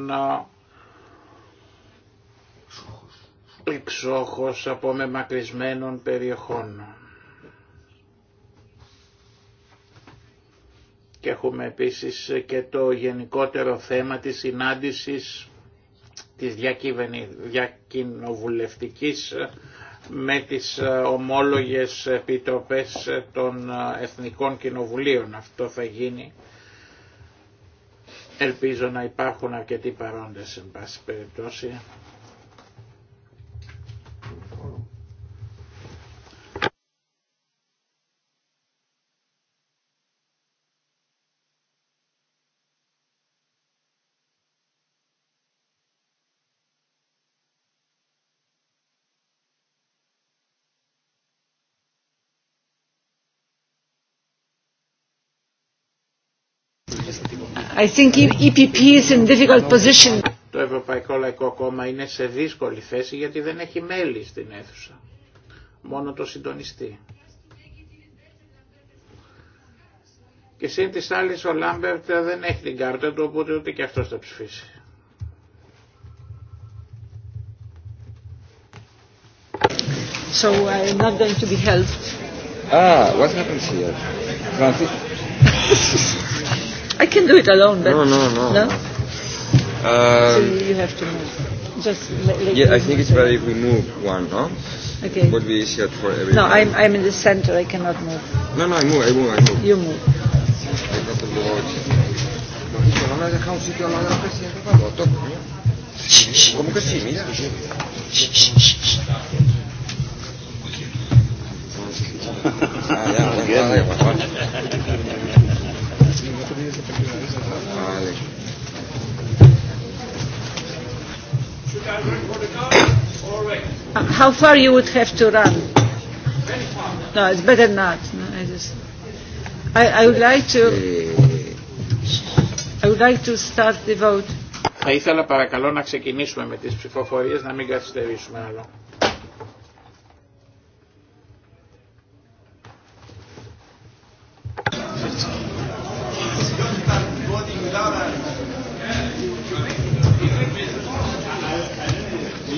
να εξόχως από μεμακρυσμένων περιοχών. Και έχουμε επίσης και το γενικότερο θέμα της συνάντησης της διακοινοβουλευτικής με τις ομόλογες επιτροπές των Εθνικών Κοινοβουλίων. Αυτό θα γίνει Ελπίζω να υπάρχουν αρκετοί παρόντες, εν πάση περιπτώσει. I think EPP e is in difficult position. Το Ευρωπαϊκό Λαϊκό Κόμμα είναι σε δύσκολη θέση γιατί δεν έχει μέλη στην αίθουσα. Μόνο το συντονιστή. Και σύν της άλλης ο Λάμπερτ δεν έχει την κάρτα του οπότε ούτε και αυτός θα ψηφίσει. So I uh, am not going to be helped. Ah, what happens here? Francis? I can do it alone, but no, no, no. no? Uh, so you have to move. Just yeah, I think it's better if we move one, no? Okay. Would be easier for everyone. No, I'm, I'm in the center. I cannot move. No, no, I move. I move. I move. You move. No me How far you would have to run? No, it's better not. No, I just. I, I would like to. I would like to start the vote. Θα ήθελα παρακαλώ να ξεκινήσουμε με τις ψηφοφορίες, να μην καθυστερήσουμε άλλο. Thank you.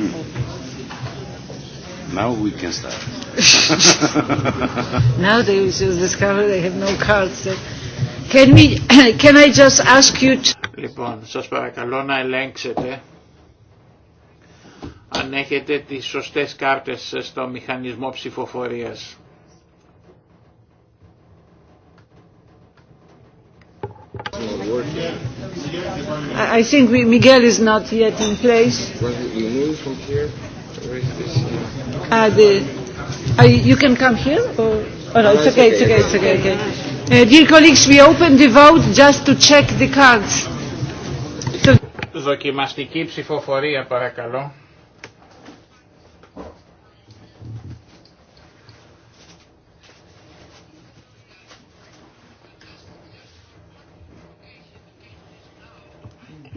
Mm. Now we can start. Now they will discover they have no cards. Can we? Can I just ask you? To... Λοιπόν, σας παρακαλώ να ελέγξετε αν έχετε τις σωστές κάρτες στο μηχανισμό ψηφοφορίας. I think we, Miguel is not yet in place. You move from here. Uh, the, uh, you can come here. Or, oh no, it's okay. It's okay. It's okay. okay. Uh, dear colleagues, we open the vote just to check the cards. Δοκιμαστική ψηφοφορία παρακαλώ.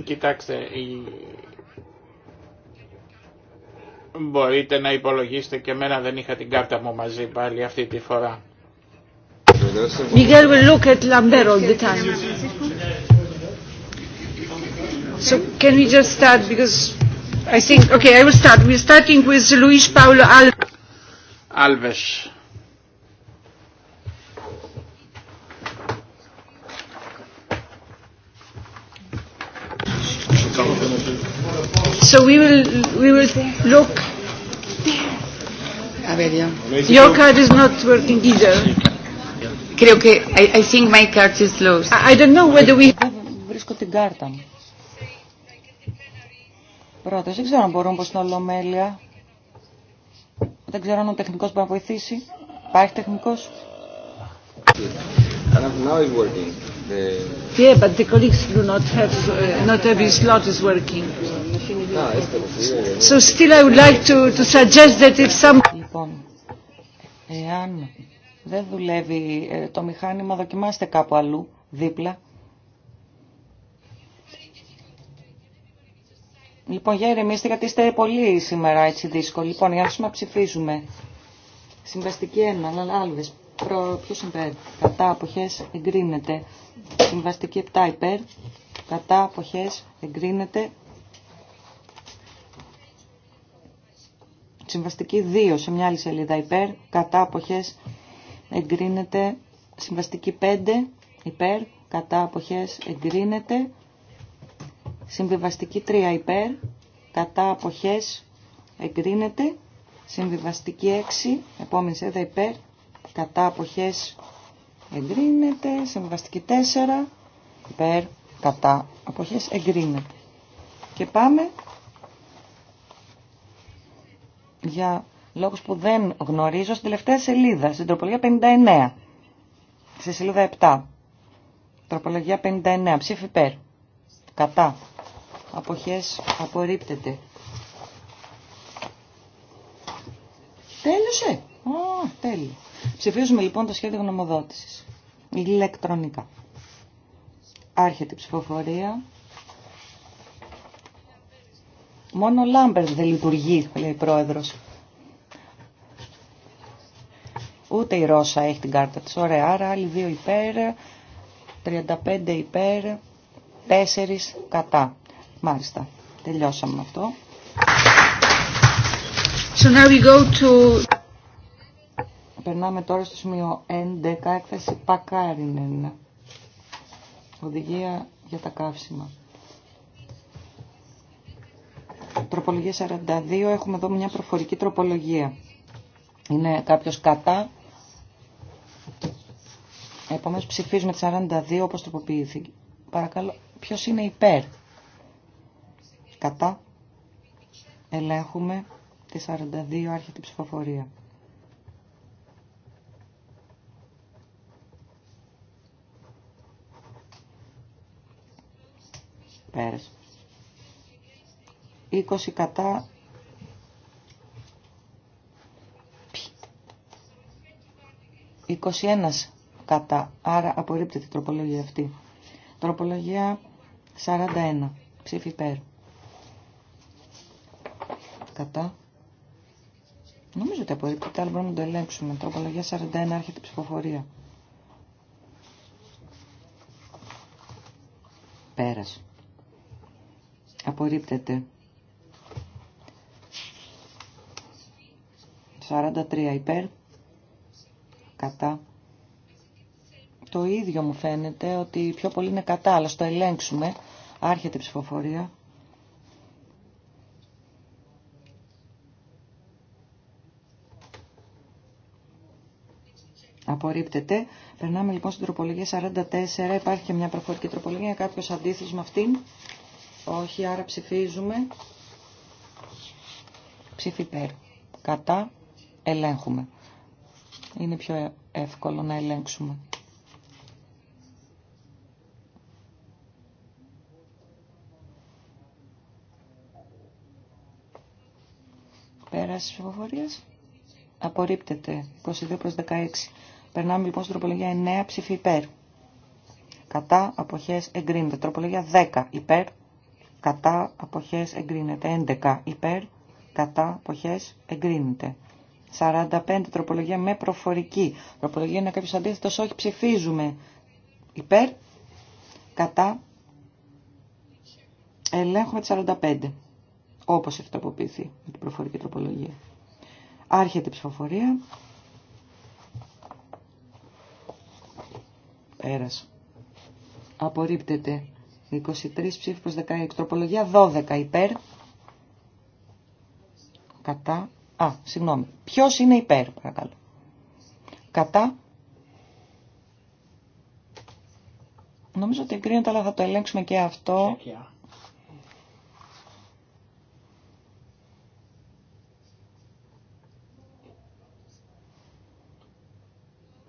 Κοιτάξτε, η... μπορείτε να υπολογίσετε και μένα δεν είχα την κάρτα μου μαζί πάλι αυτή τη φορά. Miguel will look at Lambert all the time. So can we just start because I think okay I will start. We're starting with Luis Paulo Alves. Alves. Look. A ver, ya. Your card is not working either. Creo que I, I think my card is lost. I, I don't know whether we have... Βρίσκω την κάρτα μου. Πρόταση. Δεν ξέρω αν μπορούμε προς την Ολομέλεια. Δεν ξέρω αν ο τεχνικός μπορεί να βοηθήσει. Υπάρχει τεχνικός. now it's working. Ε, yeah, but the colleagues do not have, uh, not every slot is working. So still I would like to, to suggest that if some... Λοιπόν, εάν δεν δουλεύει ε, το μηχάνημα, δοκιμάστε κάπου αλλού, δίπλα. Λοιπόν, για ηρεμήστε, γιατί είστε πολύ σήμερα έτσι δύσκολοι. Λοιπόν, για να ψηφίζουμε. Συμβαστική ένα, αλλά άλλες. Προ, Ποιος είναι κατά, αποχές, εγκρίνεται. Συμβαστική 7 υπέρ. Κατά αποχές εγκρίνεται. Συμβαστική 2 σε μια άλλη σελίδα υπέρ. Κατά αποχές εγκρίνεται. Συμβαστική 5 υπέρ. Κατά αποχές εγκρίνεται. Συμβιβαστική 3 υπέρ. Κατά αποχές εγκρίνεται. Συμβιβαστική 6, επόμενη σελίδα υπέρ, κατά αποχές εγκρίνεται. Συμβαστική 4 Περ. κατά αποχές εγκρίνεται. Και πάμε για λόγους που δεν γνωρίζω στην τελευταία σελίδα, στην τροπολογία 59. Στη σελίδα 7. Τροπολογία 59. Ψήφι υπέρ. Κατά. Αποχές απορρίπτεται. Τέλειωσε. Α, τέλειο. Ψηφίζουμε λοιπόν το σχέδιο γνωμοδότησης. Ηλεκτρονικά. Άρχεται η ψηφοφορία. Μόνο ο Λάμπερτ δεν λειτουργεί, λέει η πρόεδρος. Ούτε η Ρώσα έχει την κάρτα της. Ωραία, άρα άλλοι δύο υπέρ, 35 υπέρ, 4 κατά. Μάλιστα, τελειώσαμε αυτό. So now we go to... Περνάμε τώρα στο σημείο 11, έκθεση Πακάρινεν. Οδηγία για τα καύσιμα. Τροπολογία 42, έχουμε εδώ μια προφορική τροπολογία. Είναι κάποιος κατά. Επομένως ψηφίζουμε τη 42 όπως τροποποιήθηκε. Παρακαλώ, ποιος είναι υπέρ. Κατά. Ελέγχουμε τη 42 άρχεται ψηφοφορία. Πέρας. 20 κατά. 21 κατά. Άρα απορρίπτεται η τροπολογία αυτή. Τροπολογία 41. Ψήφι πέρα. Κατά. Νομίζω ότι απορρίπτεται, αλλά μπορούμε να το ελέγξουμε. Τροπολογία 41, άρχεται η ψηφοφορία. Πέρασε. Απορρίπτεται. 43 υπέρ. Κατά. Το ίδιο μου φαίνεται ότι πιο πολύ είναι κατά, αλλά στο ελέγξουμε. Άρχεται η ψηφοφορία. Απορρίπτεται. Περνάμε λοιπόν στην τροπολογία 44. Υπάρχει και μια προφορική τροπολογία. Κάποιος αντίθεση με αυτήν. Όχι, άρα ψηφίζουμε. Ψήφι Κατά. Ελέγχουμε. Είναι πιο εύκολο να ελέγξουμε. Πέραση τη ψηφοφορίες. Απορρίπτεται. 22 προς 16. Περνάμε λοιπόν στην τροπολογία 9 ψήφι υπέρ. Κατά αποχές εγκρίνεται. Τροπολογία 10 υπέρ κατά αποχές εγκρίνεται. 11 υπέρ, κατά αποχές εγκρίνεται. 45 τροπολογία με προφορική. Τροπολογία είναι κάποιο αντίθετος, όχι ψηφίζουμε. Υπέρ, κατά, ελέγχουμε τη 45. Όπως ευτοποποιηθεί με την προφορική τροπολογία. Άρχεται η ψηφοφορία. Πέρασε. Απορρίπτεται 23 ψήφι προς 16. 12 υπέρ. Κατά. Α, συγγνώμη. Ποιος είναι υπέρ, παρακαλώ. Κατά. Νομίζω ότι εγκρίνεται, αλλά θα το ελέγξουμε και αυτό.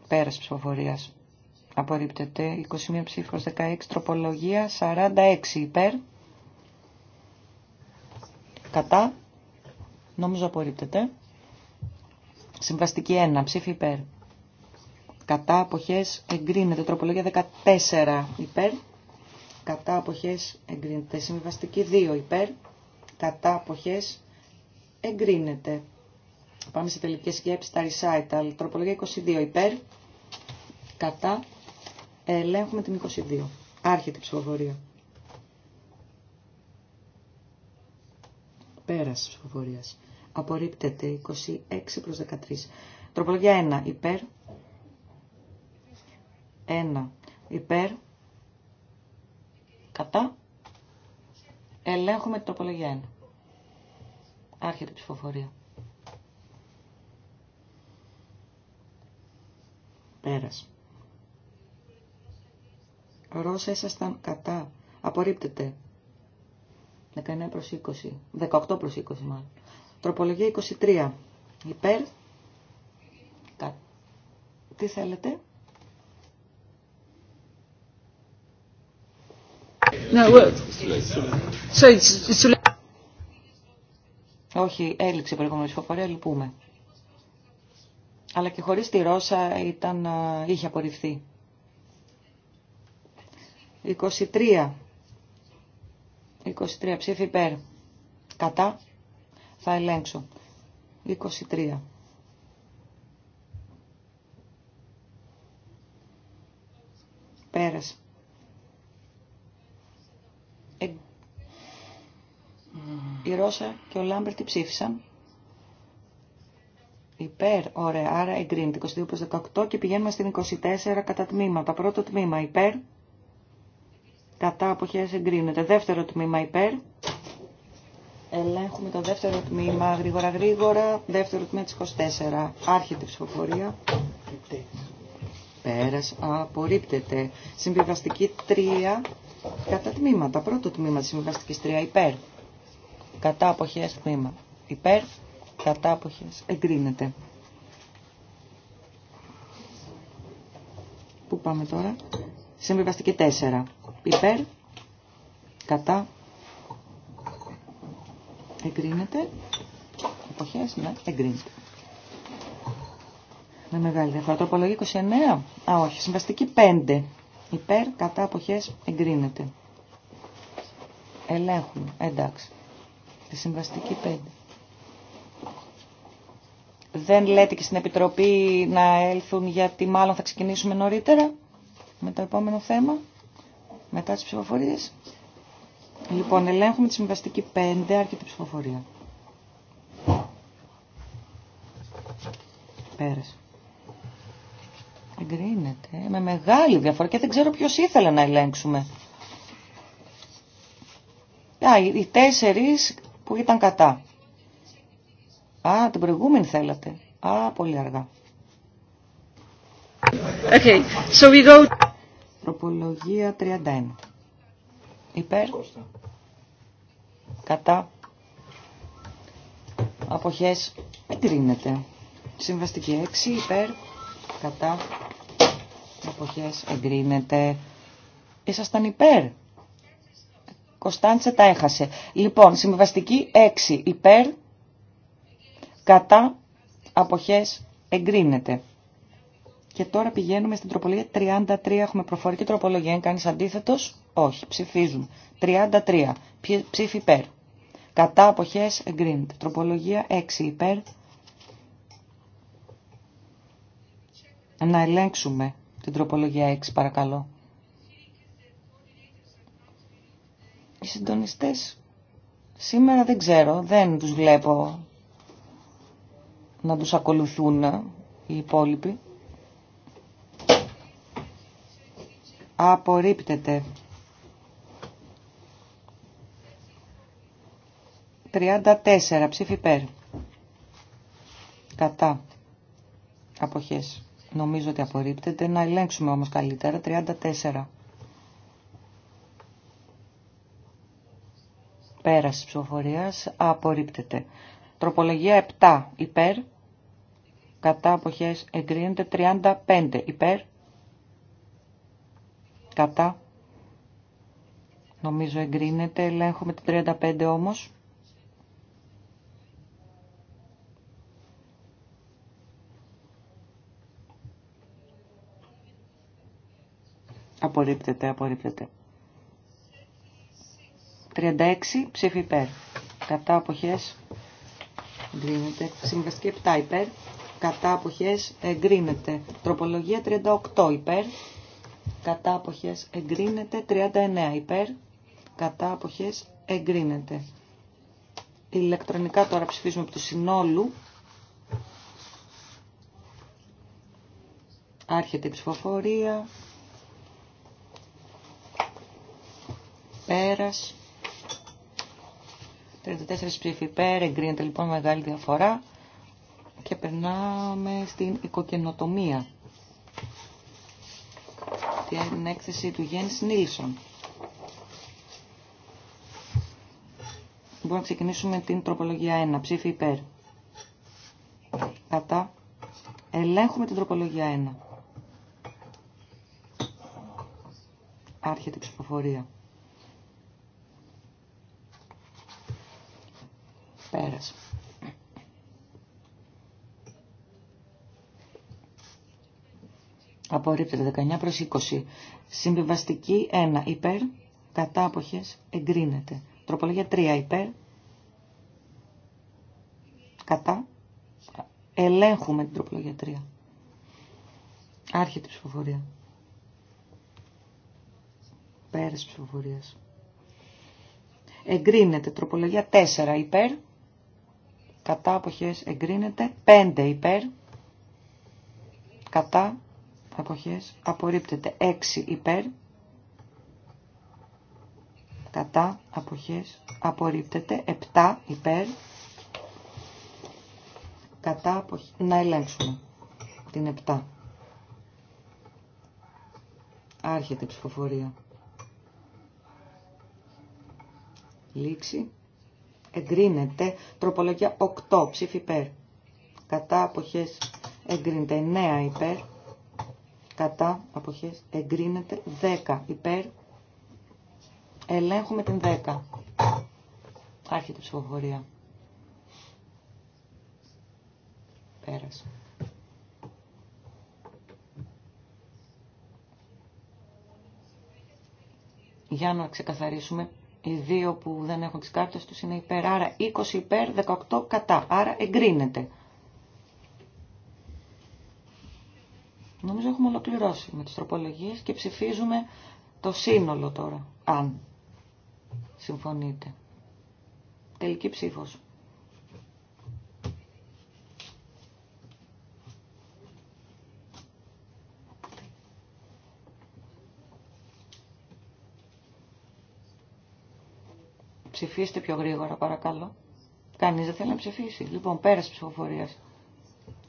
Πέρας ψηφοφορίας απορρίπτεται 21 ψήφος 16 τροπολογία 46 υπέρ κατά νομίζω απορρίπτεται συμβαστική 1 ψήφι υπέρ κατά αποχές εγκρίνεται τροπολογία 14 υπέρ κατά αποχές εγκρίνεται συμβαστική 2 υπέρ κατά αποχές εγκρίνεται Πάμε σε τελικές σκέψεις, τα recital, τροπολογία 22 υπέρ, κατά, Ελέγχουμε την 22. Άρχεται η ψηφοφορία. Πέραση ψηφοφορία. Απορρίπτεται 26 προς 13. Τροπολογία 1. Υπέρ. 1. Υπέρ. Κατά. Ελέγχουμε την τροπολογία 1. Άρχεται η ψηφοφορία. Πέρας. Ρώσα ήσασταν κατά. Απορρίπτεται. 19 προς 20. 18 προς 20 μάλλον. Τροπολογία 23. Υπέρ. Κα... Τι θέλετε. Όχι, έληξε προηγούμενη ψηφοφορία, λυπούμε. Αλλά και χωρίς τη Ρώσα ήταν, είχε απορριφθεί. 23. 23 ψήφι υπέρ. Κατά. Θα ελέγξω. 23. Πέρας. Ε, η Ρώσα και ο Λάμπερτ ψήφισαν. Υπέρ, ωραία, άρα εγκρίνεται 22 προς 18 και πηγαίνουμε στην 24 κατά τμήματα. Πρώτο τμήμα υπέρ, κατά αποχέ εγκρίνεται. Δεύτερο τμήμα υπέρ. Ελέγχουμε το δεύτερο τμήμα γρήγορα γρήγορα. Δεύτερο τμήμα τη 24. Άρχεται η ψηφοφορία. Πέρας. Απορρίπτεται. Συμβιβαστική 3 κατά τμήματα. Πρώτο τμήμα τη συμβιβαστικής 3 υπέρ. Κατά αποχέ τμήμα. Υπέρ. Κατά αποχέ εγκρίνεται. Πού πάμε τώρα. Συμβιβαστική 4. Υπέρ. Κατά. Εγκρίνεται. Εποχές, ναι, εγκρίνεται. Με μεγάλη διαφορά. Τροπολογή 29. Α, όχι. Συμβαστική 5. Υπέρ, κατά, αποχές, εγκρίνεται. Ελέγχουμε. Εντάξει. Τη συμβαστική 5. Δεν λέτε και στην Επιτροπή να έλθουν γιατί μάλλον θα ξεκινήσουμε νωρίτερα με το επόμενο θέμα μετά τις ψηφοφορίες. Λοιπόν, ελέγχουμε τη συμβαστική 5, άρχεται ψηφοφορία. Πέρασε. Εγκρίνεται. Με μεγάλη διαφορά και δεν ξέρω ποιος ήθελε να ελέγξουμε. Α, οι τέσσερις που ήταν κατά. Α, την προηγούμενη θέλατε. Α, πολύ αργά. Okay, so we go... Τροπολογία 31. Υπέρ. Κατά. Αποχές. Εγκρίνεται. Συμβαστική 6. Υπέρ. Κατά. Αποχές. Εγκρίνεται. Ήσασταν υπέρ. Κωνσταντσε τα έχασε. Λοιπόν, συμβαστική 6. Υπέρ. Κατά. Αποχές. Εγκρίνεται. Και τώρα πηγαίνουμε στην τροπολογία 33. Έχουμε προφορική τροπολογία. Είναι κάνει αντίθετο, Όχι. Ψηφίζουμε. 33. Ψήφι υπέρ. Κατά αποχές εγκρίνεται. Τροπολογία 6 υπέρ. Να ελέγξουμε την τροπολογία 6 παρακαλώ. Οι συντονιστές σήμερα δεν ξέρω, δεν τους βλέπω να τους ακολουθούν οι υπόλοιποι. Απορρίπτεται. 34 ψήφι υπέρ. Κατά. Αποχές. Νομίζω ότι απορρίπτεται. Να ελέγξουμε όμως καλύτερα. 34. Πέραση ψηφοφορίας. Απορρίπτεται. Τροπολογία 7 υπέρ. Κατά αποχές εγκρίνεται 35 υπέρ κατά, νομίζω εγκρίνεται, ελέγχουμε την 35 όμως. Απορρίπτεται, απορρίπτεται. 36 ψήφι υπέρ. Κατά αποχές εγκρίνεται. Συμβαστική 7 υπέρ. Κατά αποχές εγκρίνεται. Τροπολογία 38 υπέρ κατά αποχές εγκρίνεται. 39 υπέρ, κατά αποχές εγκρίνεται. Ηλεκτρονικά τώρα ψηφίζουμε από του συνόλου. Άρχεται η ψηφοφορία. Πέρας. 34 ψήφοι υπέρ, εγκρίνεται λοιπόν μεγάλη διαφορά. Και περνάμε στην οικοκαινοτομία την έκθεση του Γέννης Νίλσον. Μπορούμε να ξεκινήσουμε την τροπολογία 1. Ψήφι υπέρ. Κατά. Ελέγχουμε την τροπολογία 1. Άρχεται η ψηφοφορία. Απορρίπτεται 19 προς 20. Συμβιβαστική 1 υπέρ. Κατά αποχές εγκρίνεται. Τροπολογία 3 υπέρ. Κατά. Ελέγχουμε την τροπολογία 3. Άρχεται η ψηφοφορία. Πέρας ψηφοφορίας. Εγκρίνεται τροπολογία 4 υπέρ. Κατά αποχές εγκρίνεται. 5 υπέρ. Κατά αποχές απορρίπτεται 6 υπέρ κατά αποχές απορρίπτεται 7 υπέρ κατά αποχές να ελέγξουμε την 7 άρχεται η ψηφοφορία λήξη εγκρίνεται τροπολογία 8 ψήφι υπέρ κατά αποχές εγκρίνεται 9 υπέρ κατά αποχές εγκρίνεται 10 υπέρ ελέγχουμε την 10 άρχεται η ψηφοφορία πέρασε για να ξεκαθαρίσουμε οι δύο που δεν έχουν τις κάρτες τους είναι υπέρ άρα 20 υπέρ 18 κατά άρα εγκρίνεται Νομίζω έχουμε ολοκληρώσει με τις τροπολογίες και ψηφίζουμε το σύνολο τώρα, αν συμφωνείτε. Τελική ψήφος. Ψηφίστε πιο γρήγορα παρακαλώ. Κανείς δεν θέλει να ψηφίσει. Λοιπόν, πέρας ψηφοφορίας.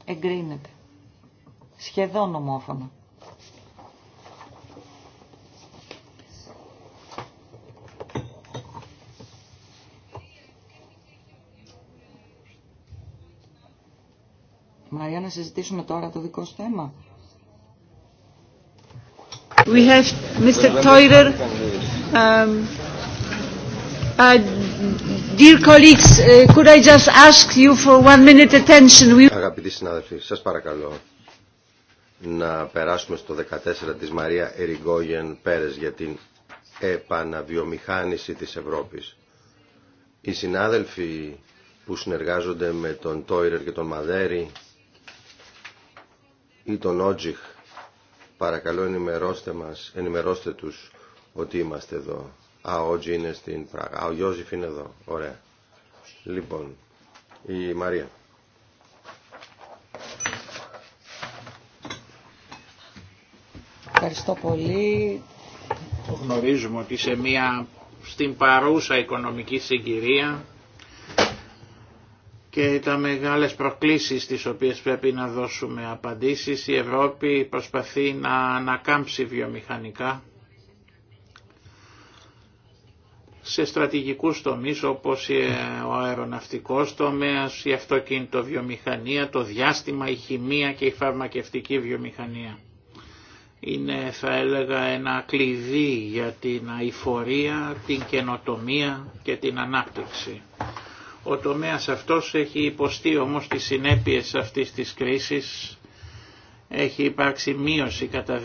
Εγκρίνεται σχεδόν ομόφωνα. Μαρία, να συζητήσουμε τώρα το δικό σου θέμα. We have Mr. Teurer. Um, uh, dear colleagues, uh, could I just ask you for one minute attention? We... Αγαπητοί συνάδελφοι, σας παρακαλώ να περάσουμε στο 14 της Μαρία Εριγκόγεν Πέρες για την επαναβιομηχάνηση της Ευρώπης. Οι συνάδελφοι που συνεργάζονται με τον Τόιρερ και τον Μαδέρη ή τον Ότζιχ, παρακαλώ ενημερώστε, μας, ενημερώστε τους ότι είμαστε εδώ. Α, ο Ότζι είναι στην Πράγα. Α, ο Γιώζιφ είναι εδώ. Ωραία. Λοιπόν, η Μαρία. Ευχαριστώ πολύ. Γνωρίζουμε ότι σε μια στην παρούσα οικονομική συγκυρία και τα μεγάλες προκλήσεις τις οποίες πρέπει να δώσουμε απαντήσεις. Η Ευρώπη προσπαθεί να ανακάμψει βιομηχανικά σε στρατηγικούς τομείς όπως ο αεροναυτικός τομέας, η αυτοκίνητο βιομηχανία, το διάστημα, η χημεία και η φαρμακευτική βιομηχανία είναι θα έλεγα ένα κλειδί για την αηφορία, την καινοτομία και την ανάπτυξη. Ο τομέας αυτός έχει υποστεί όμως τις συνέπειες αυτής της κρίσης. Έχει υπάρξει μείωση κατά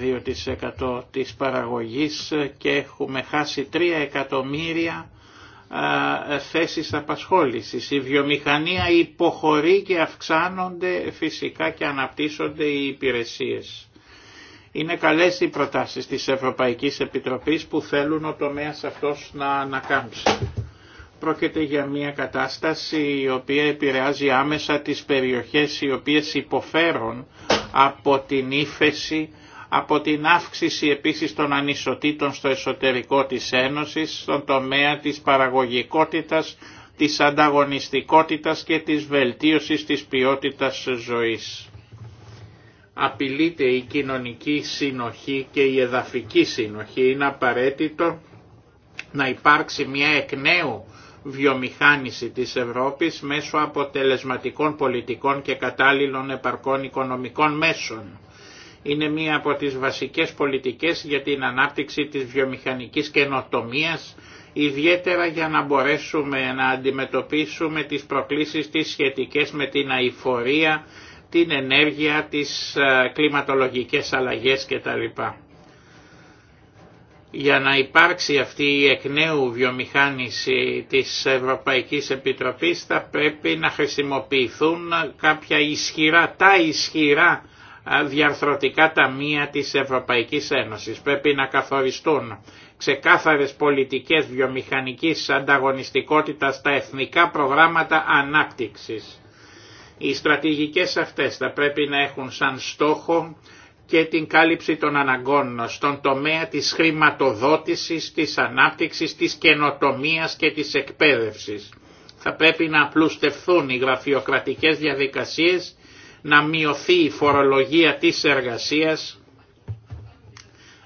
2% της παραγωγής και έχουμε χάσει 3 εκατομμύρια θέσεις απασχόλησης. Η βιομηχανία υποχωρεί και αυξάνονται φυσικά και αναπτύσσονται οι υπηρεσίες. Είναι καλές οι προτάσεις της Ευρωπαϊκής Επιτροπής που θέλουν ο τομέας αυτός να ανακάμψει. Πρόκειται για μια κατάσταση η οποία επηρεάζει άμεσα τις περιοχές οι οποίες υποφέρουν από την ύφεση, από την αύξηση επίσης των ανισοτήτων στο εσωτερικό της Ένωσης, στον τομέα της παραγωγικότητας, της ανταγωνιστικότητας και της βελτίωσης της ποιότητας ζωής απειλείται η κοινωνική συνοχή και η εδαφική συνοχή. Είναι απαραίτητο να υπάρξει μια εκ νέου βιομηχάνηση της Ευρώπης μέσω αποτελεσματικών πολιτικών και κατάλληλων επαρκών οικονομικών μέσων. Είναι μία από τις βασικές πολιτικές για την ανάπτυξη της βιομηχανικής καινοτομίας, ιδιαίτερα για να μπορέσουμε να αντιμετωπίσουμε τις προκλήσεις της σχετικές με την αηφορία την ενέργεια, της ε, κλιματολογικές αλλαγές κτλ. Για να υπάρξει αυτή η εκ νέου βιομηχάνηση της Ευρωπαϊκής Επιτροπής θα πρέπει να χρησιμοποιηθούν κάποια ισχυρά, τα ισχυρά ε, διαρθρωτικά ταμεία της Ευρωπαϊκής Ένωσης. Πρέπει να καθοριστούν ξεκάθαρες πολιτικές βιομηχανικής ανταγωνιστικότητας στα εθνικά προγράμματα ανάπτυξης. Οι στρατηγικές αυτές θα πρέπει να έχουν σαν στόχο και την κάλυψη των αναγκών στον τομέα της χρηματοδότησης, της ανάπτυξης, της καινοτομίας και της εκπαίδευσης. Θα πρέπει να απλουστευθούν οι γραφειοκρατικές διαδικασίες, να μειωθεί η φορολογία της εργασίας,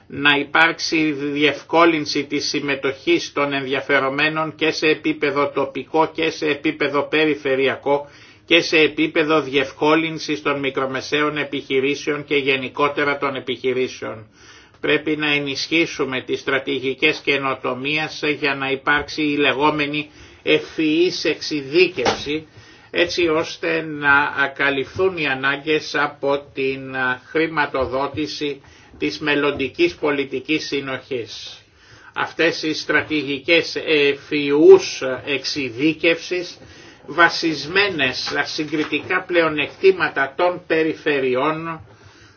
να υπάρξει διευκόλυνση της συμμετοχής των ενδιαφερομένων και σε επίπεδο τοπικό και σε επίπεδο περιφερειακό και σε επίπεδο διευκόλυνσης των μικρομεσαίων επιχειρήσεων και γενικότερα των επιχειρήσεων. Πρέπει να ενισχύσουμε τις στρατηγικές καινοτομίες για να υπάρξει η λεγόμενη ευφυής εξειδίκευση έτσι ώστε να ακαλυφθούν οι ανάγκες από την χρηματοδότηση της μελλοντικής πολιτικής συνοχής. Αυτές οι στρατηγικές ευφυούς εξειδίκευσης βασισμένες στα συγκριτικά πλεονεκτήματα των περιφερειών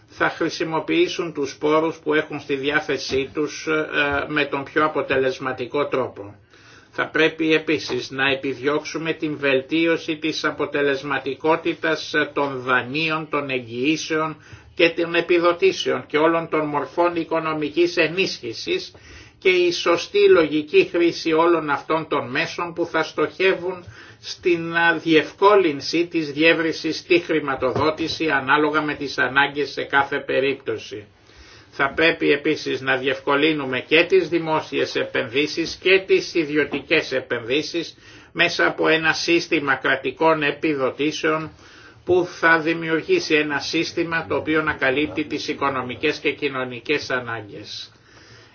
θα χρησιμοποιήσουν τους πόρους που έχουν στη διάθεσή τους ε, με τον πιο αποτελεσματικό τρόπο. Θα πρέπει επίσης να επιδιώξουμε την βελτίωση της αποτελεσματικότητας ε, των δανείων, των εγγυήσεων και των επιδοτήσεων και όλων των μορφών οικονομικής ενίσχυσης και η σωστή λογική χρήση όλων αυτών των μέσων που θα στοχεύουν στην διευκόλυνση της διεύρυνσης στη χρηματοδότηση ανάλογα με τις ανάγκες σε κάθε περίπτωση. Θα πρέπει επίσης να διευκολύνουμε και τις δημόσιες επενδύσεις και τις ιδιωτικές επενδύσεις μέσα από ένα σύστημα κρατικών επιδοτήσεων που θα δημιουργήσει ένα σύστημα το οποίο να καλύπτει τις οικονομικές και κοινωνικές ανάγκες.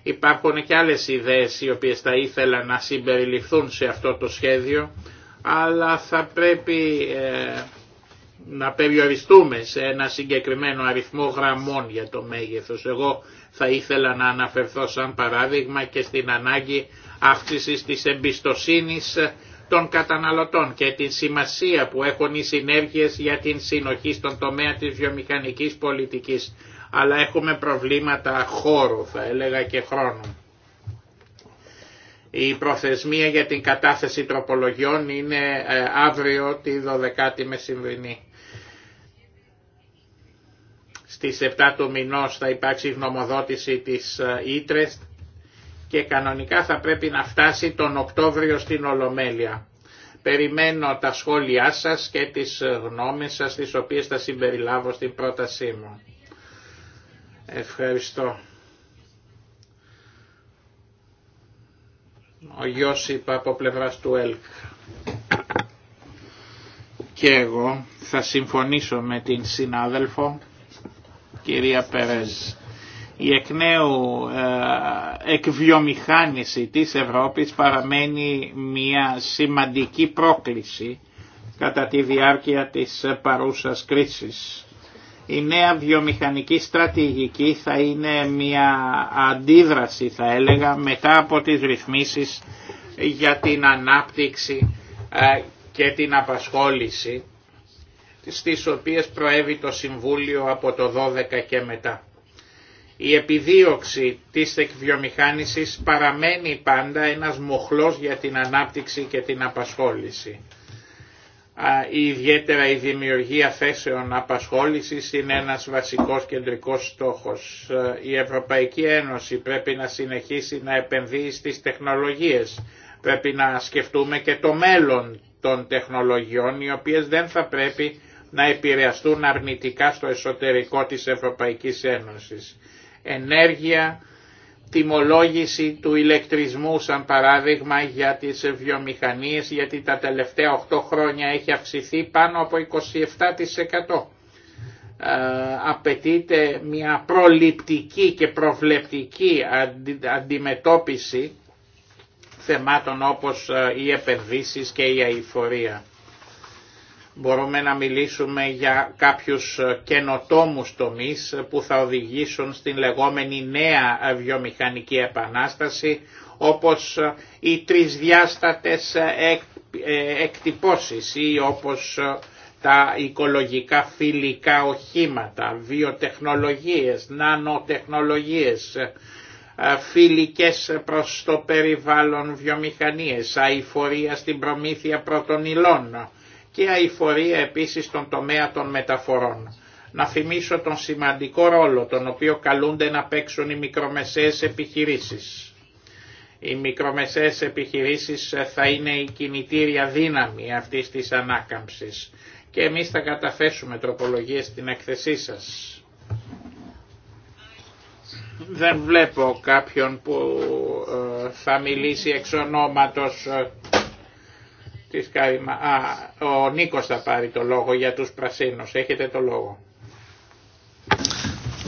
Υπάρχουν και άλλες ιδέες οι οποίες θα ήθελα να συμπεριληφθούν σε αυτό το σχέδιο αλλά θα πρέπει ε, να περιοριστούμε σε ένα συγκεκριμένο αριθμό γραμμών για το μέγεθος. Εγώ θα ήθελα να αναφερθώ σαν παράδειγμα και στην ανάγκη αύξησης της εμπιστοσύνης των καταναλωτών και την σημασία που έχουν οι συνέργειες για την συνοχή στον τομέα της βιομηχανικής πολιτικής. Αλλά έχουμε προβλήματα χώρου θα έλεγα και χρόνου. Η προθεσμία για την κατάθεση τροπολογιών είναι ε, αύριο τη 12η μεσημβρινή. Στις 7 του μηνός θα υπάρξει γνωμοδότηση της ε, ήτρε και κανονικά θα πρέπει να φτάσει τον Οκτώβριο στην Ολομέλεια. Περιμένω τα σχόλιά σας και τις ε, γνώμες σας τις οποίες θα συμπεριλάβω στην πρότασή μου. Ευχαριστώ. Ο είπα από πλευράς του ΕΛΚ. Και εγώ θα συμφωνήσω με την συνάδελφο κυρία Περέζ. Η εκ νέου ε, εκβιομηχάνηση της Ευρώπης παραμένει μια σημαντική πρόκληση κατά τη διάρκεια της παρούσας κρίσης η νέα βιομηχανική στρατηγική θα είναι μια αντίδραση θα έλεγα μετά από τις ρυθμίσεις για την ανάπτυξη ε, και την απασχόληση στις οποίες προέβη το Συμβούλιο από το 12 και μετά. Η επιδίωξη της εκβιομηχάνησης παραμένει πάντα ένας μοχλός για την ανάπτυξη και την απασχόληση ιδιαίτερα η δημιουργία θέσεων απασχόλησης είναι ένας βασικός κεντρικός στόχος. Ε, η Ευρωπαϊκή Ένωση πρέπει να συνεχίσει να επενδύει στις τεχνολογίες. Πρέπει να σκεφτούμε και το μέλλον των τεχνολογιών οι οποίες δεν θα πρέπει να επηρεαστούν αρνητικά στο εσωτερικό της Ευρωπαϊκής Ένωσης. Ενέργεια, τιμολόγηση του ηλεκτρισμού σαν παράδειγμα για τις βιομηχανίες γιατί τα τελευταία 8 χρόνια έχει αυξηθεί πάνω από 27%. Ε, απαιτείται μια προληπτική και προβλεπτική αντιμετώπιση θεμάτων όπως ε, οι επενδύσεις και η αηφορία. Μπορούμε να μιλήσουμε για κάποιους καινοτόμους τομείς που θα οδηγήσουν στην λεγόμενη νέα βιομηχανική επανάσταση όπως οι τρισδιάστατες ε, εκτυπώσεις ή όπως τα οικολογικά φιλικά οχήματα, βιοτεχνολογίες, νανοτεχνολογίες, ε, φιλικές προς το περιβάλλον βιομηχανίες, αηφορία στην προμήθεια πρωτονυλών και αηφορία επίσης στον τομέα των μεταφορών. Να θυμίσω τον σημαντικό ρόλο τον οποίο καλούνται να παίξουν οι μικρομεσαίες επιχειρήσεις. Οι μικρομεσαίες επιχειρήσεις θα είναι η κινητήρια δύναμη αυτής της ανάκαμψης και εμείς θα καταφέσουμε τροπολογίες στην έκθεσή σας. Δεν βλέπω κάποιον που ε, θα μιλήσει εξ ονόματος ε, της Α, ο Νίκος θα πάρει το λόγο για τους πρασίνους. Έχετε το λόγο.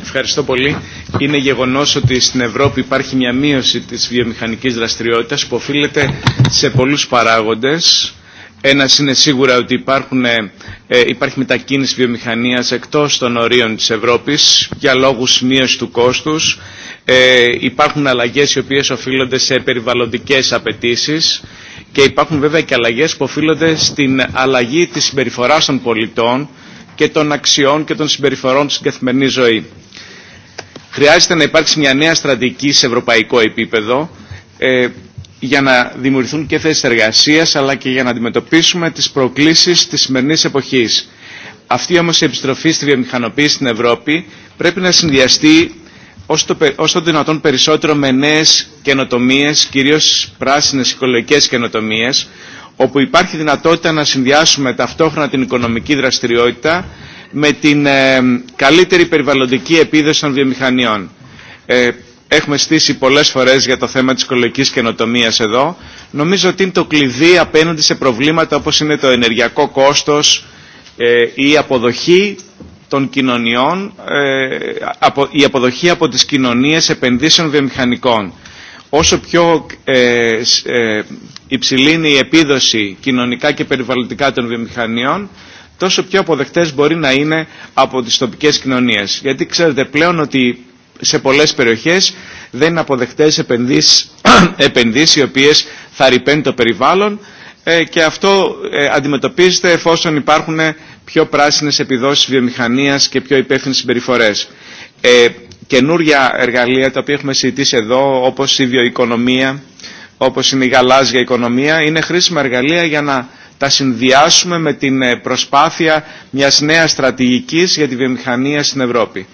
Ευχαριστώ πολύ. Είναι γεγονός ότι στην Ευρώπη υπάρχει μια μείωση της βιομηχανικής δραστηριότητας που οφείλεται σε πολλούς παράγοντες. Ένα είναι σίγουρα ότι υπάρχουν, ε, ε, υπάρχει μετακίνηση βιομηχανίας εκτός των ορίων της Ευρώπης για λόγους μείωση του κόστους. Ε, υπάρχουν αλλαγές οι οποίες οφείλονται σε περιβαλλοντικές απαιτήσεις και υπάρχουν βέβαια και αλλαγές που οφείλονται στην αλλαγή της συμπεριφοράς των πολιτών και των αξιών και των συμπεριφορών στην καθημερινή ζωή. Χρειάζεται να υπάρξει μια νέα στρατηγική σε ευρωπαϊκό επίπεδο ε, για να δημιουργηθούν και θέσει εργασία, αλλά και για να αντιμετωπίσουμε τις προκλήσεις της σημερινή εποχής. Αυτή όμως η επιστροφή στη βιομηχανοποίηση στην Ευρώπη πρέπει να συνδυαστεί όσο το δυνατόν περισσότερο με νέε καινοτομίε, κυρίω πράσινε οικολογικέ καινοτομίε, όπου υπάρχει δυνατότητα να συνδυάσουμε ταυτόχρονα την οικονομική δραστηριότητα με την ε, καλύτερη περιβαλλοντική επίδοση των βιομηχανιών. Ε, έχουμε στήσει πολλές φορές για το θέμα της οικολογικής καινοτομία εδώ. Νομίζω ότι είναι το κλειδί απέναντι σε προβλήματα όπως είναι το ενεργειακό κόστος, ε, η αποδοχή των κοινωνιών, ε, η αποδοχή από τις κοινωνίες επενδύσεων βιομηχανικών. Όσο πιο ε, ε, υψηλή είναι η επίδοση κοινωνικά και περιβαλλοντικά των βιομηχανιών, τόσο πιο αποδεκτές μπορεί να είναι από τις τοπικές κοινωνίες. Γιατί ξέρετε πλέον ότι σε πολλές περιοχές δεν είναι αποδεκτές επενδύσεις, επενδύσεις οι οποίες θα ρηπαίνουν το περιβάλλον και αυτό αντιμετωπίζεται εφόσον υπάρχουν πιο πράσινες επιδόσεις βιομηχανίας και πιο υπεύθυνες συμπεριφορές. Ε, καινούργια εργαλεία τα οποία έχουμε συζητήσει εδώ, όπως η βιοοικονομία, όπως είναι η γαλάζια οικονομία, είναι χρήσιμα εργαλεία για να τα συνδυάσουμε με την ε, προσπάθεια μιας νέας στρατηγικής για τη βιομηχανία στην Ευρώπη.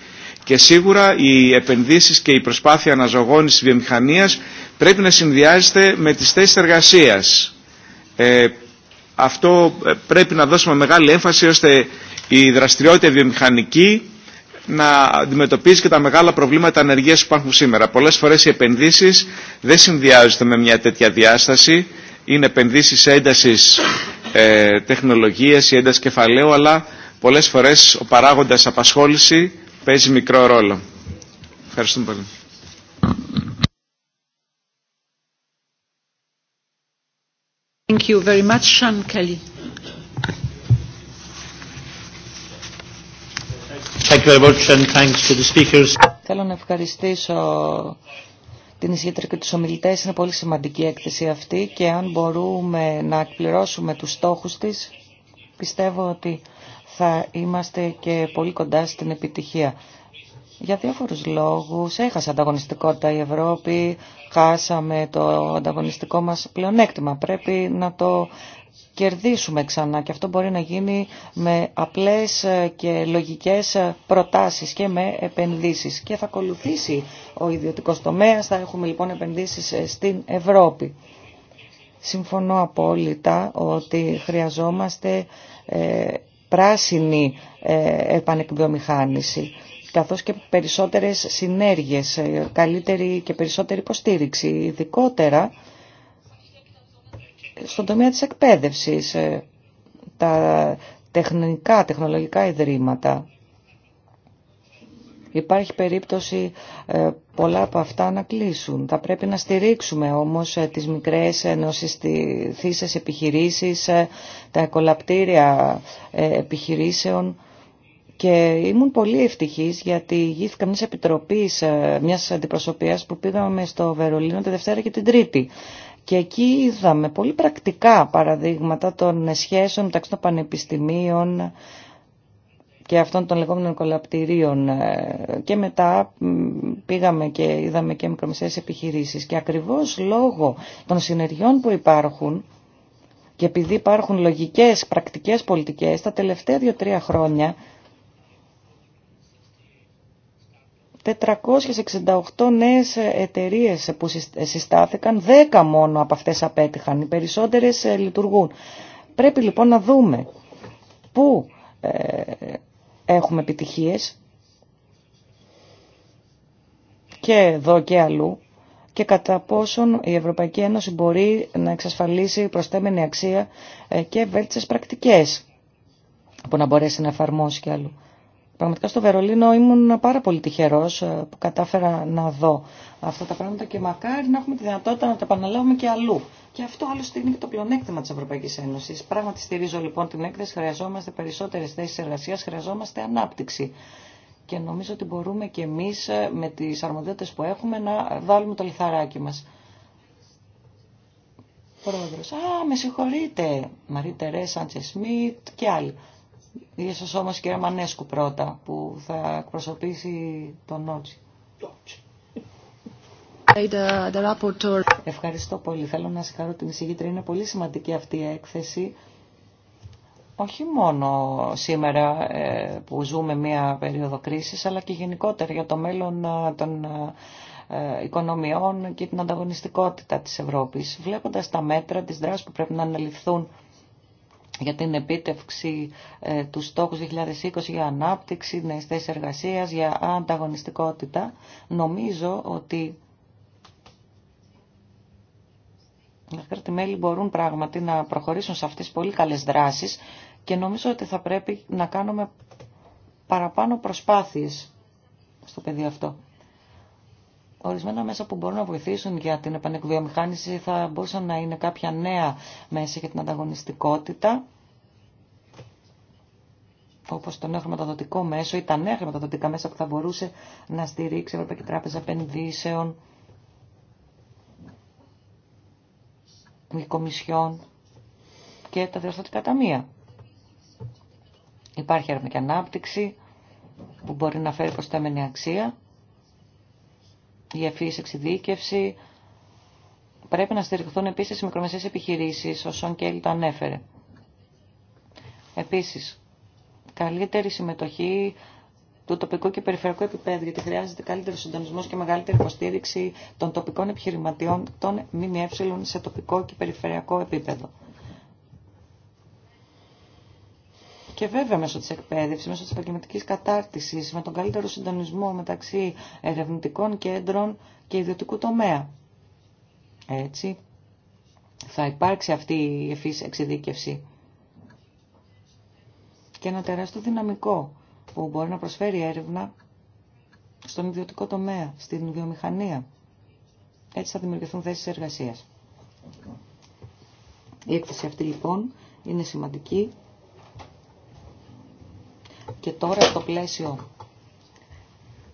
Και σίγουρα οι επενδύσεις και η προσπάθεια αναζωγόνησης της βιομηχανίας πρέπει να συνδυάζεται με τις θέσεις εργασίας. Ε, αυτό ε, πρέπει να δώσουμε μεγάλη έμφαση ώστε η δραστηριότητα βιομηχανική να αντιμετωπίζει και τα μεγάλα προβλήματα ανεργία που υπάρχουν σήμερα. Πολλές φορές οι επενδύσεις δεν συνδυάζονται με μια τέτοια διάσταση. Είναι επενδύσεις έντασης ε, τεχνολογίας ή ένταση κεφαλαίου, αλλά πολλές φορές ο παράγοντα απασχόληση παίζει μικρό ρόλο. Ευχαριστούμε πολύ. Thank you very much, Kelly. Θέλω να ευχαριστήσω την ισχύτρια και τους ομιλητές. Είναι πολύ σημαντική η έκθεση αυτή και αν μπορούμε να εκπληρώσουμε τους στόχους της, πιστεύω ότι θα είμαστε και πολύ κοντά στην επιτυχία. Για διάφορους λόγους έχασε ανταγωνιστικότητα η Ευρώπη, χάσαμε το ανταγωνιστικό μας πλεονέκτημα. Πρέπει να το κερδίσουμε ξανά και αυτό μπορεί να γίνει με απλές και λογικές προτάσεις και με επενδύσεις. Και θα ακολουθήσει ο ιδιωτικός τομέας, θα έχουμε λοιπόν επενδύσεις στην Ευρώπη. Συμφωνώ απόλυτα ότι χρειαζόμαστε ε, πράσινη ε, επανεκβιομηχάνηση καθώς και περισσότερες συνέργειες, ε, καλύτερη και περισσότερη υποστήριξη, ειδικότερα στον τομέα της εκπαίδευσης, ε, τα τεχνικά, τεχνολογικά ιδρύματα. Υπάρχει περίπτωση ε, πολλά από αυτά να κλείσουν. Θα πρέπει να στηρίξουμε όμως τις μικρές ενωσιστηθήσεις επιχειρήσεις, τα εκολαπτήρια επιχειρήσεων και ήμουν πολύ ευτυχή γιατί γύθηκα μια επιτροπή ε, μια αντιπροσωπεία που πήγαμε στο Βερολίνο τη Δευτέρα και την Τρίτη. Και εκεί είδαμε πολύ πρακτικά παραδείγματα των σχέσεων μεταξύ των πανεπιστημίων και αυτών των λεγόμενων κολαπτηρίων. Ε, και μετά πήγαμε και είδαμε και μικρομεσαίες επιχειρήσεις. Και ακριβώς λόγω των συνεργειών που υπάρχουν και επειδή υπάρχουν λογικές, πρακτικές πολιτικές, τα τελευταία δύο-τρία χρόνια 468 νέες εταιρείες που συστάθηκαν, 10 μόνο από αυτές απέτυχαν, οι περισσότερες ε, λειτουργούν. Πρέπει λοιπόν να δούμε πού ε, έχουμε επιτυχίες και εδώ και αλλού και κατά πόσον η Ευρωπαϊκή Ένωση μπορεί να εξασφαλίσει προστέμενη αξία ε, και βέλτιστες πρακτικές που να μπορέσει να εφαρμόσει και αλλού. Πραγματικά στο Βερολίνο ήμουν πάρα πολύ τυχερός ε, που κατάφερα να δω αυτά τα πράγματα και μακάρι να έχουμε τη δυνατότητα να τα επαναλάβουμε και αλλού. Και αυτό άλλωστε είναι και το πλεονέκτημα της Ευρωπαϊκής Ένωσης. Πράγματι στηρίζω λοιπόν την έκθεση, χρειαζόμαστε περισσότερες θέσεις εργασίας, χρειαζόμαστε ανάπτυξη. Και νομίζω ότι μπορούμε και εμείς ε, με τις αρμοδιότητες που έχουμε να βάλουμε το λιθαράκι μας. Πρόεδρος, α, με συγχωρείτε, Μαρή Τερέ, Σάντσε Σμιτ και άλλοι. Ίσως όμως και Μανέσκου πρώτα που θα εκπροσωπήσει τον Νότσι. Ευχαριστώ πολύ. Θέλω να συγχαρώ την εισηγήτρια. Είναι πολύ σημαντική αυτή η έκθεση. Όχι μόνο σήμερα ε, που ζούμε μια περίοδο κρίσης, αλλά και γενικότερα για το μέλλον ε, των ε, οικονομιών και την ανταγωνιστικότητα της Ευρώπης. Βλέποντας τα μέτρα, τις δράσεις που πρέπει να αναλυφθούν για την επίτευξη του στόχου 2020 για ανάπτυξη, νέες θέσεις εργασίας, για ανταγωνιστικότητα. Νομίζω ότι οι κράτη-μέλη μπορούν πράγματι να προχωρήσουν σε αυτές τις πολύ καλές δράσεις και νομίζω ότι θα πρέπει να κάνουμε παραπάνω προσπάθειες στο πεδίο αυτό. Ορισμένα μέσα που μπορούν να βοηθήσουν για την επανεκβιομηχάνηση θα μπορούσαν να είναι κάποια νέα μέσα για την ανταγωνιστικότητα, όπως το νέο χρηματοδοτικό μέσο ή τα νέα χρηματοδοτικά μέσα που θα μπορούσε να στηρίξει η Ευρωπαϊκή Τράπεζα Επενδύσεων, η Κομισιόν και τα διορθωτικά ταμεία. Υπάρχει έρευνα και ανάπτυξη που μπορεί να φέρει προστέμενη αξία η ευφύης εξειδίκευση. Πρέπει να στηριχθούν επίσης οι μικρομεσαίες επιχειρήσεις, ο Σον Κέλλη το ανέφερε. Επίσης, καλύτερη συμμετοχή του τοπικού και περιφερειακού επίπεδου, γιατί χρειάζεται καλύτερο συντονισμό και μεγαλύτερη υποστήριξη των τοπικών επιχειρηματιών των ΜΜΕ σε τοπικό και περιφερειακό επίπεδο. Και βέβαια μέσω της εκπαίδευση, μέσω της επαγγελματική κατάρτισης, με τον καλύτερο συντονισμό μεταξύ ερευνητικών κέντρων και ιδιωτικού τομέα. Έτσι θα υπάρξει αυτή η ευφύς εξειδίκευση. Και ένα τεράστιο δυναμικό που μπορεί να προσφέρει έρευνα στον ιδιωτικό τομέα, στην βιομηχανία. Έτσι θα δημιουργηθούν θέσεις εργασίας. Η έκθεση αυτή λοιπόν είναι σημαντική και τώρα στο πλαίσιο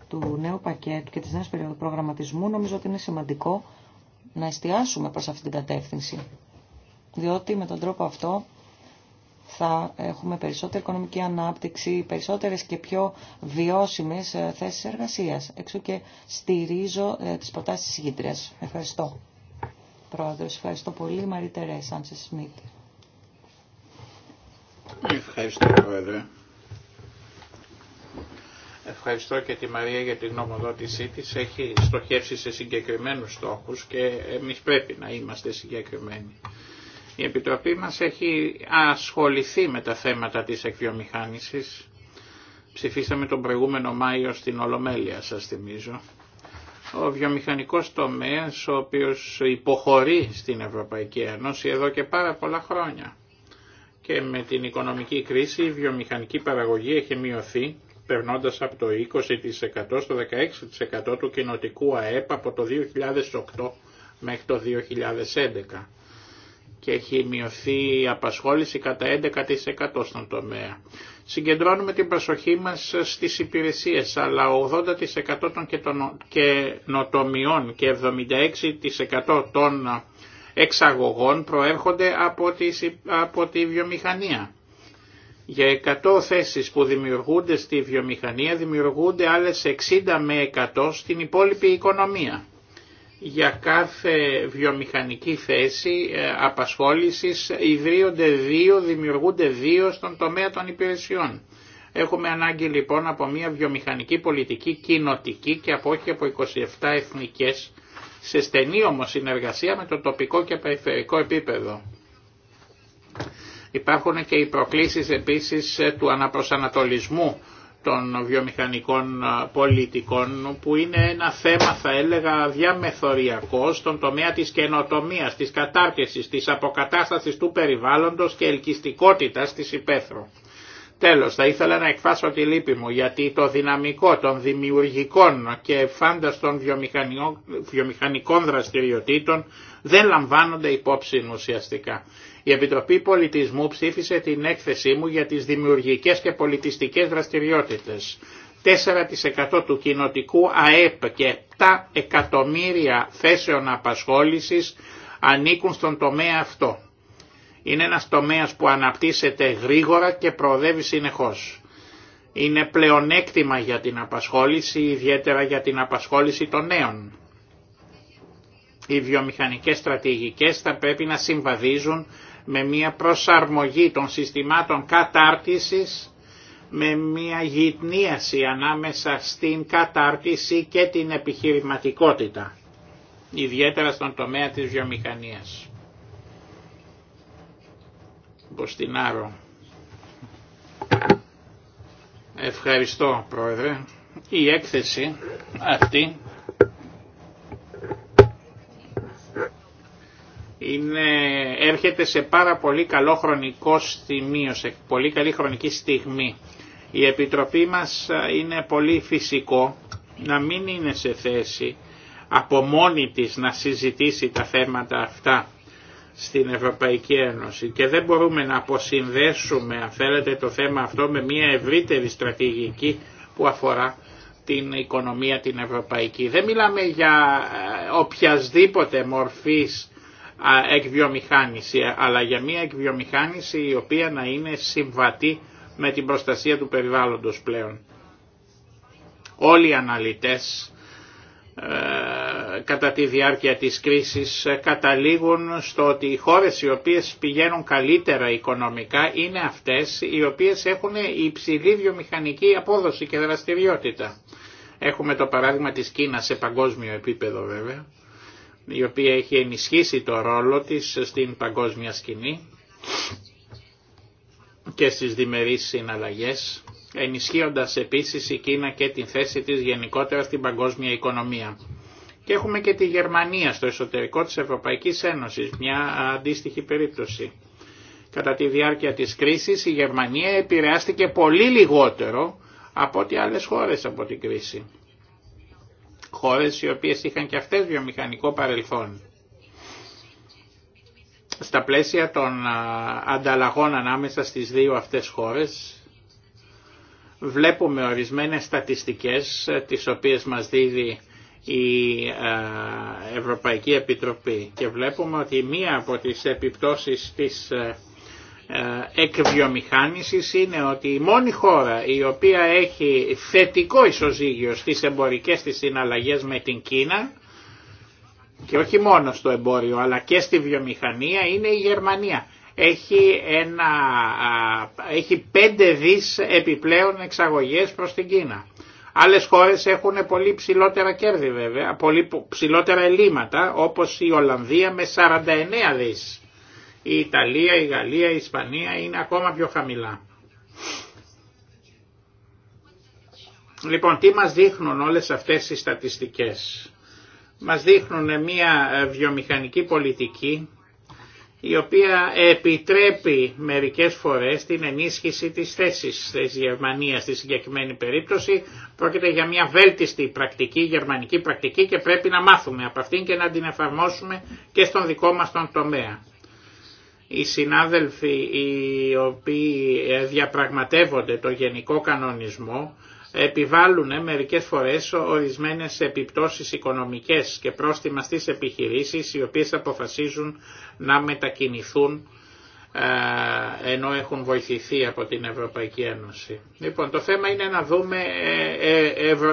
του νέου πακέτου και της νέας περίοδου προγραμματισμού νομίζω ότι είναι σημαντικό να εστιάσουμε προς αυτή την κατεύθυνση. Διότι με τον τρόπο αυτό θα έχουμε περισσότερη οικονομική ανάπτυξη, περισσότερες και πιο βιώσιμες ε, θέσεις εργασίας. Έξω και στηρίζω ε, τις προτάσεις της Γήτριας. Ευχαριστώ. Πρόεδρος, ευχαριστώ πολύ. Μαρή Τερέ, Σμίτ. Ευχαριστώ, Πρόεδρε. Ευχαριστώ και τη Μαρία για την γνωμοδότησή της. Έχει στοχεύσει σε συγκεκριμένους στόχους και εμείς πρέπει να είμαστε συγκεκριμένοι. Η Επιτροπή μας έχει ασχοληθεί με τα θέματα της εκβιομηχάνησης. Ψηφίσαμε τον προηγούμενο Μάιο στην Ολομέλεια, σας θυμίζω. Ο βιομηχανικός τομέας, ο οποίος υποχωρεί στην Ευρωπαϊκή Ένωση εδώ και πάρα πολλά χρόνια. Και με την οικονομική κρίση η βιομηχανική παραγωγή έχει μειωθεί περνώντας από το 20% στο 16% του κοινοτικού ΑΕΠ από το 2008 μέχρι το 2011 και έχει μειωθεί η απασχόληση κατά 11% στον τομέα. Συγκεντρώνουμε την προσοχή μας στις υπηρεσίες, αλλά 80% των καινοτομιών και 76% των εξαγωγών προέρχονται από, από τη βιομηχανία. Για 100 θέσεις που δημιουργούνται στη βιομηχανία δημιουργούνται άλλες 60 με 100 στην υπόλοιπη οικονομία. Για κάθε βιομηχανική θέση ε, απασχόλησης ιδρύονται δύο, δημιουργούνται δύο στον τομέα των υπηρεσιών. Έχουμε ανάγκη λοιπόν από μια βιομηχανική πολιτική κοινοτική και από όχι από 27 εθνικές, σε στενή όμως συνεργασία με το τοπικό και περιφερικό επίπεδο. Υπάρχουν και οι προκλήσεις επίσης ε, του αναπροσανατολισμού των βιομηχανικών ε, πολιτικών που είναι ένα θέμα θα έλεγα διαμεθοριακό στον τομέα της καινοτομίας, της κατάρκεσης, της αποκατάστασης του περιβάλλοντος και ελκυστικότητας της υπαίθρου. Τέλος, θα ήθελα να εκφράσω τη λύπη μου γιατί το δυναμικό των δημιουργικών και φάνταστων βιομηχανικών δραστηριοτήτων δεν λαμβάνονται υπόψη ουσιαστικά. Η Επιτροπή Πολιτισμού ψήφισε την έκθεσή μου για τις δημιουργικές και πολιτιστικές δραστηριότητες. 4% του κοινοτικού ΑΕΠ και 7 εκατομμύρια θέσεων απασχόλησης ανήκουν στον τομέα αυτό. Είναι ένας τομέας που αναπτύσσεται γρήγορα και προοδεύει συνεχώς. Είναι πλεονέκτημα για την απασχόληση, ιδιαίτερα για την απασχόληση των νέων. Οι βιομηχανικές στρατηγικές θα πρέπει να συμβαδίζουν με μια προσαρμογή των συστημάτων κατάρτισης, με μια γυτνίαση ανάμεσα στην κατάρτιση και την επιχειρηματικότητα, ιδιαίτερα στον τομέα της βιομηχανίας. Μποστινάρο. Ευχαριστώ Πρόεδρε. Η έκθεση αυτή είναι, έρχεται σε πάρα πολύ καλό χρονικό στιγμίο, σε πολύ καλή χρονική στιγμή. Η Επιτροπή μας είναι πολύ φυσικό να μην είναι σε θέση από μόνη της να συζητήσει τα θέματα αυτά στην Ευρωπαϊκή Ένωση και δεν μπορούμε να αποσυνδέσουμε αν θέλετε το θέμα αυτό με μια ευρύτερη στρατηγική που αφορά την οικονομία την ευρωπαϊκή. Δεν μιλάμε για ε, οποιασδήποτε μορφής εκβιομηχάνηση, αλλά για μια εκβιομηχάνηση η οποία να είναι συμβατή με την προστασία του περιβάλλοντος πλέον. Όλοι οι αναλυτές ε, κατά τη διάρκεια της κρίσης καταλήγουν στο ότι οι χώρες οι οποίες πηγαίνουν καλύτερα οικονομικά είναι αυτές οι οποίες έχουν υψηλή βιομηχανική απόδοση και δραστηριότητα. Έχουμε το παράδειγμα της Κίνας σε παγκόσμιο επίπεδο βέβαια η οποία έχει ενισχύσει το ρόλο της στην παγκόσμια σκηνή και στις διμερείς συναλλαγές, ενισχύοντας επίσης η Κίνα και την θέση της γενικότερα στην παγκόσμια οικονομία. Και έχουμε και τη Γερμανία στο εσωτερικό της Ευρωπαϊκής Ένωσης, μια αντίστοιχη περίπτωση. Κατά τη διάρκεια της κρίσης η Γερμανία επηρεάστηκε πολύ λιγότερο από ό,τι άλλες χώρες από την κρίση χώρες οι οποίες είχαν και αυτές βιομηχανικό παρελθόν. Στα πλαίσια των ανταλλαγών ανάμεσα στις δύο αυτές χώρες βλέπουμε ορισμένες στατιστικές ε, τις οποίες μας δίδει η Ευρωπαϊκή Επιτροπή και βλέπουμε ότι μία από τις επιπτώσεις της ε, ε, εκβιομηχάνηση είναι ότι η μόνη χώρα η οποία έχει θετικό ισοζύγιο στις εμπορικές της συναλλαγές με την Κίνα και όχι μόνο στο εμπόριο αλλά και στη βιομηχανία είναι η Γερμανία. Έχει, ένα, έχει 5 δις επιπλέον εξαγωγές προς την Κίνα. Άλλες χώρες έχουν πολύ ψηλότερα κέρδη βέβαια, πολύ ψηλότερα ελλείμματα όπως η Ολλανδία με 49 δις η Ιταλία, η Γαλλία, η Ισπανία είναι ακόμα πιο χαμηλά. Λοιπόν, τι μας δείχνουν όλες αυτές οι στατιστικές. Μας δείχνουν μια ε, βιομηχανική πολιτική η οποία επιτρέπει μερικές φορές την ενίσχυση της θέσης της Γερμανίας στη συγκεκριμένη περίπτωση. Πρόκειται για μια βέλτιστη πρακτική, γερμανική πρακτική και πρέπει να μάθουμε από αυτήν και να την εφαρμόσουμε και στον δικό μας τον τομέα οι συνάδελφοι οι οποίοι ε, διαπραγματεύονται το γενικό κανονισμό επιβάλλουν ε, μερικές φορές ορισμένες επιπτώσεις οικονομικές και πρόστιμα στις επιχειρήσεις οι οποίες αποφασίζουν να μετακινηθούν ε, ενώ έχουν βοηθηθεί από την Ευρωπαϊκή Ένωση. Λοιπόν, το θέμα είναι να δούμε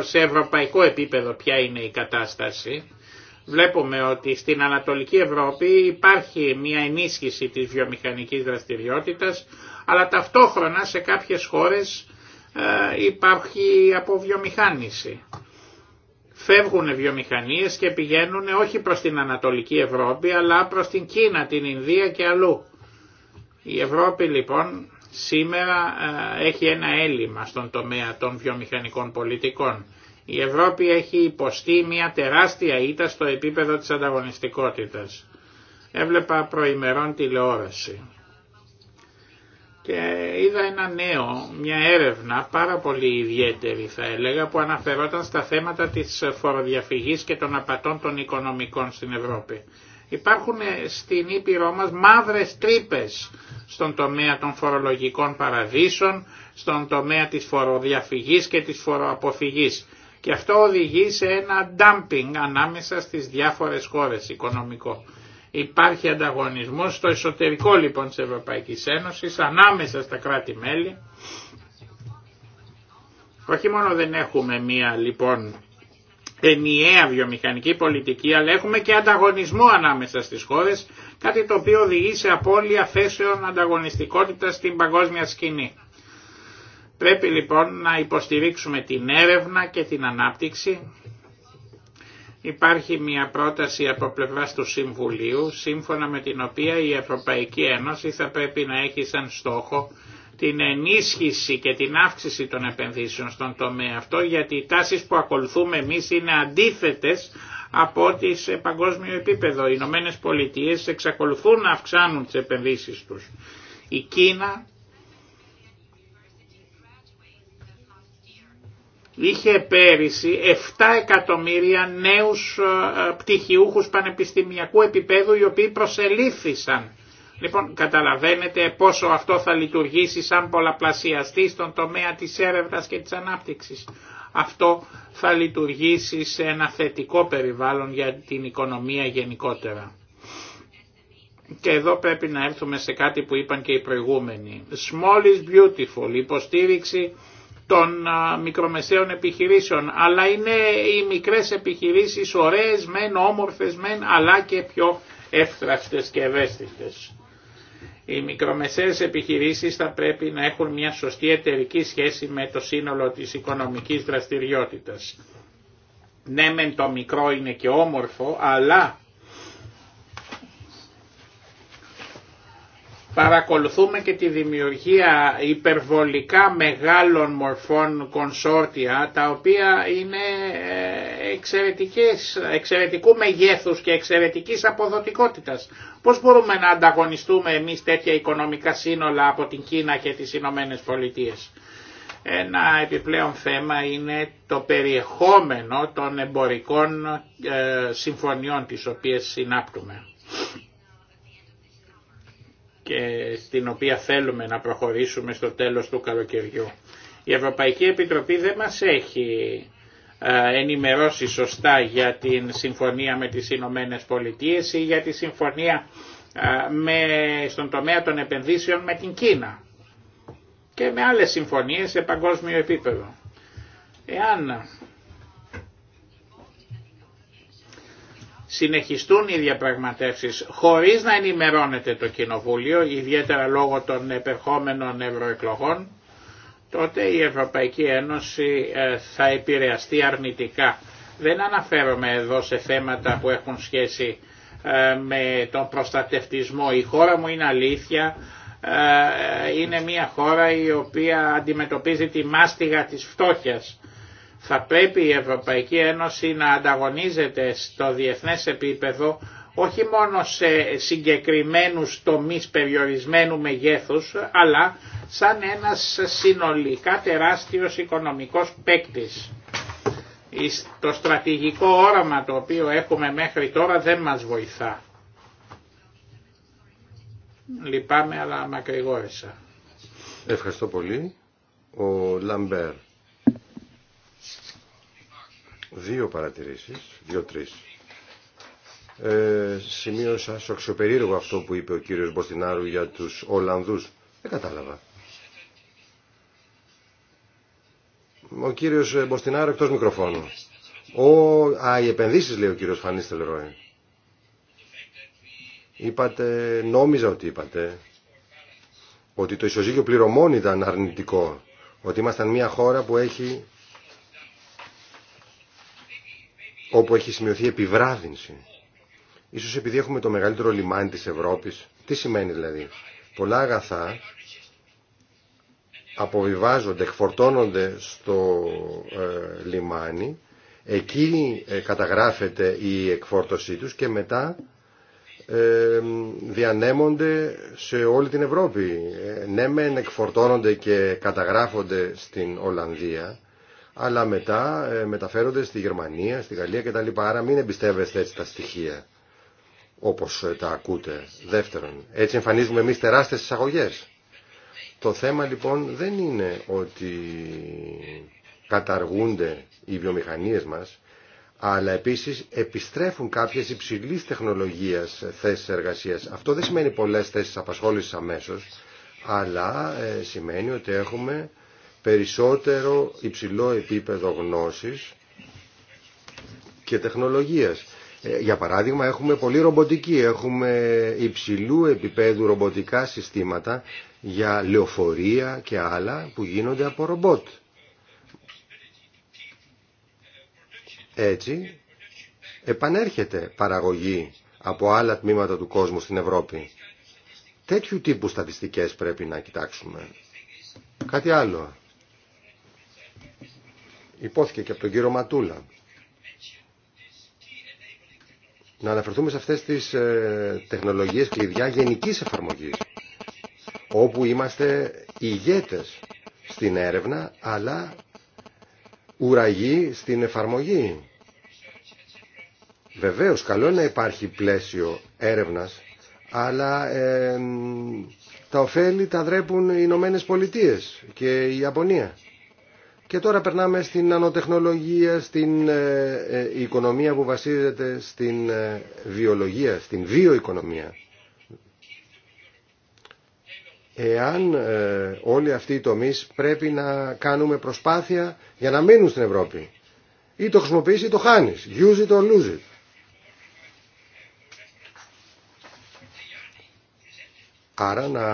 σε ευρωπαϊκό επίπεδο ποια είναι η κατάσταση Βλέπουμε ότι στην Ανατολική Ευρώπη υπάρχει μια ενίσχυση της βιομηχανικής δραστηριότητας, αλλά ταυτόχρονα σε κάποιες χώρες ε, υπάρχει αποβιομηχάνηση. Φεύγουν βιομηχανίες και πηγαίνουν όχι προς την Ανατολική Ευρώπη, αλλά προς την Κίνα, την Ινδία και αλλού. Η Ευρώπη λοιπόν σήμερα ε, έχει ένα έλλειμμα στον τομέα των βιομηχανικών πολιτικών η Ευρώπη έχει υποστεί μια τεράστια ήττα στο επίπεδο της ανταγωνιστικότητας. Έβλεπα προημερών τηλεόραση και είδα ένα νέο, μια έρευνα πάρα πολύ ιδιαίτερη θα έλεγα που αναφερόταν στα θέματα της φοροδιαφυγής και των απατών των οικονομικών στην Ευρώπη. Υπάρχουν στην Ήπειρό μας μαύρες τρύπες στον τομέα των φορολογικών παραδείσων, στον τομέα της φοροδιαφυγής και της φοροαποφυγής. Και αυτό οδηγεί σε ένα dumping ανάμεσα στις διάφορες χώρες οικονομικό. Υπάρχει ανταγωνισμός στο εσωτερικό λοιπόν της Ευρωπαϊκής Ένωσης, ανάμεσα στα κράτη-μέλη. Όχι μόνο δεν έχουμε μία λοιπόν ενιαία βιομηχανική πολιτική, αλλά έχουμε και ανταγωνισμό ανάμεσα στις χώρες, κάτι το οποίο οδηγεί σε απώλεια θέσεων ανταγωνιστικότητας στην παγκόσμια σκηνή. Πρέπει λοιπόν να υποστηρίξουμε την έρευνα και την ανάπτυξη. Υπάρχει μια πρόταση από πλευράς του Συμβουλίου, σύμφωνα με την οποία η Ευρωπαϊκή Ένωση θα πρέπει να έχει σαν στόχο την ενίσχυση και την αύξηση των επενδύσεων στον τομέα αυτό, γιατί οι τάσεις που ακολουθούμε εμείς είναι αντίθετες από ό,τι σε παγκόσμιο επίπεδο. Οι Ηνωμένε Πολιτείε εξακολουθούν να αυξάνουν τις επενδύσεις τους. Η Κίνα είχε πέρυσι 7 εκατομμύρια νέους ε, ε, πτυχιούχους πανεπιστημιακού επίπεδου οι οποίοι προσελήφθησαν. Λοιπόν, καταλαβαίνετε πόσο αυτό θα λειτουργήσει σαν πολλαπλασιαστή στον τομέα της έρευνας και της ανάπτυξης. Αυτό θα λειτουργήσει σε ένα θετικό περιβάλλον για την οικονομία γενικότερα. Και εδώ πρέπει να έρθουμε σε κάτι που είπαν και οι προηγούμενοι. Small is beautiful, υποστήριξη των μικρομεσαίων επιχειρήσεων, αλλά είναι οι μικρές επιχειρήσεις ωραίες μεν, όμορφες μεν, αλλά και πιο εύθραστες και ευαίσθητες. Οι μικρομεσαίες επιχειρήσεις θα πρέπει να έχουν μια σωστή εταιρική σχέση με το σύνολο της οικονομικής δραστηριότητας. Ναι μεν το μικρό είναι και όμορφο, αλλά Παρακολουθούμε και τη δημιουργία υπερβολικά μεγάλων μορφών κονσόρτια τα οποία είναι ε, εξαιρετικές, εξαιρετικού μεγέθους και εξαιρετικής αποδοτικότητας. Πώς μπορούμε να ανταγωνιστούμε εμείς τέτοια οικονομικά σύνολα από την Κίνα και τις Ηνωμένε Πολιτείες. Ένα επιπλέον θέμα είναι το περιεχόμενο των εμπορικών ε, συμφωνιών τις οποίες συνάπτουμε και στην οποία θέλουμε να προχωρήσουμε στο τέλος του καλοκαιριού. Η Ευρωπαϊκή Επιτροπή δεν μας έχει ε, ενημερώσει σωστά για την συμφωνία με τις Ηνωμένε Πολιτείε ή για τη συμφωνία ε, με, στον τομέα των επενδύσεων με την Κίνα και με άλλες συμφωνίες σε παγκόσμιο επίπεδο. Εάν συνεχιστούν οι διαπραγματεύσεις χωρίς να ενημερώνεται το Κοινοβούλιο, ιδιαίτερα λόγω των επερχόμενων ευρωεκλογών, τότε η Ευρωπαϊκή Ένωση ε, θα επηρεαστεί αρνητικά. Δεν αναφέρομαι εδώ σε θέματα που έχουν σχέση ε, με τον προστατευτισμό. Η χώρα μου είναι αλήθεια, ε, είναι μια χώρα η οποία αντιμετωπίζει τη μάστιγα της φτώχειας θα πρέπει η Ευρωπαϊκή Ένωση να ανταγωνίζεται στο διεθνές επίπεδο όχι μόνο σε συγκεκριμένους τομείς περιορισμένου μεγέθους, αλλά σαν ένας συνολικά τεράστιος οικονομικός παίκτη. Το στρατηγικό όραμα το οποίο έχουμε μέχρι τώρα δεν μας βοηθά. Λυπάμαι αλλά μακρηγόρησα. Ευχαριστώ πολύ. Ο Λαμπέρ δύο παρατηρήσεις, δύο-τρεις. Ε, σημείωσα σοξιοπερίεργο αυτό που είπε ο κύριος Μποστινάρου για τους Ολλανδούς. Δεν κατάλαβα. Ο κύριος Μποστινάρου εκτός μικροφώνου. Ο, α, οι επενδύσεις λέει ο κύριος Φανίστελ Ρόε. Είπατε, νόμιζα ότι είπατε, ότι το ισοζύγιο πληρωμών ήταν αρνητικό. Ότι ήμασταν μια χώρα που έχει όπου έχει σημειωθεί επιβράδυνση. Ίσως επειδή έχουμε το μεγαλύτερο λιμάνι της Ευρώπης. Τι σημαίνει δηλαδή. Πολλά αγαθά αποβιβάζονται, εκφορτώνονται στο ε, λιμάνι. Εκεί ε, καταγράφεται η εκφόρτωσή τους και μετά ε, διανέμονται σε όλη την Ευρώπη. Ναι μεν εκφορτώνονται και καταγράφονται στην Ολλανδία αλλά μετά ε, μεταφέρονται στη Γερμανία, στη Γαλλία κτλ. Άρα μην εμπιστεύεστε έτσι τα στοιχεία όπως ε, τα ακούτε. Δεύτερον, έτσι εμφανίζουμε εμείς τεράστιες εισαγωγές. Το θέμα λοιπόν δεν είναι ότι καταργούνται οι βιομηχανίες μας, αλλά επίσης επιστρέφουν κάποιες υψηλής τεχνολογίας θέσεις εργασίας. Αυτό δεν σημαίνει πολλές θέσεις απασχόλησης αμέσως, αλλά ε, σημαίνει ότι έχουμε περισσότερο υψηλό επίπεδο γνώσης και τεχνολογίας. Ε, για παράδειγμα έχουμε πολύ ρομποτική, έχουμε υψηλού επίπεδου ρομποτικά συστήματα για λεωφορεία και άλλα που γίνονται από ρομπότ. Έτσι επανέρχεται παραγωγή από άλλα τμήματα του κόσμου στην Ευρώπη. Τέτοιου τύπου στατιστικές πρέπει να κοιτάξουμε. Κάτι άλλο υπόθηκε και από τον κύριο Ματούλα. Να αναφερθούμε σε αυτές τις ε, τεχνολογίες κλειδιά γενικής εφαρμογής, όπου είμαστε ηγέτες στην έρευνα, αλλά ουραγοί στην εφαρμογή. Βεβαίως, καλό είναι να υπάρχει πλαίσιο έρευνας, αλλά ε, τα ωφέλη τα δρέπουν οι Ηνωμένε Πολιτείε και η Ιαπωνία. Και τώρα περνάμε στην ανοτεχνολογία, στην ε, ε, οικονομία που βασίζεται στην ε, βιολογία, στην βιοοικονομία. Εάν όλοι αυτοί οι τομείς πρέπει να κάνουμε προσπάθεια για να μείνουν στην Ευρώπη. Ή το χρησιμοποιείς ή το χάνεις. Use it or lose it. Άρα να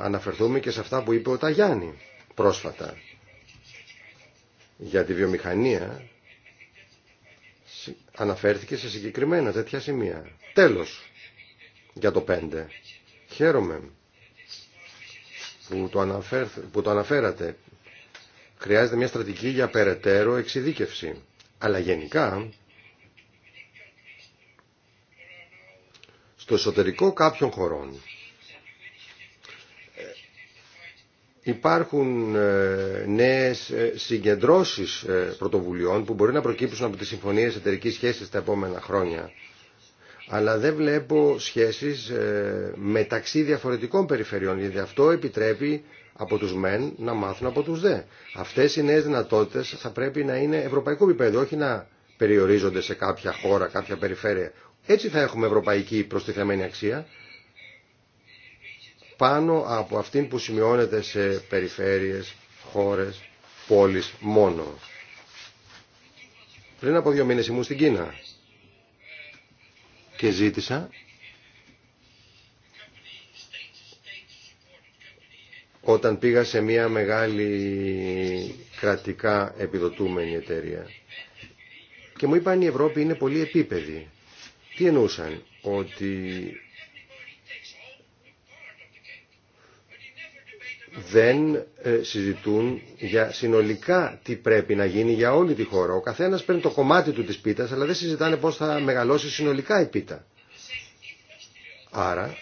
αναφερθούμε και σε αυτά που είπε ο Ταγιάννη πρόσφατα για τη βιομηχανία αναφέρθηκε σε συγκεκριμένα τέτοια σημεία. Τέλος, για το 5. Χαίρομαι που το, που το αναφέρατε. Χρειάζεται μια στρατηγική για περαιτέρω εξειδίκευση. Αλλά γενικά, στο εσωτερικό κάποιων χωρών Υπάρχουν ε, νέες ε, συγκεντρώσεις ε, πρωτοβουλειών που μπορεί να προκύψουν από τις συμφωνίες εταιρική σχέσης τα επόμενα χρόνια. Αλλά δεν βλέπω σχέσεις μεταξύ διαφορετικών περιφερειών, γιατί αυτό επιτρέπει από τους μεν να μάθουν από τους δε. Αυτές οι νέες δυνατότητες θα πρέπει να είναι ευρωπαϊκό επίπεδο, όχι να περιορίζονται σε κάποια χώρα, κάποια περιφέρεια. Έτσι θα έχουμε ευρωπαϊκή προστιθεμένη αξία πάνω από αυτήν που σημειώνεται σε περιφέρειες, χώρες, πόλεις μόνο. Πριν από δύο μήνες ήμουν στην Κίνα και ζήτησα όταν πήγα σε μια μεγάλη κρατικά επιδοτούμενη εταιρεία και μου είπαν η Ευρώπη είναι πολύ επίπεδη. Τι εννοούσαν, ότι δεν ε, συζητούν για συνολικά τι πρέπει να γίνει για όλη τη χώρα. Ο καθένας παίρνει το κομμάτι του της πίτας, αλλά δεν συζητάνε πώς θα μεγαλώσει συνολικά η πίτα. Άρα,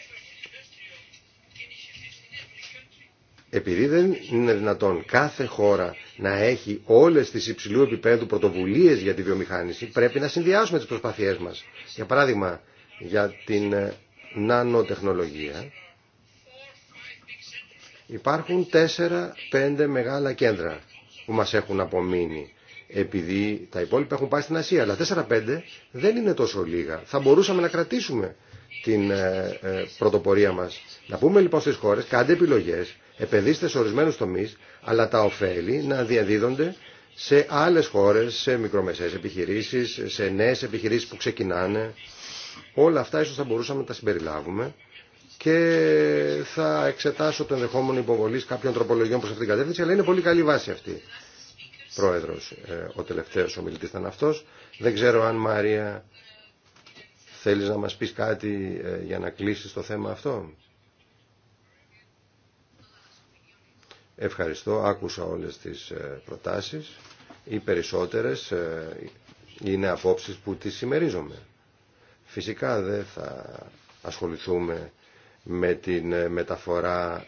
επειδή δεν είναι δυνατόν κάθε χώρα να έχει όλες τις υψηλού επίπεδου πρωτοβουλίες για τη βιομηχάνηση, πρέπει να συνδυάσουμε τις προσπαθίες μας. Για παράδειγμα, για την ε, νανοτεχνολογία, Υπάρχουν 4-5 μεγάλα κέντρα που μας έχουν απομείνει επειδή τα υπόλοιπα έχουν πάει στην Ασία. Αλλά 4-5 δεν είναι τόσο λίγα. Θα μπορούσαμε να κρατήσουμε την ε, ε, πρωτοπορία μας. Να πούμε λοιπόν στις χώρες, κάντε επιλογές, επενδύστε σε ορισμένους τομείς, αλλά τα ωφέλη να διαδίδονται σε άλλες χώρες, σε μικρομεσαίες επιχειρήσεις, σε νέες επιχειρήσεις που ξεκινάνε. Όλα αυτά ίσως θα μπορούσαμε να τα συμπεριλάβουμε και θα εξετάσω το ενδεχόμενο υποβολή κάποιων τροπολογιών προ αυτήν την κατεύθυνση, αλλά είναι πολύ καλή βάση αυτή. Πρόεδρο, ε, ο τελευταίο ομιλητή ήταν αυτό. Δεν ξέρω αν Μαρία θέλει να μα πει κάτι ε, για να κλείσει το θέμα αυτό. Ευχαριστώ. Άκουσα όλες τις ε, προτάσει Οι περισσότερες είναι απόψει που τι συμμερίζομαι. Φυσικά δεν θα ασχοληθούμε με την ε, μεταφορά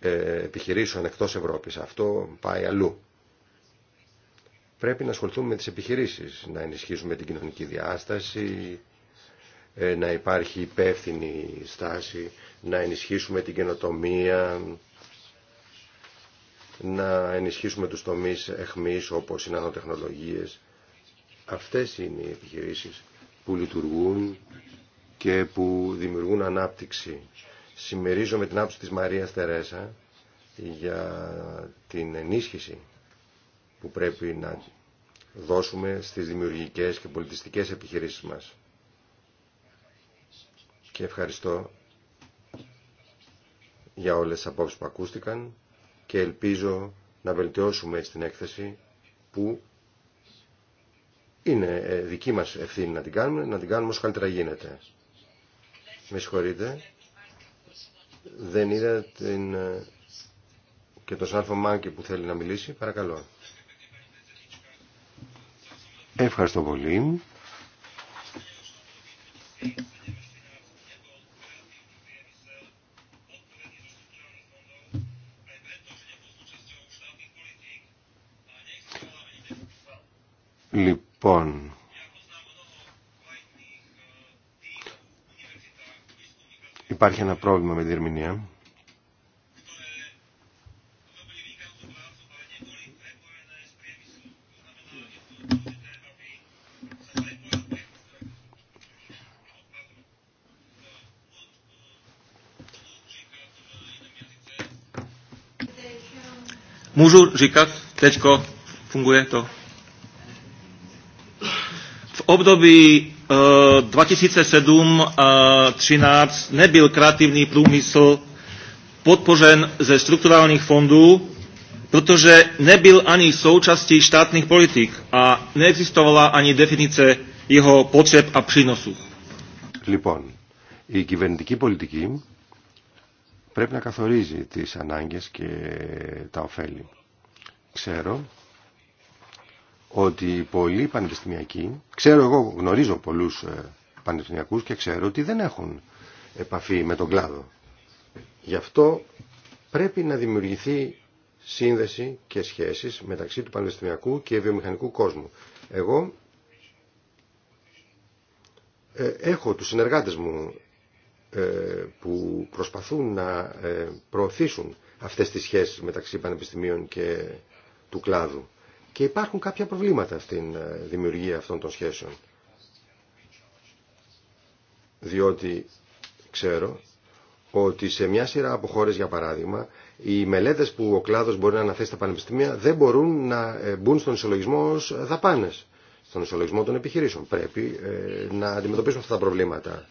ε, επιχειρήσεων εκτός Ευρώπης. Αυτό πάει αλλού. Πρέπει να ασχοληθούμε με τις επιχειρήσεις, να ενισχύσουμε την κοινωνική διάσταση, ε, να υπάρχει υπεύθυνη στάση, να ενισχύσουμε την καινοτομία, να ενισχύσουμε τους τομείς εχμής όπως οι νανοτεχνολογίες. Αυτές είναι οι επιχειρήσεις που λειτουργούν και που δημιουργούν ανάπτυξη. Συμμερίζω την άποψη της Μαρίας Τερέσα για την ενίσχυση που πρέπει να δώσουμε στις δημιουργικές και πολιτιστικές επιχειρήσεις μας. Και ευχαριστώ για όλες τις απόψεις που ακούστηκαν και ελπίζω να βελτιώσουμε έτσι την έκθεση που είναι ε, δική μας ευθύνη να την κάνουμε, να την κάνουμε όσο καλύτερα γίνεται. Με συγχωρείτε. Δεν είδα την... Ε, και τον Σάρφο Μάνκη που θέλει να μιλήσει. Παρακαλώ. Ευχαριστώ πολύ. Λοιπόν, υπάρχει ένα πρόβλημα με την ερμηνεία. Μουζουρ, Ζικά, Τέτσκο, Φουγκουέτο období 2007-2013 nebyl kreativný průmysl podpořen ze strukturálnych fondů, protože nebyl ani součástí štátnych politik a neexistovala ani definice jeho potřeb a přínosu. Λοιπόν, η κυβερνητική πολιτική πρέπει να καθορίζει τις ανάγκες και τα ωφέλη. Ξέρω ότι πολλοί πανεπιστημιακοί, ξέρω εγώ, γνωρίζω πολλούς ε, πανεπιστημιακούς και ξέρω ότι δεν έχουν επαφή με τον κλάδο. Γι' αυτό πρέπει να δημιουργηθεί σύνδεση και σχέσεις μεταξύ του πανεπιστημιακού και βιομηχανικού κόσμου. Εγώ ε, έχω τους συνεργάτες μου ε, που προσπαθούν να προωθήσουν αυτές τις σχέσεις μεταξύ πανεπιστημίων και του κλάδου. Και υπάρχουν κάποια προβλήματα στην ε, δημιουργία αυτών των σχέσεων. Διότι ξέρω ότι σε μια σειρά από χώρε, για παράδειγμα, οι μελέτε που ο κλάδο μπορεί να αναθέσει στα πανεπιστήμια δεν μπορούν να ε, μπουν στον ισολογισμό ω δαπάνε, στον ισολογισμό των επιχειρήσεων. Πρέπει ε, να αντιμετωπίσουμε αυτά τα προβλήματα.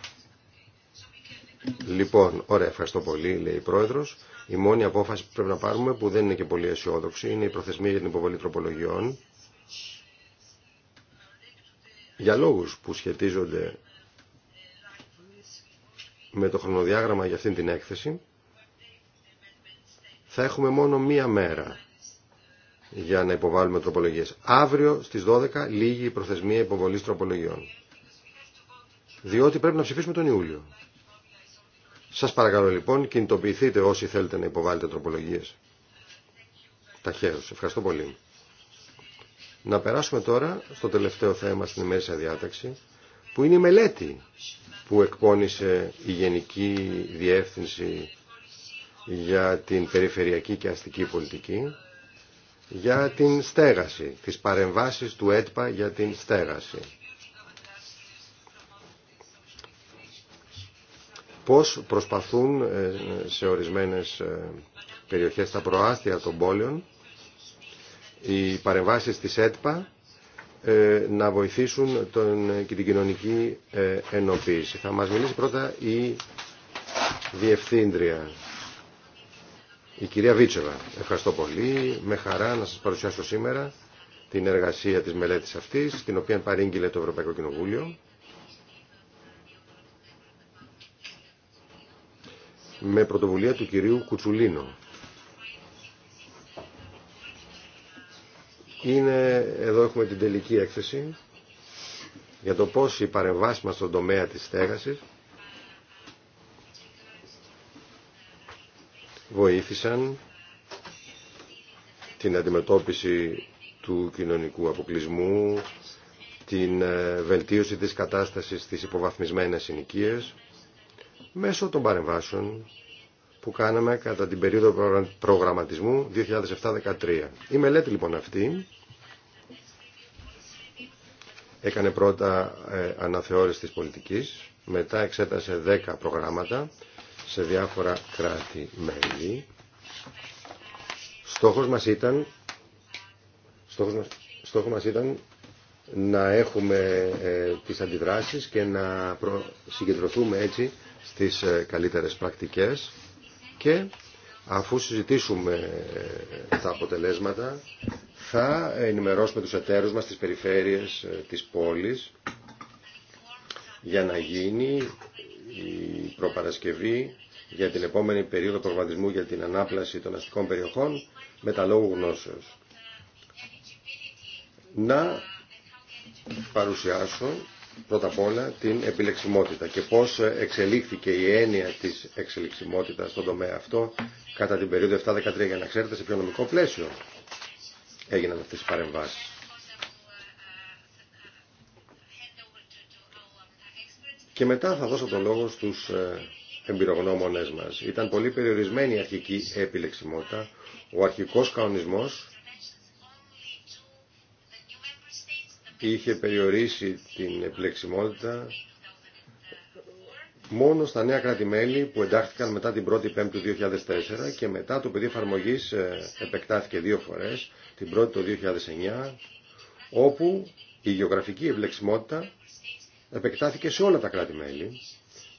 Λοιπόν, ωραία, ευχαριστώ πολύ, λέει η πρόεδρο. Η μόνη απόφαση που πρέπει να πάρουμε, που δεν είναι και πολύ αισιόδοξη, είναι η προθεσμία για την υποβολή τροπολογιών. Για λόγους που σχετίζονται με το χρονοδιάγραμμα για αυτήν την έκθεση, θα έχουμε μόνο μία μέρα για να υποβάλουμε τροπολογίες. Αύριο στις 12 λίγη η προθεσμία υποβολής τροπολογιών. Διότι πρέπει να ψηφίσουμε τον Ιούλιο. Σας παρακαλώ λοιπόν, κινητοποιηθείτε όσοι θέλετε να υποβάλλετε τροπολογίες. Ταχαίως. Ευχαριστώ πολύ. Να περάσουμε τώρα στο τελευταίο θέμα στην ημέρησα διάταξη, που είναι η μελέτη που εκπώνησε η Γενική Διεύθυνση για την Περιφερειακή και Αστική Πολιτική, για την στέγαση, τις παρεμβάσεις του ΕΤΠΑ για την στέγαση. πώς προσπαθούν ε, σε ορισμένες ε, περιοχές στα προάστια των πόλεων οι παρεμβάσεις της ΕΤΠΑ ε, να βοηθήσουν τον, και την κοινωνική ενοποίηση. Θα μας μιλήσει πρώτα η Διευθύντρια, η κυρία Βίτσεβα. Ευχαριστώ πολύ. Με χαρά να σας παρουσιάσω σήμερα την εργασία της μελέτης αυτής, την οποία παρήγγειλε το Ευρωπαϊκό Κοινοβούλιο με πρωτοβουλία του κυρίου Κουτσουλίνο. Είναι, εδώ έχουμε την τελική έκθεση για το πώς η παρεμβάσεις μας στον τομέα της στέγασης βοήθησαν την αντιμετώπιση του κοινωνικού αποκλεισμού, την ε, βελτίωση της κατάστασης στις υποβαθμισμένες συνοικίες μέσω των παρεμβάσεων που κάναμε κατά την περίοδο προγραμματισμού 2007-2013. Η μελέτη λοιπόν αυτή έκανε πρώτα ε, αναθεώρηση της πολιτικής, μετά εξέτασε 10 προγράμματα σε διάφορα κράτη-μέλη. Στόχος μας ήταν στόχος μας, μας ήταν να έχουμε ε, τις αντιδράσεις και να συγκεντρωθούμε έτσι στις ε, καλύτερες πρακτικές και αφού συζητήσουμε ε, τα αποτελέσματα θα ενημερώσουμε τους εταίρους μας στις περιφέρειες ε, της πόλης για να γίνει η προπαρασκευή για την επόμενη περίοδο προγραμματισμού για την ανάπλαση των αστικών περιοχών με τα λόγου γνώσεως. Να παρουσιάσω πρώτα απ' όλα την επιλεξιμότητα και πώς εξελίχθηκε η έννοια της εξελιξιμότητας στον τομέα αυτό κατά την περίοδο 7-13 για να ξέρετε σε ποιο νομικό πλαίσιο έγιναν αυτές οι παρεμβάσεις. Και μετά θα δώσω το λόγο στους ε, εμπειρογνώμονές μας. Ήταν πολύ περιορισμένη η αρχική επιλεξιμότητα. Ο αρχικός κανονισμός είχε περιορίσει την επιλεξιμότητα μόνο στα νέα κράτη-μέλη που εντάχθηκαν μετά την 1η Πέμπτη του 2004 και μετά το πεδίο εφαρμογή ε, επεκτάθηκε δύο φορές, την 1η το 2009, όπου η γεωγραφική επιλεξιμότητα επεκτάθηκε σε όλα τα κράτη-μέλη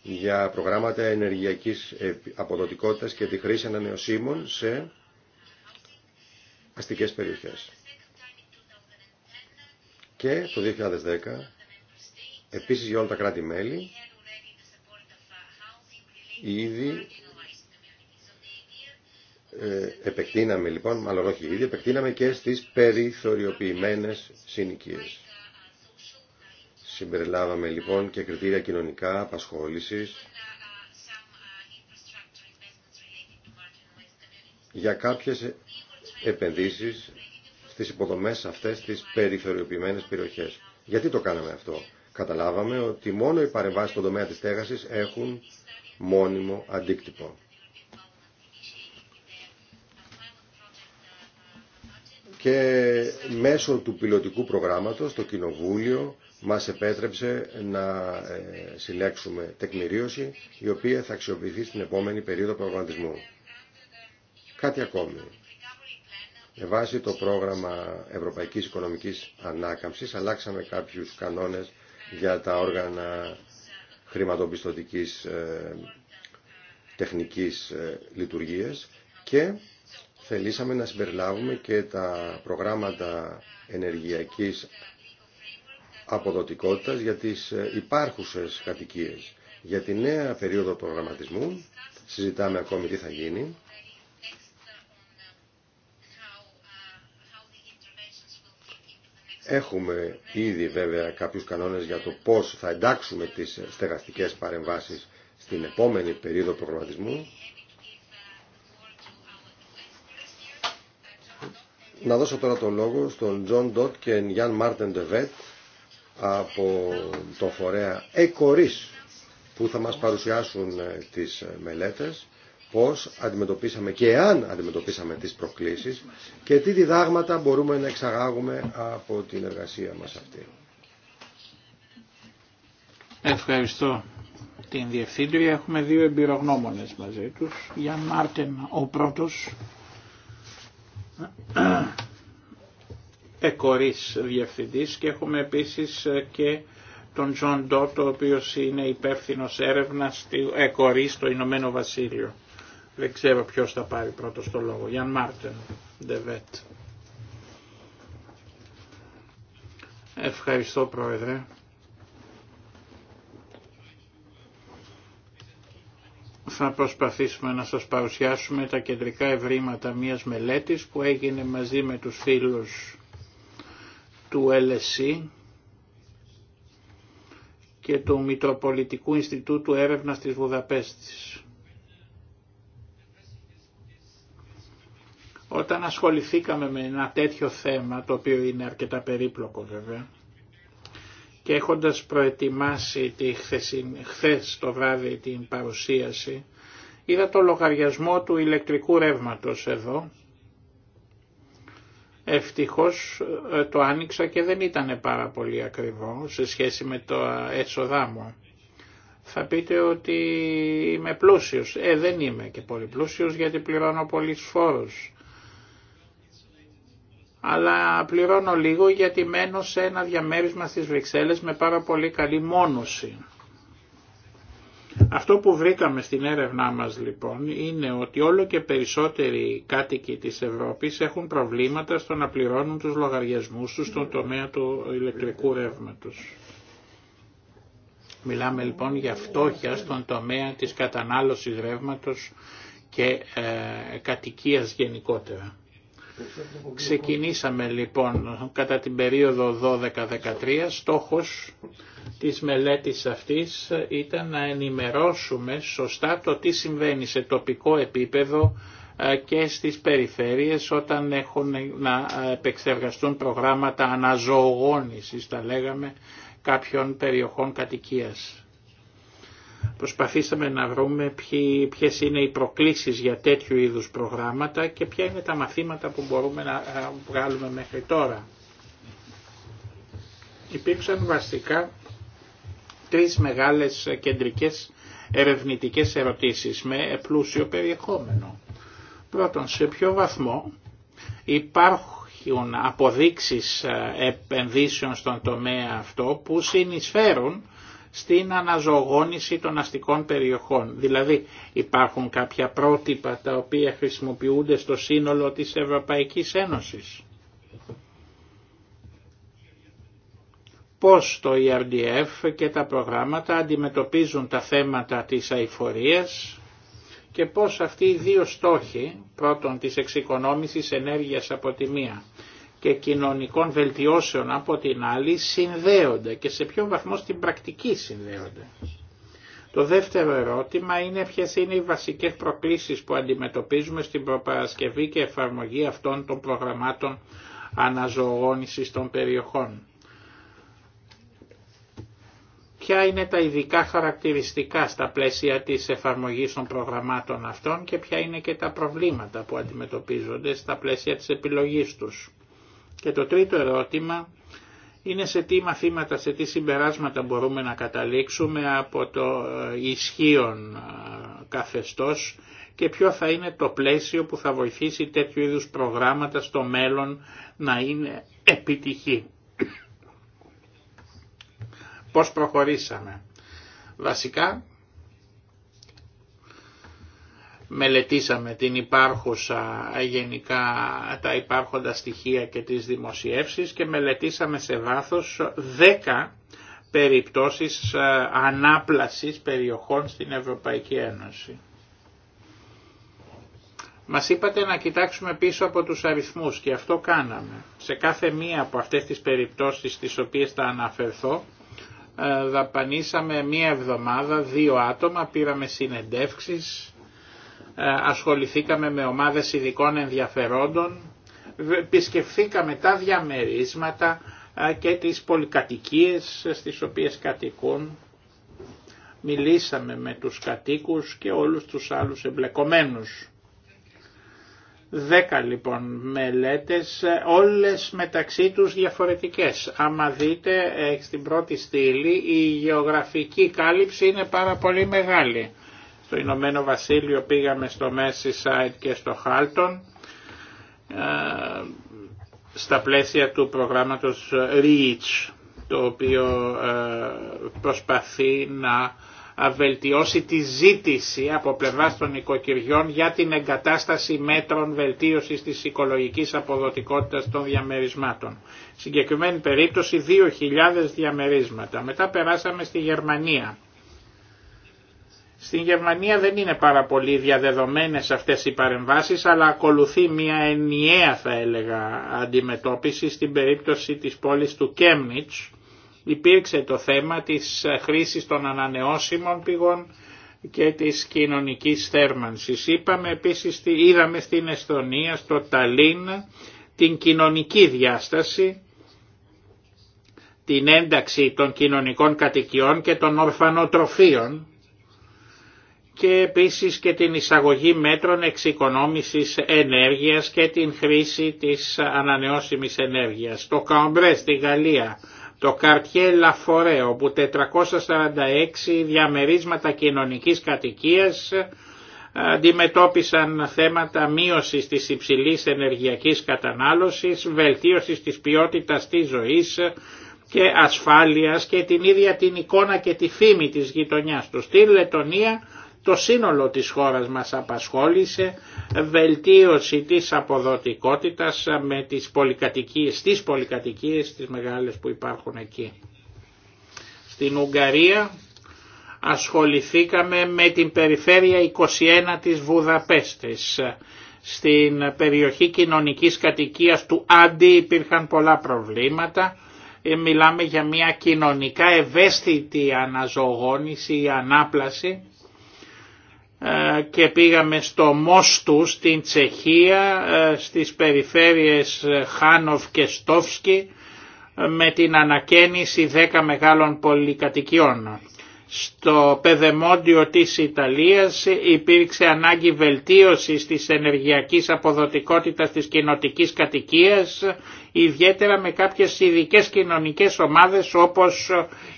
για προγράμματα ενεργειακής αποδοτικότητας και τη χρήση ανανεωσίμων σε αστικές περιοχές. Και το 2010, επίσης για όλα τα κράτη-μέλη, ήδη ε, επεκτείναμε λοιπόν, μάλλον όχι ήδη, επεκτείναμε και στις περιθωριοποιημένες συνοικίες. Συμπεριλάβαμε λοιπόν και κριτήρια κοινωνικά απασχόλησης για κάποιες επενδύσεις στις υποδομές αυτές τις περιφερειοποιημένες περιοχές. Γιατί το κάναμε αυτό. Καταλάβαμε ότι μόνο οι παρεμβάσεις στον τομέα της στέγασης έχουν μόνιμο αντίκτυπο. Και μέσω του πιλωτικού προγράμματος το Κοινοβούλιο μας επέτρεψε να ε, συλλέξουμε τεκμηρίωση η οποία θα αξιοποιηθεί στην επόμενη περίοδο προγραμματισμού. Κάτι ακόμη βάσει το πρόγραμμα Ευρωπαϊκής Οικονομικής Ανάκαμψης αλλάξαμε κάποιους κανόνες για τα όργανα χρηματοπιστωτικής ε, τεχνικής ε, λειτουργίας και θελήσαμε να συμπεριλάβουμε και τα προγράμματα ενεργειακής αποδοτικότητας για τις ε, υπάρχουσες κατοικίες. Για τη νέα περίοδο προγραμματισμού συζητάμε ακόμη τι θα γίνει Έχουμε ήδη βέβαια κάποιους κανόνες για το πώς θα εντάξουμε τις στεγαστικές παρεμβάσεις στην επόμενη περίοδο προγραμματισμού. Να δώσω τώρα το λόγο στον Τζον Ντότ και Γιάν Μάρτεν Ντεβέτ από το φορέα ΕΚΟΡΙΣ που θα μας παρουσιάσουν ε, τις ε, μελέτες πώς αντιμετωπίσαμε και εάν αντιμετωπίσαμε τις προκλήσεις και τι διδάγματα μπορούμε να εξαγάγουμε από την εργασία μας αυτή. Ευχαριστώ την Διευθύντρια. Έχουμε δύο εμπειρογνώμονες μαζί τους. για Μάρτεν ο πρώτος, εκορής διευθυντής και έχουμε επίσης ε, και τον Τζον Ντότο ο οποίος είναι υπεύθυνος έρευνας του εκορής στο Ηνωμένο Βασίλειο. Δεν ξέρω ποιος θα πάρει πρώτο το λόγο. Γιάν Μάρτεν, Ντεβέτ. Ευχαριστώ Πρόεδρε. Θα προσπαθήσουμε να σας παρουσιάσουμε τα κεντρικά ευρήματα μιας μελέτης που έγινε μαζί με τους φίλους του LSE και του Μητροπολιτικού Ινστιτούτου Έρευνας της Βουδαπέστης. Όταν ασχοληθήκαμε με ένα τέτοιο θέμα, το οποίο είναι αρκετά περίπλοκο βέβαια, και έχοντας προετοιμάσει τη χθες το βράδυ την παρουσίαση, είδα το λογαριασμό του ηλεκτρικού ρεύματος εδώ. Ευτυχώς ε, το άνοιξα και δεν ήταν πάρα πολύ ακριβό σε σχέση με το έσοδά μου. Θα πείτε ότι είμαι πλούσιος. Ε, δεν είμαι και πολύ πλούσιος γιατί πληρώνω πολλοί φόρους αλλά πληρώνω λίγο γιατί μένω σε ένα διαμέρισμα στις Βρυξέλλες με πάρα πολύ καλή μόνωση. Αυτό που βρήκαμε στην έρευνά μας λοιπόν είναι ότι όλο και περισσότεροι κάτοικοι της Ευρώπης έχουν προβλήματα στο να πληρώνουν τους λογαριασμούς τους στον τομέα του ηλεκτρικού ρεύματος. Μιλάμε λοιπόν για φτώχεια στον τομέα της κατανάλωσης ρεύματος και ε, γενικότερα. Ξεκινήσαμε λοιπόν κατά την περίοδο 12-13. Στόχος της μελέτης αυτής ήταν να ενημερώσουμε σωστά το τι συμβαίνει σε τοπικό επίπεδο ε, και στις περιφέρειες όταν έχουν να επεξεργαστούν προγράμματα αναζωογόνησης, τα λέγαμε, κάποιων περιοχών κατοικίας. Προσπαθήσαμε να βρούμε ποιες είναι οι προκλήσεις για τέτοιου είδους προγράμματα και ποια είναι τα μαθήματα που μπορούμε να ε, βγάλουμε μέχρι τώρα. Υπήρξαν βασικά τρεις μεγάλες κεντρικές ερευνητικές ερωτήσεις με πλούσιο περιεχόμενο. Πρώτον, σε ποιο βαθμό υπάρχουν αποδείξεις ε, επενδύσεων στον τομέα αυτό που συνεισφέρουν στην αναζωογόνηση των αστικών περιοχών. Δηλαδή υπάρχουν κάποια πρότυπα τα οποία χρησιμοποιούνται στο σύνολο της Ευρωπαϊκής Ένωσης. Πώς το ERDF και τα προγράμματα αντιμετωπίζουν τα θέματα της αηφορίας και πώς αυτοί οι δύο στόχοι, πρώτον της εξοικονόμησης ενέργειας από τη μία και κοινωνικών βελτιώσεων από την άλλη συνδέονται και σε ποιο βαθμό στην πρακτική συνδέονται. Το δεύτερο ερώτημα είναι ποιε είναι οι βασικές προκλήσεις που αντιμετωπίζουμε στην προπαρασκευή και εφαρμογή αυτών των προγραμμάτων αναζωογόνησης των περιοχών. Ποια είναι τα ειδικά χαρακτηριστικά στα πλαίσια της εφαρμογής των προγραμμάτων αυτών και ποια είναι και τα προβλήματα που αντιμετωπίζονται στα πλαίσια της επιλογής τους. Και το τρίτο ερώτημα είναι σε τι μαθήματα, σε τι συμπεράσματα μπορούμε να καταλήξουμε από το ε, ισχύον ε, καθεστώς και ποιο θα είναι το πλαίσιο που θα βοηθήσει τέτοιου είδους προγράμματα στο μέλλον να είναι επιτυχή. Πώς προχωρήσαμε. Βασικά μελετήσαμε την υπάρχουσα γενικά τα υπάρχοντα στοιχεία και τις δημοσιεύσεις και μελετήσαμε σε βάθος 10 περιπτώσεις ε, ανάπλασης περιοχών στην Ευρωπαϊκή Ένωση. Μας είπατε να κοιτάξουμε πίσω από τους αριθμούς και αυτό κάναμε. Σε κάθε μία από αυτές τις περιπτώσεις τις οποίες θα αναφερθώ, ε, δαπανίσαμε μία εβδομάδα, δύο άτομα, πήραμε συνεντεύξεις, ε, ασχοληθήκαμε με ομάδες ειδικών ενδιαφερόντων, επισκεφθήκαμε τα διαμερίσματα ε, και τις πολυκατοικίες στις οποίες κατοικούν. Μιλήσαμε με τους κατοίκους και όλους τους άλλους εμπλεκομένους. Δέκα λοιπόν μελέτες, ε, όλες μεταξύ τους διαφορετικές. Άμα δείτε στην πρώτη στήλη η γεωγραφική κάλυψη είναι πάρα πολύ μεγάλη. Στο Ηνωμένο Βασίλειο πήγαμε στο Merseyside και στο Χάλτον ε, στα πλαίσια του προγράμματος REACH το οποίο ε, προσπαθεί να ε, βελτιώσει τη ζήτηση από πλευράς των οικοκυριών για την εγκατάσταση μέτρων βελτίωσης της οικολογικής αποδοτικότητας των διαμερισμάτων. Συγκεκριμένη περίπτωση 2.000 διαμερίσματα. Μετά περάσαμε στη Γερμανία στην Γερμανία δεν είναι πάρα πολύ διαδεδομένες αυτές οι παρεμβάσεις, αλλά ακολουθεί μια ενιαία θα έλεγα αντιμετώπιση στην περίπτωση της πόλης του Κέμνιτς. Υπήρξε το θέμα της χρήσης των ανανεώσιμων πηγών και της κοινωνικής θέρμανσης. Είπαμε επίσης, είδαμε στην Εσθονία, στο Ταλίν, την κοινωνική διάσταση, την ένταξη των κοινωνικών κατοικιών και των ορφανοτροφίων, και επίσης και την εισαγωγή μέτρων εξοικονόμησης ενέργειας και την χρήση της ανανεώσιμης ενέργειας. Το Καμπρέ στη Γαλλία, το Καρτιέ Λαφορέ όπου 446 διαμερίσματα κοινωνικής κατοικίας αντιμετώπισαν θέματα μείωσης της υψηλής ενεργειακής κατανάλωσης, βελτίωσης της ποιότητας της ζωής και ασφάλειας και την ίδια την εικόνα και τη φήμη της γειτονιάς του. στην Λετωνία το σύνολο της χώρας μας απασχόλησε, βελτίωση της αποδοτικότητας με τις πολυκατοικίες, στις πολυκατοικίες τις μεγάλες που υπάρχουν εκεί. Στην Ουγγαρία ασχοληθήκαμε με την περιφέρεια 21 της Βουδαπέστης. Στην περιοχή κοινωνικής κατοικίας του Άντι υπήρχαν πολλά προβλήματα. Ε, μιλάμε για μια κοινωνικά ευαίσθητη αναζωογόνηση ή ανάπλαση ε, και πήγαμε στο Μόστου στην Τσεχία, ε, στις περιφέρειες ε, Χάνοφ και Στόφσκι με την ανακαίνιση 10 μεγάλων πολυκατοικιών. Στο πεδεμόντιο της Ιταλίας υπήρξε ανάγκη βελτίωσης της ενεργειακής αποδοτικότητας της κοινοτικής κατοικίας, ιδιαίτερα με κάποιες ειδικές κοινωνικές ομάδες όπως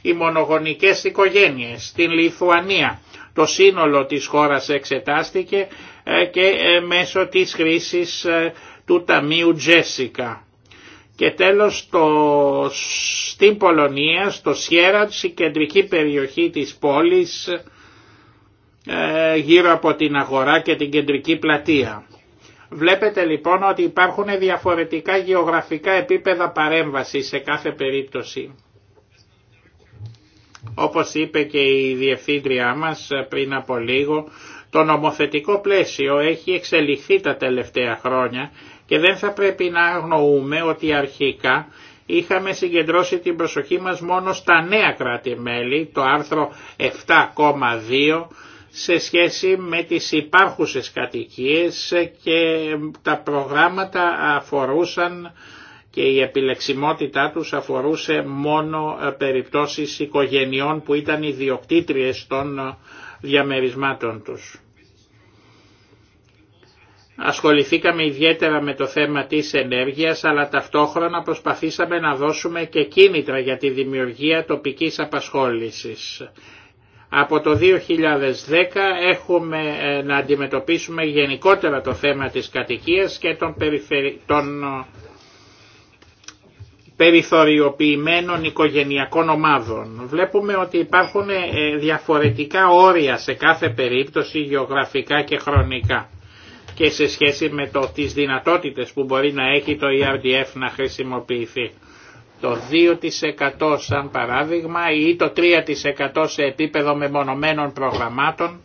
οι μονογονικές οικογένειες. Στην Λιθουανία το σύνολο της χώρας εξετάστηκε ε, και ε, μέσω της χρήσης ε, του Ταμείου Τζέσικα. Και τέλος το, στην Πολωνία, στο Σιέρατς, η κεντρική περιοχή της πόλης γύρω από την αγορά και την κεντρική πλατεία. Βλέπετε λοιπόν ότι υπάρχουν διαφορετικά γεωγραφικά επίπεδα παρέμβασης σε κάθε περίπτωση. Όπως είπε και η διευθύντριά μας πριν από λίγο, το νομοθετικό πλαίσιο έχει εξελιχθεί τα τελευταία χρόνια και δεν θα πρέπει να αγνοούμε ότι αρχικά είχαμε συγκεντρώσει την προσοχή μας μόνο στα νέα κράτη-μέλη, το άρθρο 7,2, σε σχέση με τις υπάρχουσες κατοικίες και τα προγράμματα αφορούσαν και η επιλεξιμότητά τους αφορούσε μόνο ε, περιπτώσεις οικογενειών που ήταν ιδιοκτήτριες των ε, διαμερισμάτων τους. Ασχοληθήκαμε ιδιαίτερα με το θέμα της ενέργειας αλλά ταυτόχρονα προσπαθήσαμε να δώσουμε και κίνητρα για τη δημιουργία τοπικής απασχόλησης. Από το 2010 έχουμε ε, να αντιμετωπίσουμε γενικότερα το θέμα της κατοικίας και των, περιφερει... των περιθωριοποιημένων οικογενειακών ομάδων. Βλέπουμε ότι υπάρχουν ε, διαφορετικά όρια σε κάθε περίπτωση γεωγραφικά και χρονικά και σε σχέση με το, τις δυνατότητες που μπορεί να έχει το ERDF να χρησιμοποιηθεί. Το 2% σαν παράδειγμα ή το 3% σε επίπεδο μεμονωμένων προγραμμάτων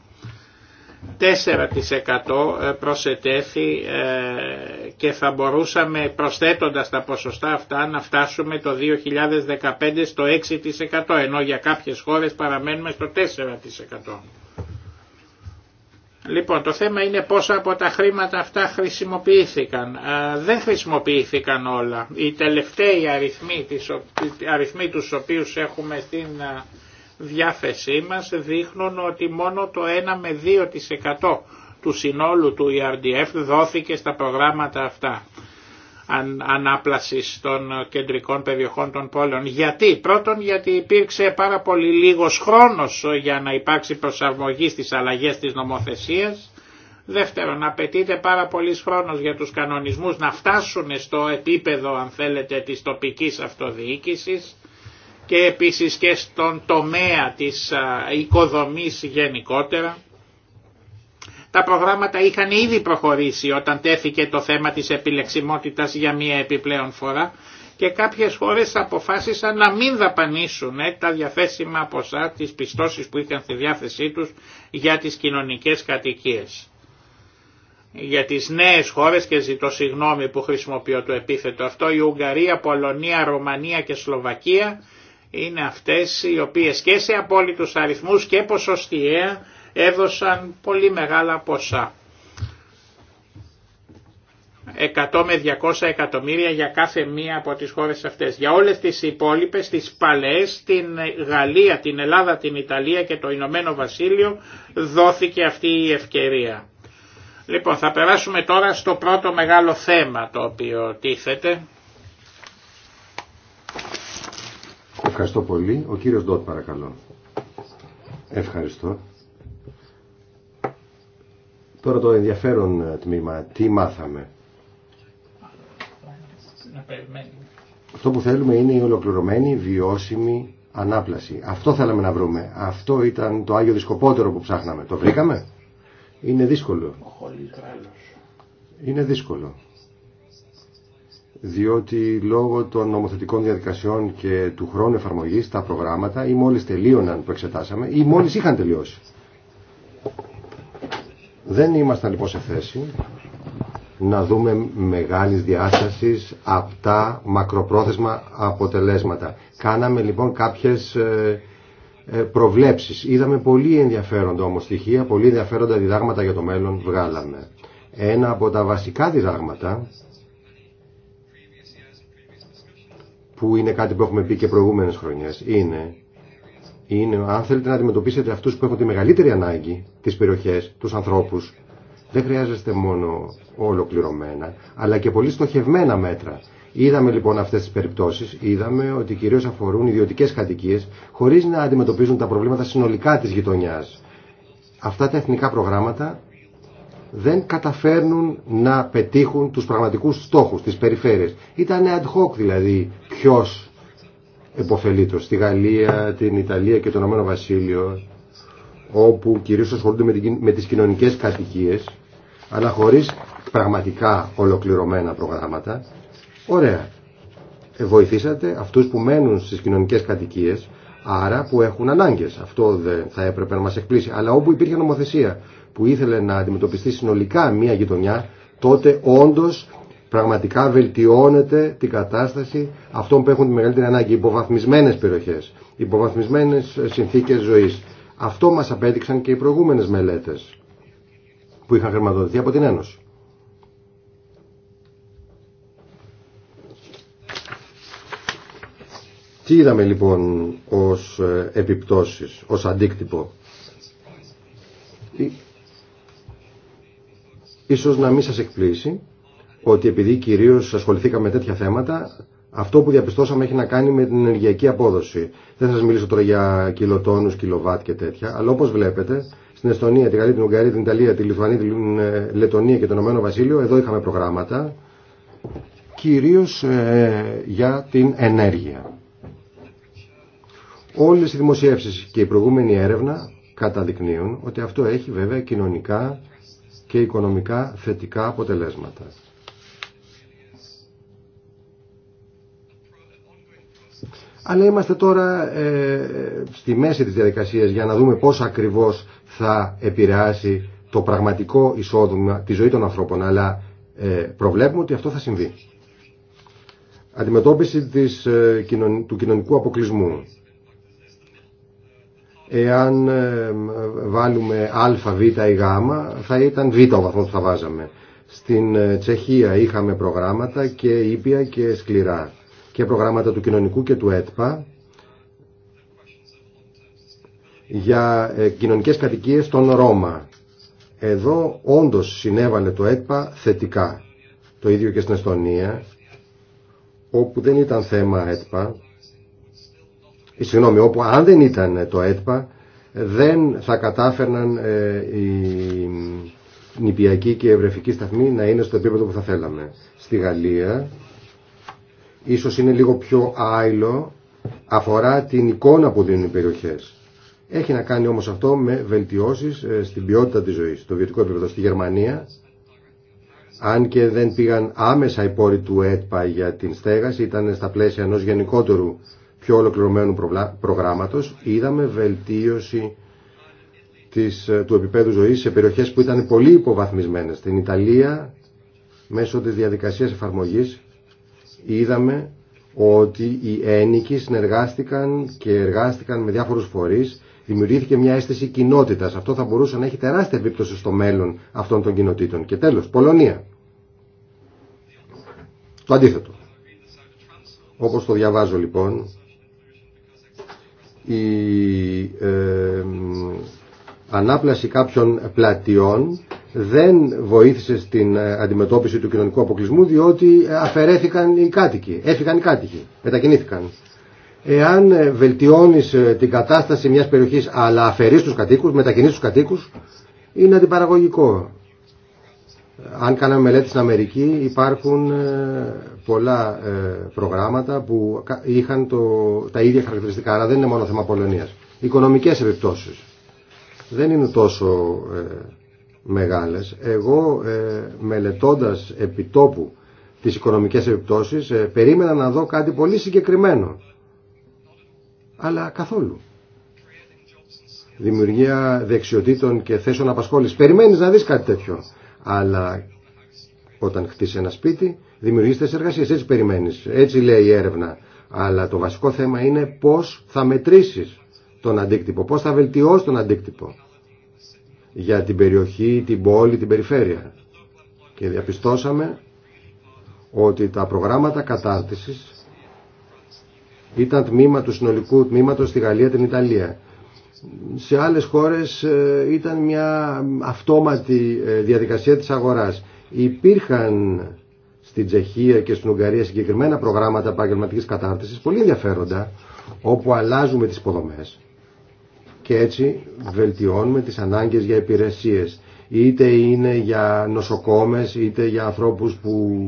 4% ε, προσετέθη ε, και θα μπορούσαμε προσθέτοντας τα ποσοστά αυτά να φτάσουμε το 2015 στο 6% ενώ για κάποιες χώρες παραμένουμε στο 4%. Λοιπόν, το θέμα είναι πόσα από τα χρήματα αυτά χρησιμοποιήθηκαν. Ε, δεν χρησιμοποιήθηκαν όλα. Οι τελευταίοι αριθμοί, αριθμοί τους οποίους έχουμε στην διάθεσή μας δείχνουν ότι μόνο το 1 με 2% του συνόλου του ERDF δόθηκε στα προγράμματα αυτά ανάπλασης των κεντρικών περιοχών των πόλεων. Γιατί, πρώτον γιατί υπήρξε πάρα πολύ λίγος χρόνος για να υπάρξει προσαρμογή στις αλλαγές της νομοθεσίας. Δεύτερον, απαιτείται πάρα πολύ χρόνος για τους κανονισμούς να φτάσουν στο επίπεδο, αν θέλετε, της τοπικής αυτοδιοίκησης και επίσης και στον τομέα της οικοδομής γενικότερα. Τα προγράμματα είχαν ήδη προχωρήσει όταν τέθηκε το θέμα της επιλεξιμότητας για μία επιπλέον φορά και κάποιες χώρες αποφάσισαν να μην δαπανίσουν ε, τα διαθέσιμα ποσά της πιστώσεις που είχαν στη διάθεσή τους για τις κοινωνικές κατοικίες. Για τις νέες χώρες και ζητώ συγγνώμη που χρησιμοποιώ το επίθετο αυτό, η Ουγγαρία, Πολωνία, Ρωμανία και Σλοβακία είναι αυτές οι οποίες και σε απόλυτους αριθμούς και ποσοστιαία έδωσαν πολύ μεγάλα ποσά. 100 με 200 εκατομμύρια για κάθε μία από τις χώρες αυτές. Για όλες τις υπόλοιπες, τις παλαιές, την Γαλλία, την Ελλάδα, την Ιταλία και το Ηνωμένο Βασίλειο δόθηκε αυτή η ευκαιρία. Λοιπόν, θα περάσουμε τώρα στο πρώτο μεγάλο θέμα το οποίο τίθεται Ευχαριστώ πολύ. Ο κύριος Ντότ παρακαλώ. Ευχαριστώ. Τώρα το ενδιαφέρον ε, τμήμα. Τι μάθαμε. Αυτό που θέλουμε είναι η ολοκληρωμένη βιώσιμη ανάπλαση. Αυτό θέλαμε να βρούμε. Αυτό ήταν το Άγιο Δισκοπότερο που ψάχναμε. Το βρήκαμε. Είναι δύσκολο. Είναι δύσκολο διότι λόγω των νομοθετικών διαδικασιών και του χρόνου εφαρμογή, τα προγράμματα ή μόλις τελείωναν που εξετάσαμε ή μόλις είχαν τελειώσει. Δεν ήμασταν λοιπόν σε θέση να δούμε μεγάλης διάστασης τα μακροπρόθεσμα αποτελέσματα. Κάναμε λοιπόν κάποιες ε, ε, προβλέψεις. Είδαμε πολύ ενδιαφέροντα όμως στοιχεία, πολύ ενδιαφέροντα διδάγματα για το μέλλον βγάλαμε. Ένα από τα βασικά διδάγματα που είναι κάτι που έχουμε πει και προηγούμενε χρονιές, είναι, είναι αν θέλετε να αντιμετωπίσετε αυτού που έχουν τη μεγαλύτερη ανάγκη, τις περιοχές, τους ανθρώπους, δεν χρειάζεστε μόνο ολοκληρωμένα, αλλά και πολύ στοχευμένα μέτρα. Είδαμε λοιπόν αυτές τις περιπτώσεις, είδαμε ότι κυρίως αφορούν ιδιωτικέ κατοικίε χωρί να αντιμετωπίζουν τα προβλήματα συνολικά τη γειτονιά. Αυτά τα εθνικά προγράμματα δεν καταφέρνουν να πετύχουν τους πραγματικούς στόχους τις περιφέρειες. Ήταν ad hoc δηλαδή ποιος εποφελείτος στη Γαλλία, την Ιταλία και το Ηνωμένο Βασίλειο όπου κυρίως ασχολούνται με τις κοινωνικές κατοικίες αλλά χωρίς πραγματικά ολοκληρωμένα προγράμματα. Ωραία. Ε, βοηθήσατε αυτούς που μένουν στις κοινωνικές κατοικίες άρα που έχουν ανάγκες. Αυτό δεν θα έπρεπε να μας εκπλήσει. Αλλά όπου υπήρχε νομοθεσία που ήθελε να αντιμετωπιστεί συνολικά μια γειτονιά, τότε όντως πραγματικά βελτιώνεται την κατάσταση αυτών που έχουν τη μεγαλύτερη ανάγκη, υποβαθμισμένες περιοχές, υποβαθμισμένε ε, συνθήκες ζωής. Αυτό μας απέδειξαν και οι προηγούμενες μελέτες που είχαν χρηματοδοτηθεί από την Ένωση. Τι είδαμε λοιπόν ως ε, επιπτώσεις, ως αντίκτυπο. Ίσως να μην σας εκπλήσει ότι επειδή κυρίως ασχοληθήκαμε με τέτοια θέματα, αυτό που διαπιστώσαμε έχει να κάνει με την ενεργειακή απόδοση. Δεν σας μιλήσω τώρα για κιλοτόνους, κιλοβάτ και τέτοια, αλλά όπως βλέπετε, στην Εστονία, τη Γαλλία, την Ουγγαρία, την Ιταλία, τη Λιθουανία, τη ε, Λετωνία και το Ηνωμένο Βασίλειο, εδώ είχαμε προγράμματα, κυρίως ε, για την ενέργεια. Όλες οι δημοσιεύσεις και η προηγούμενη έρευνα καταδεικνύουν ότι αυτό έχει βέβαια κοινωνικά και οικονομικά θετικά αποτελέσματα. Αλλά είμαστε τώρα ε, στη μέση της διαδικασίας για να δούμε πώς ακριβώς θα επηρεάσει το πραγματικό εισόδημα τη ζωή των ανθρώπων. Αλλά ε, προβλέπουμε ότι αυτό θα συμβεί. Αντιμετώπιση της, ε, του κοινωνικού αποκλεισμού εάν ε, βάλουμε α, β ή γ θα ήταν β ο βαθμός που θα βάζαμε. Στην ε, Τσεχία είχαμε προγράμματα και ήπια και σκληρά και προγράμματα του κοινωνικού και του ΕΤΠΑ για ε, κοινωνικές κατοικίες στον Ρώμα. Εδώ όντως συνέβαλε το ΕΤΠΑ θετικά. Το ίδιο και στην Εστονία, όπου δεν ήταν θέμα ΕΤΠΑ, ε, συγγνώμη, όπου αν δεν ήταν ε, το ΕΤΠΑ δεν θα κατάφερναν ε, οι νηπιακοί και ευρεφικοί σταθμοί να είναι στο επίπεδο που θα θέλαμε. Στη Γαλλία ίσως είναι λίγο πιο άειλο αφορά την εικόνα που δίνουν οι περιοχές. Έχει να κάνει όμως αυτό με βελτιώσεις στην ποιότητα της ζωής, στο βιωτικό επίπεδο. Στη Γερμανία, αν και δεν πήγαν άμεσα οι πόροι του ΕΤΠΑ για την στέγαση, ήταν στα πλαίσια ενός γενικότερου πιο ολοκληρωμένου προγράμματος. Είδαμε βελτίωση της, ε, του επίπεδου ζωής σε περιοχές που ήταν πολύ υποβαθμισμένες. Στην Ιταλία, μέσω της διαδικασίας εφαρμογής, είδαμε ότι οι ένικοι συνεργάστηκαν και εργάστηκαν με διάφορους φορείς. Δημιουργήθηκε μια αίσθηση κοινότητας. Αυτό θα μπορούσε να έχει τεράστια επίπτωση στο μέλλον αυτών των κοινοτήτων. Και τέλος, Πολωνία. Το αντίθετο. Όπως το διαβάζω λοιπόν, η ε, ανάπλαση κάποιων πλατιών δεν βοήθησε στην ε, αντιμετώπιση του κοινωνικού αποκλεισμού διότι ε, αφαιρέθηκαν οι κάτοικοι, έφυγαν οι κάτοικοι, μετακινήθηκαν. Εάν βελτιώνεις την κατάσταση μιας περιοχής αλλά αφαιρείς τους κατοίκους, μετακινείς τους κατοίκους, είναι αντιπαραγωγικό αν κάναμε μελέτη στην Αμερική υπάρχουν ε, πολλά ε, προγράμματα που είχαν το, τα ίδια χαρακτηριστικά, αλλά δεν είναι μόνο θέμα Πολωνίας. Οικονομικές επιπτώσεις δεν είναι τόσο ε, μεγάλες. Εγώ μελετώντας επιτόπου τις οικονομικές επιπτώσεις περίμενα να δω κάτι πολύ συγκεκριμένο, αλλά καθόλου δημιουργία δεξιοτήτων και θέσεων απασχόλησης. Περιμένεις να δεις κάτι τέτοιο. Αλλά όταν χτίσει ένα σπίτι, δημιουργείς εργασίες Έτσι περιμένει. Έτσι λέει η έρευνα. Αλλά το βασικό θέμα είναι πώ θα μετρήσει τον αντίκτυπο, πώ θα βελτιώσει τον αντίκτυπο για την περιοχή, την πόλη, την περιφέρεια. Και διαπιστώσαμε ότι τα προγράμματα κατάρτισης ήταν τμήμα του συνολικού τμήματος στη Γαλλία, την Ιταλία σε άλλες χώρες ε, ήταν μια αυτόματη ε, διαδικασία της αγοράς. Υπήρχαν στην Τσεχία και στην Ουγγαρία συγκεκριμένα προγράμματα επαγγελματική κατάρτισης πολύ ενδιαφέροντα όπου αλλάζουμε τις υποδομές και έτσι βελτιώνουμε τις ανάγκες για υπηρεσίες είτε είναι για νοσοκόμες είτε για ανθρώπους που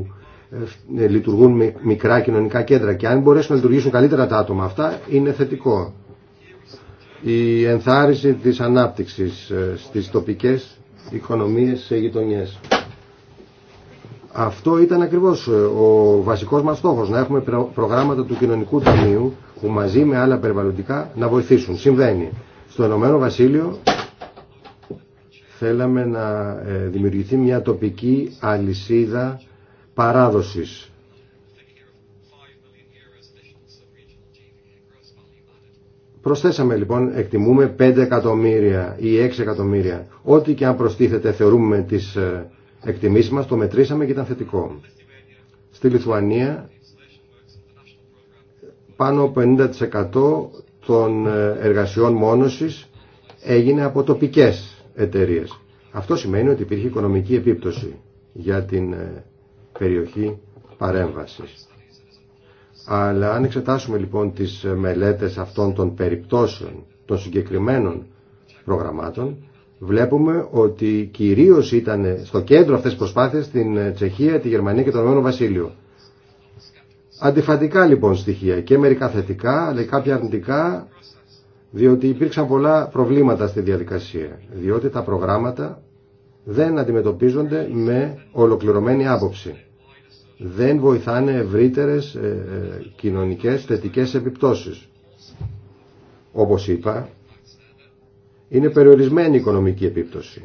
ε, λειτουργούν μικρά κοινωνικά κέντρα και αν μπορέσουν να λειτουργήσουν καλύτερα τα άτομα αυτά είναι θετικό η ενθάρρυνση της ανάπτυξης ε, στις τοπικές οικονομίες σε γειτονιές. Αυτό ήταν ακριβώς ε, ο βασικός μας στόχος, να έχουμε προγράμματα του κοινωνικού ταμείου που μαζί με άλλα περιβαλλοντικά να βοηθήσουν. Συμβαίνει. Στο Ενωμένο Βασίλειο θέλαμε να ε, δημιουργηθεί μια τοπική αλυσίδα παράδοσης Προσθέσαμε λοιπόν, εκτιμούμε 5 εκατομμύρια ή 6 εκατομμύρια. Ό,τι και αν προστίθεται θεωρούμε τις ε, εκτιμήσεις μας, το μετρήσαμε και ήταν θετικό. Στη Λιθουανία πάνω από 50% των ε, εργασιών μόνωσης έγινε από τοπικές εταιρείες. Αυτό σημαίνει ότι υπήρχε οικονομική επίπτωση για την ε, περιοχή παρέμβασης. Αλλά αν εξετάσουμε λοιπόν τις μελέτες αυτών των περιπτώσεων, των συγκεκριμένων προγραμμάτων, βλέπουμε ότι κυρίως ήταν στο κέντρο αυτές τις προσπάθειες στην Τσεχία, τη Γερμανία και τον Ηνωμένο Βασίλειο. Αντιφατικά λοιπόν στοιχεία και μερικά θετικά αλλά και κάποια αρνητικά διότι υπήρξαν πολλά προβλήματα στη διαδικασία διότι τα προγράμματα δεν αντιμετωπίζονται με ολοκληρωμένη άποψη δεν βοηθάνε ευρύτερες ε, ε, κοινωνικές θετικές επιπτώσεις. Όπως είπα, είναι περιορισμένη η οικονομική επίπτωση.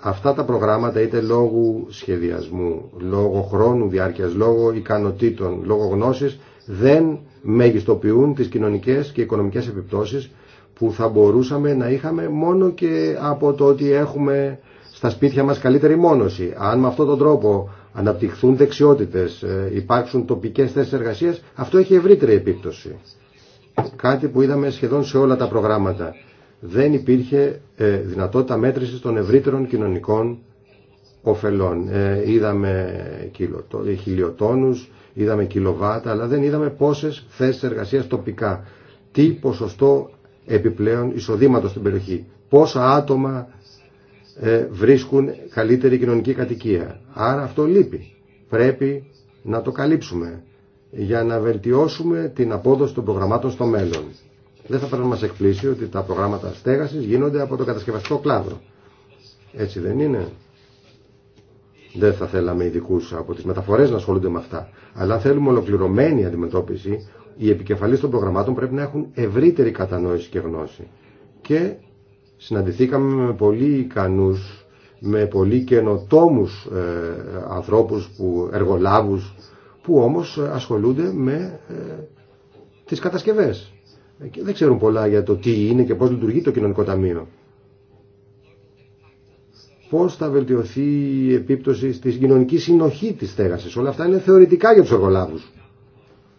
Αυτά τα προγράμματα είτε λόγου σχεδιασμού, λόγω χρόνου διάρκειας, λόγω ικανοτήτων, λόγω γνώσης δεν μεγιστοποιούν τις κοινωνικές και οικονομικές επιπτώσεις που θα μπορούσαμε να είχαμε μόνο και από το ότι έχουμε στα σπίτια μας καλύτερη μόνωση. Αν με αυτόν τον τρόπο αναπτυχθούν δεξιότητες, ε, υπάρξουν τοπικές θέσεις εργασίας, αυτό έχει ευρύτερη επίπτωση. Κάτι που είδαμε σχεδόν σε όλα τα προγράμματα. Δεν υπήρχε ε, δυνατότητα μέτρησης των ευρύτερων κοινωνικών ωφελών. Ε, είδαμε χιλιοτόνους, είδαμε κιλοβάτα, αλλά δεν είδαμε πόσες θέσεις εργασίας τοπικά. Τι ποσοστό επιπλέον εισοδήματος στην περιοχή. Πόσα άτομα ε, βρίσκουν καλύτερη κοινωνική κατοικία. Άρα αυτό λείπει. Πρέπει να το καλύψουμε για να βελτιώσουμε την απόδοση των προγραμμάτων στο μέλλον. Δεν θα πρέπει να μας εκπλήσει ότι τα προγράμματα στέγασης γίνονται από το κατασκευαστικό κλάδο. Έτσι δεν είναι. Δεν θα θέλαμε ειδικού από τις μεταφορές να ασχολούνται με αυτά. Αλλά αν θέλουμε ολοκληρωμένη αντιμετώπιση, οι επικεφαλείς των προγραμμάτων πρέπει να έχουν ευρύτερη κατανόηση και γνώση. Και συναντηθήκαμε με πολύ ικανούς, με πολύ καινοτόμους ε, ανθρώπους, που, εργολάβους, που όμως ασχολούνται με ε, τις κατασκευές. Και δεν ξέρουν πολλά για το τι είναι και πώς λειτουργεί το κοινωνικό ταμείο. Πώς θα βελτιωθεί η επίπτωση της κοινωνική συνοχή της στέγασης. Όλα αυτά είναι θεωρητικά για τους εργολάβους.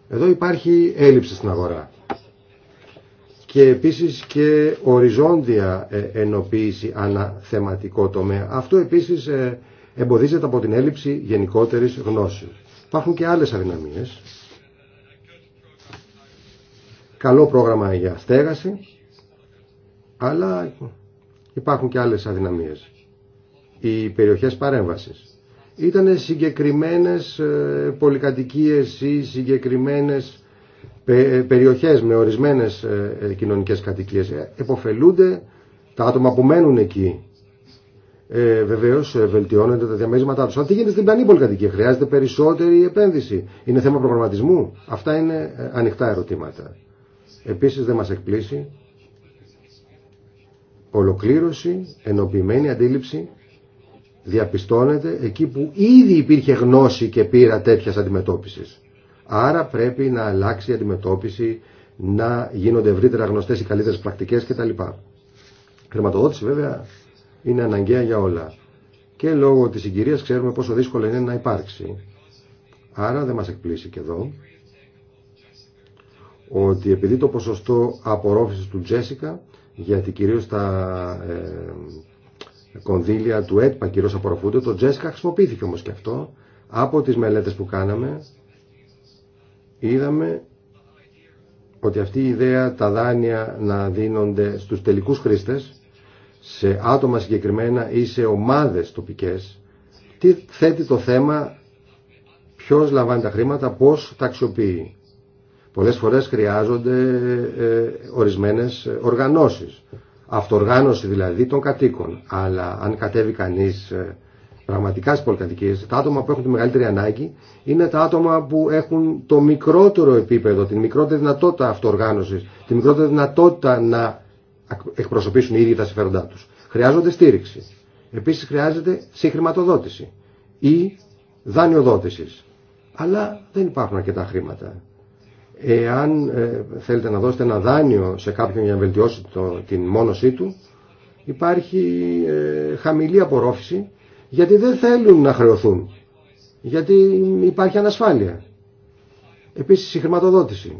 Εδώ υπάρχει έλλειψη στην αγορά και επίσης και οριζόντια ε, ενοποίηση αναθεματικό τομέα. Αυτό επίσης ε, εμποδίζεται από την έλλειψη γενικότερης γνώσης. Υπάρχουν και άλλες αδυναμίες. Καλό πρόγραμμα για στέγαση, αλλά υπάρχουν και άλλες αδυναμίες. Οι περιοχές παρέμβασης. Ήταν συγκεκριμένες ε, πολυκατοικίες ή συγκεκριμένες ε, περιοχές με ορισμένες ε, ε, κοινωνικές κατοικίες εποφελούνται τα άτομα που μένουν εκεί. Ε, Βεβαίω βελτιώνονται τα διαμέρισματά του. Αν τι γίνεται στην πλανή πολυκατοικία, χρειάζεται περισσότερη επένδυση. Είναι θέμα προγραμματισμού. Αυτά είναι ανοιχτά ερωτήματα. Επίση δεν μα εκπλήσει ολοκλήρωση, ενοποιημένη αντίληψη διαπιστώνεται εκεί που ήδη υπήρχε γνώση και πείρα τέτοια αντιμετώπισης. Άρα πρέπει να αλλάξει η αντιμετώπιση, να γίνονται ευρύτερα γνωστές οι καλύτερες πρακτικές κτλ. Χρηματοδότηση βέβαια είναι αναγκαία για όλα. Και λόγω της συγκυρία ξέρουμε πόσο δύσκολο είναι να υπάρξει. Άρα δεν μας εκπλήσει και εδώ ότι επειδή το ποσοστό απορρόφησης του Τζέσικα, γιατί κυρίως τα ε, κονδύλια του ΕΤΠΑ κυρίως απορροφούνται, το Τζέσικα χρησιμοποιήθηκε όμως και αυτό από τις μελέτες που κάναμε είδαμε ότι αυτή η ιδέα τα δάνεια να δίνονται στους τελικούς χρήστες, σε άτομα συγκεκριμένα ή σε ομάδες τοπικές, τι θέτει το θέμα ποιος λαμβάνει τα χρήματα, πώς τα αξιοποιεί. Πολλές φορές χρειάζονται ε, ορισμένες οργανώσεις, αυτοργάνωση δηλαδή των κατοίκων. Αλλά αν κατέβει κανείς ε, πραγματικά στι πολυκατοικίε, τα άτομα που έχουν τη μεγαλύτερη ανάγκη είναι τα άτομα που έχουν το μικρότερο επίπεδο, την μικρότερη δυνατότητα αυτοοργάνωση, την μικρότερη δυνατότητα να εκπροσωπήσουν οι ίδιοι τα συμφέροντά του. Χρειάζονται στήριξη. Επίση χρειάζεται συγχρηματοδότηση ή δάνειοδότηση. Αλλά δεν υπάρχουν αρκετά χρήματα. Εάν ε, θέλετε να δώσετε ένα δάνειο σε κάποιον για να βελτιώσει το, την μόνωσή του, υπάρχει ε, χαμηλή απορρόφηση γιατί δεν θέλουν να χρεωθούν, γιατί υπάρχει ανασφάλεια. Επίσης η χρηματοδότηση,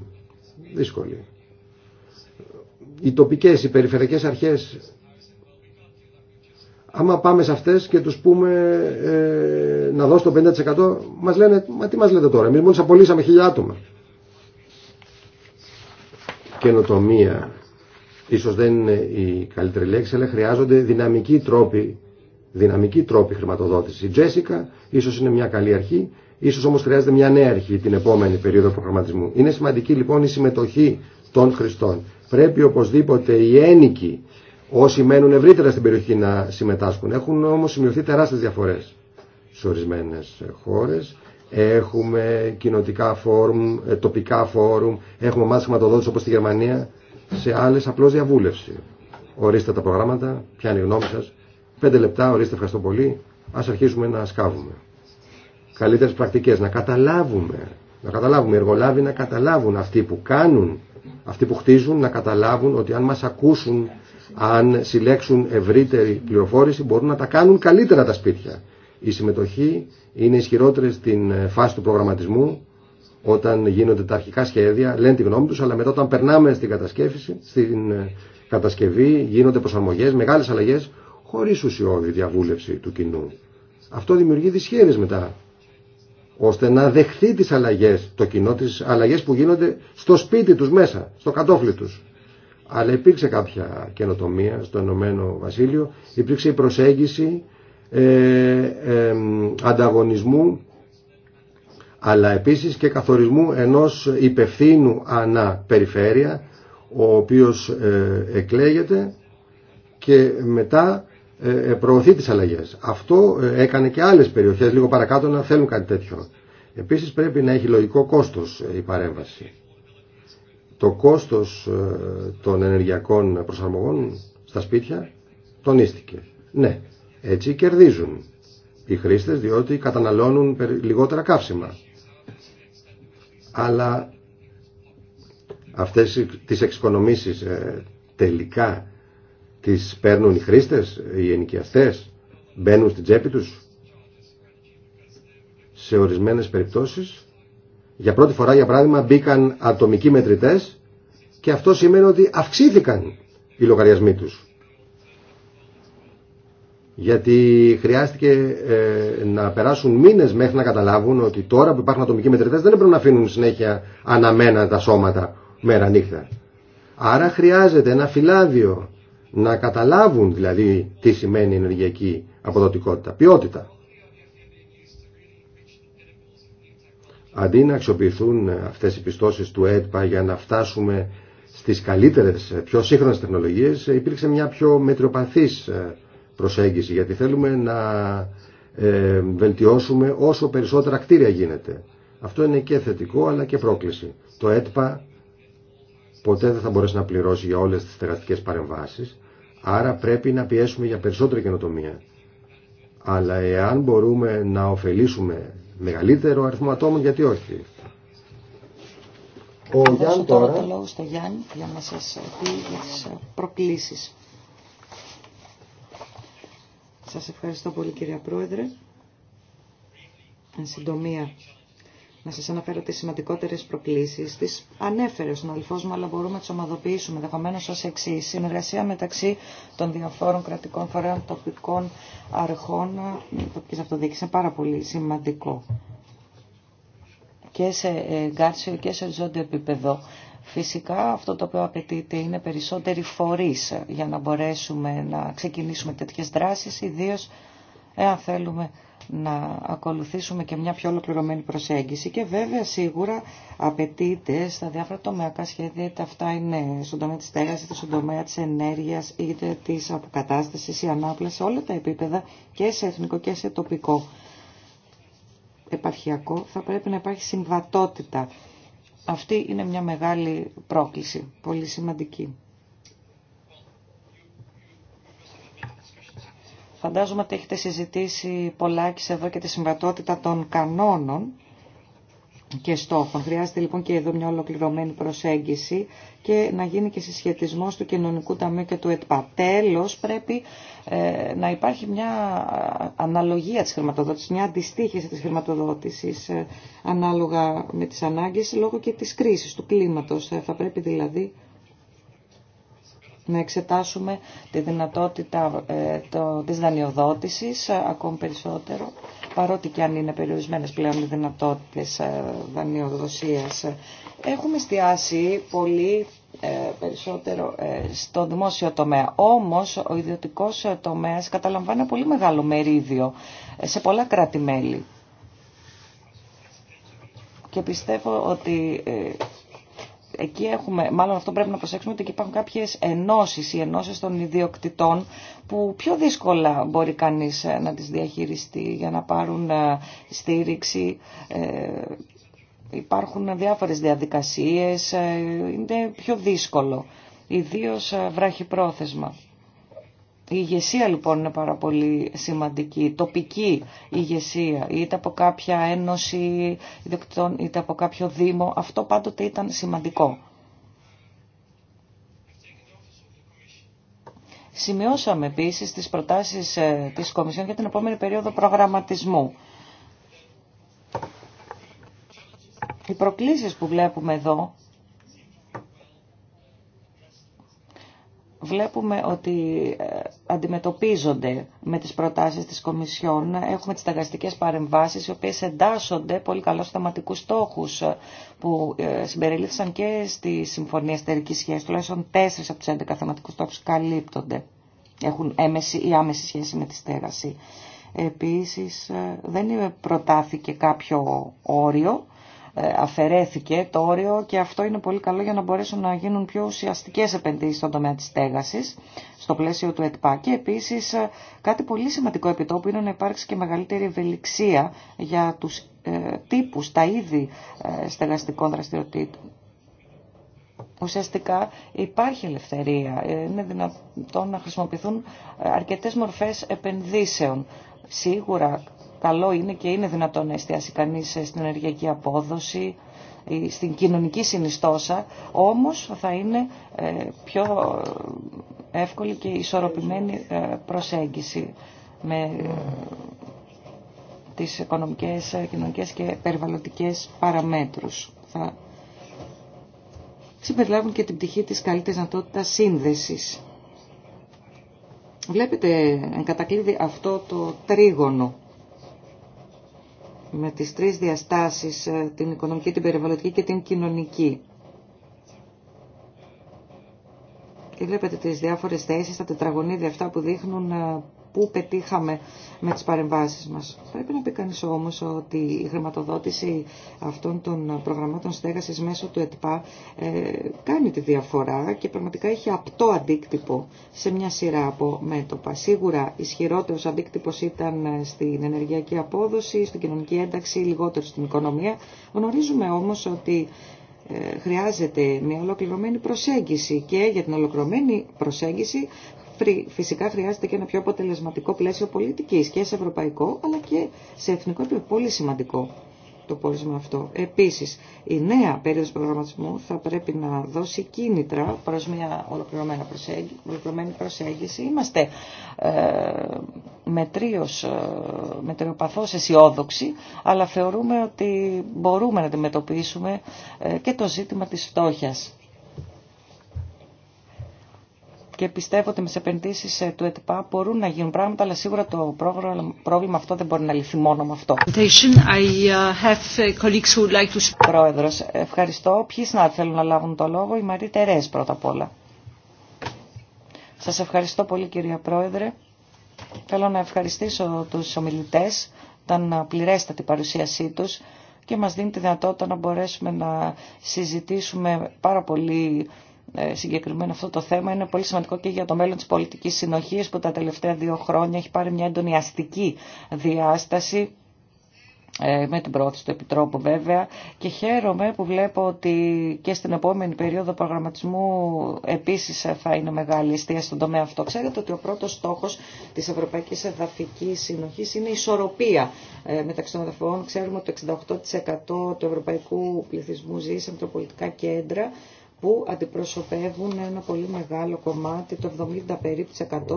δύσκολη. Οι τοπικές, οι περιφερειακές αρχές, άμα πάμε σε αυτές και τους πούμε ε, να δώσω το 50% μας λένε, μα τι μας λέτε τώρα, εμείς μόλις απολύσαμε χιλιά άτομα. Καινοτομία, ίσως δεν είναι η καλύτερη λέξη, αλλά χρειάζονται δυναμικοί τρόποι δυναμική τρόπη χρηματοδότηση. Η Τζέσικα ίσω είναι μια καλή αρχή, ίσω όμω χρειάζεται μια νέα αρχή την επόμενη περίοδο προγραμματισμού. Είναι σημαντική λοιπόν η συμμετοχή των χρηστών. Πρέπει οπωσδήποτε οι ένικοι, όσοι μένουν ευρύτερα στην περιοχή να συμμετάσχουν. Έχουν όμω σημειωθεί τεράστιε διαφορέ σε ορισμένε χώρε. Έχουμε κοινοτικά φόρουμ, ε, τοπικά φόρουμ, έχουμε ομάδε χρηματοδότηση όπω στη Γερμανία. Σε άλλε απλώ διαβούλευση. Ορίστε τα προγράμματα, ποια είναι η γνώμη σα Πέντε λεπτά, ορίστε, ευχαριστώ πολύ. Α αρχίσουμε να σκάβουμε. Καλύτερε πρακτικέ, να καταλάβουμε, να καταλάβουμε οι εργολάβοι, να καταλάβουν αυτοί που κάνουν, αυτοί που χτίζουν, να καταλάβουν ότι αν μα ακούσουν, αν συλλέξουν ευρύτερη πληροφόρηση, μπορούν να τα κάνουν καλύτερα τα σπίτια. Η συμμετοχή είναι ισχυρότερη στην φάση του προγραμματισμού, όταν γίνονται τα αρχικά σχέδια, λένε τη γνώμη του, αλλά μετά όταν περνάμε στην, στην κατασκευή γίνονται προσαρμογέ, μεγάλε αλλαγέ χωρίς ουσιώδη διαβούλευση του κοινού. Αυτό δημιουργεί δυσχέρες μετά, ώστε να δεχθεί τις αλλαγές, το κοινό, τις αλλαγές που γίνονται στο σπίτι τους μέσα, στο κατόφλι τους. Αλλά υπήρξε κάποια καινοτομία στο Ενωμένο Βασίλειο, υπήρξε η προσέγγιση ε, ανταγωνισμού, αλλά επίσης και καθορισμού ενός υπευθύνου ανά περιφέρεια, ο οποίος ε, εκλέγεται και μετά ε, ε, προωθεί τις αλλαγές. Αυτό ε, έκανε και άλλες περιοχές λίγο παρακάτω να θέλουν κάτι τέτοιο. Επίσης πρέπει να έχει λογικό κόστος η παρέμβαση. Το κόστος των ενεργειακών προσαρμογών στα σπίτια τονίστηκε. Ναι, έτσι κερδίζουν οι χρήστες διότι καταναλώνουν λιγότερα καύσιμα. Αλλά αυτές τις εξοικονομήσεις τελικά τις παίρνουν οι χρήστες, οι ενοικιαστές, μπαίνουν στην τσέπη τους. Σε ορισμένες περιπτώσεις, για πρώτη φορά για παράδειγμα μπήκαν ατομικοί μετρητές και αυτό σημαίνει ότι αυξήθηκαν οι λογαριασμοί τους. Γιατί χρειάστηκε ε, να περάσουν μήνες μέχρι να καταλάβουν ότι τώρα που υπάρχουν ατομικοί μετρητές δεν πρέπει να αφήνουν συνέχεια αναμένα τα σώματα μέρα νύχτα. Άρα χρειάζεται ένα φυλάδιο να καταλάβουν δηλαδή τι σημαίνει ενεργειακή αποδοτικότητα, ποιότητα. Αντί να αξιοποιηθούν αυτές οι πιστώσεις του ΕΤΠΑ για να φτάσουμε στις καλύτερες, πιο σύγχρονες τεχνολογίες, υπήρξε μια πιο μετριοπαθής ε, προσέγγιση, γιατί θέλουμε να ε, βελτιώσουμε όσο περισσότερα κτίρια γίνεται. Αυτό είναι και θετικό, αλλά και πρόκληση. Το ΕΤΠΑ ποτέ δεν θα μπορέσει να πληρώσει για όλες τις τεραστικές παρεμβάσεις, Άρα πρέπει να πιέσουμε για περισσότερη καινοτομία. Αλλά εάν μπορούμε να ωφελήσουμε μεγαλύτερο αριθμό ατόμων, γιατί όχι. Ο τώρα, το λόγο στο Γιάννη για να σας ε, πει για τις ε, προκλήσεις. Σας ευχαριστώ πολύ κυρία Πρόεδρε. Εν να σα αναφέρω τι σημαντικότερε προκλήσει, Τι ανέφερε ο συναδελφό μου, αλλά μπορούμε να τι ομαδοποιήσουμε ενδεχομένω ω εξή. Συνεργασία μεταξύ των διαφόρων κρατικών φορέων, τοπικών αρχών, τοπικής αυτοδιοίκησης είναι πάρα πολύ σημαντικό. Και σε γκάρσιο και σε οριζόντιο επίπεδο. Φυσικά αυτό το οποίο απαιτείται είναι περισσότεροι φορείς για να μπορέσουμε να ξεκινήσουμε τέτοιες δράσεις, ιδίως εάν θέλουμε να ακολουθήσουμε και μια πιο ολοκληρωμένη προσέγγιση και βέβαια σίγουρα απαιτείται στα διάφορα τομεακά σχέδια είτε αυτά είναι στον τομέα της στέγασης, είτε στον τομέα της ενέργειας, είτε της αποκατάστασης ή ανάπλαση σε όλα τα επίπεδα και σε εθνικό και σε τοπικό επαρχιακό θα πρέπει να υπάρχει συμβατότητα. Αυτή είναι μια μεγάλη πρόκληση, πολύ σημαντική. Φαντάζομαι ότι έχετε συζητήσει σε εδώ και τη συμβατότητα των κανόνων και στόχων. Χρειάζεται λοιπόν και εδώ μια ολοκληρωμένη προσέγγιση και να γίνει και συσχετισμό του Κοινωνικού Ταμείου και του ΕΤΠΑ. Τέλο, πρέπει ε, να υπάρχει μια αναλογία τη χρηματοδότηση, μια αντιστοίχηση τη χρηματοδότηση ε, ανάλογα με τι ανάγκε λόγω και τη κρίση του κλίματο. Ε, θα πρέπει δηλαδή να εξετάσουμε τη δυνατότητα ε, το, της δανειοδότησης ε, ακόμη περισσότερο, παρότι και αν είναι περιορισμένες πλέον οι δυνατότητες ε, δανειοδοσίας. Έχουμε εστιάσει πολύ περισσότερο στο δημόσιο τομέα. Όμως ο ιδιωτικός τομέας καταλαμβάνει πολύ μεγάλο μερίδιο σε πολλά κράτη-μέλη. Και πιστεύω ότι εκεί έχουμε, μάλλον αυτό πρέπει να προσέξουμε ότι εκεί υπάρχουν κάποιες ενώσει οι ενώσει των ιδιοκτητών που πιο δύσκολα μπορεί κανείς ε, να τις διαχειριστεί για να πάρουν ε, στήριξη. Ε, υπάρχουν διάφορες διαδικασίες, είναι πιο δύσκολο, ιδίως βράχει πρόθεσμα. Η ηγεσία λοιπόν είναι πάρα πολύ σημαντική, η τοπική ηγεσία, είτε από κάποια ένωση ιδιοκτητών, είτε από κάποιο δήμο, αυτό πάντοτε ήταν σημαντικό. Σημειώσαμε επίσης τις προτάσεις ε, της Κομισιόν για την επόμενη περίοδο προγραμματισμού. Οι προκλήσεις που βλέπουμε εδώ βλέπουμε ότι ε, αντιμετωπίζονται με τις προτάσεις της Κομισιόν. Έχουμε τις ταγαστικές παρεμβάσεις, οι οποίες εντάσσονται πολύ καλώς θεματικούς στόχους ε, που ε, συμπεριλήφθησαν και στη Συμφωνία Εστερικής Σχέσης. Τουλάχιστον τέσσερις από τους 11 θεματικούς στόχους καλύπτονται. Έχουν έμεση ή άμεση σχέση με τη στέγαση. Επίσης, δεν προτάθηκε κάποιο όριο ε, αφαιρέθηκε το όριο και αυτό είναι πολύ καλό για να μπορέσουν να γίνουν πιο ουσιαστικές επενδύσεις στον τομέα της στέγασης, στο πλαίσιο του ΕΤΠΑ. Και επίσης ε, κάτι πολύ σημαντικό επιτόπου είναι να υπάρξει και μεγαλύτερη ευελιξία για τους ε, τύπους, τα είδη στεγαστικών δραστηριοτήτων. Ουσιαστικά υπάρχει ελευθερία. Είναι δυνατόν να χρησιμοποιηθούν αρκετές μορφές επενδύσεων. Σίγουρα καλό είναι και είναι δυνατόν να εστιάσει κανείς στην ενεργειακή απόδοση, στην κοινωνική συνιστόσα, όμως θα είναι ε, πιο ε, εύκολη και ισορροπημένη ε, προσέγγιση με τις οικονομικές, κοινωνικές και περιβαλλοντικές παραμέτρους. Θα συμπεριλάβουν και την πτυχή της καλύτερης δυνατότητας σύνδεσης. Βλέπετε, εν αυτό το τρίγωνο με τις τρεις διαστάσεις, ε, την οικονομική, την περιβαλλοντική και την κοινωνική. Και βλέπετε τις διάφορες θέσεις, τα τετραγωνίδια αυτά που δείχνουν ε, που πετύχαμε με τις παρεμβάσεις μας. Πρέπει να πει κανείς όμως ότι η χρηματοδότηση αυτών των προγραμμάτων στέγασης μέσω του ΕΤΠΑ ε, κάνει τη διαφορά και πραγματικά έχει απτό αντίκτυπο σε μια σειρά από μέτωπα. Σίγουρα ισχυρότερος αντίκτυπος ήταν ε, στην ενεργειακή απόδοση, στην κοινωνική ένταξη, λιγότερο στην οικονομία. Γνωρίζουμε όμως ότι ε, χρειάζεται μια ολοκληρωμένη προσέγγιση και για την ολοκληρωμένη προσέγγιση φυσικά χρειάζεται και ένα πιο αποτελεσματικό πλαίσιο πολιτικής και σε ευρωπαϊκό αλλά και σε εθνικό επίπεδο. Πολύ σημαντικό το πόρισμα αυτό. Επίσης, η νέα περίοδος προγραμματισμού θα πρέπει να δώσει κίνητρα προς μια ολοκληρωμένη προσέγγιση. προσέγγιση. Είμαστε ε, ε, μετριοπαθώς αισιόδοξοι, αλλά θεωρούμε ότι μπορούμε να αντιμετωπίσουμε ε, και το ζήτημα της φτώχειας και πιστεύω ότι με τι επενδύσει ε, του ΕΤΠΑ μπορούν να γίνουν πράγματα, αλλά σίγουρα το πρόβλημα αυτό δεν μπορεί να λυθεί μόνο με αυτό. Uh, uh, Πρόεδρο, ευχαριστώ. Ποιοι να θέλουν να λάβουν το λόγο, η Μαρή Τερέ πρώτα απ' όλα. Σας ευχαριστώ πολύ κυρία Πρόεδρε. Θέλω να ευχαριστήσω τους ομιλητές, ήταν πληρέστατη παρουσίασή του και μας δίνει τη δυνατότητα να μπορέσουμε να συζητήσουμε πάρα πολύ ε, συγκεκριμένο αυτό το θέμα είναι πολύ σημαντικό και για το μέλλον της πολιτικής συνοχής που τα τελευταία δύο χρόνια έχει πάρει μια εντονιαστική διάσταση ε, με την πρόθεση του Επιτρόπου βέβαια και χαίρομαι που βλέπω ότι και στην επόμενη περίοδο προγραμματισμού επίσης θα είναι μεγάλη αιστεία στον τομέα αυτό. Ξέρετε ότι ο πρώτος στόχος της Ευρωπαϊκής Εδαφικής Συνοχής είναι η ισορροπία ε, μεταξύ των εδαφών. Ξέρουμε ότι το 68% του ευρωπαϊκού πληθυσμού ζει σε μετροπολιτικά κέντρα που αντιπροσωπεύουν ένα πολύ μεγάλο κομμάτι, το 70 περίπου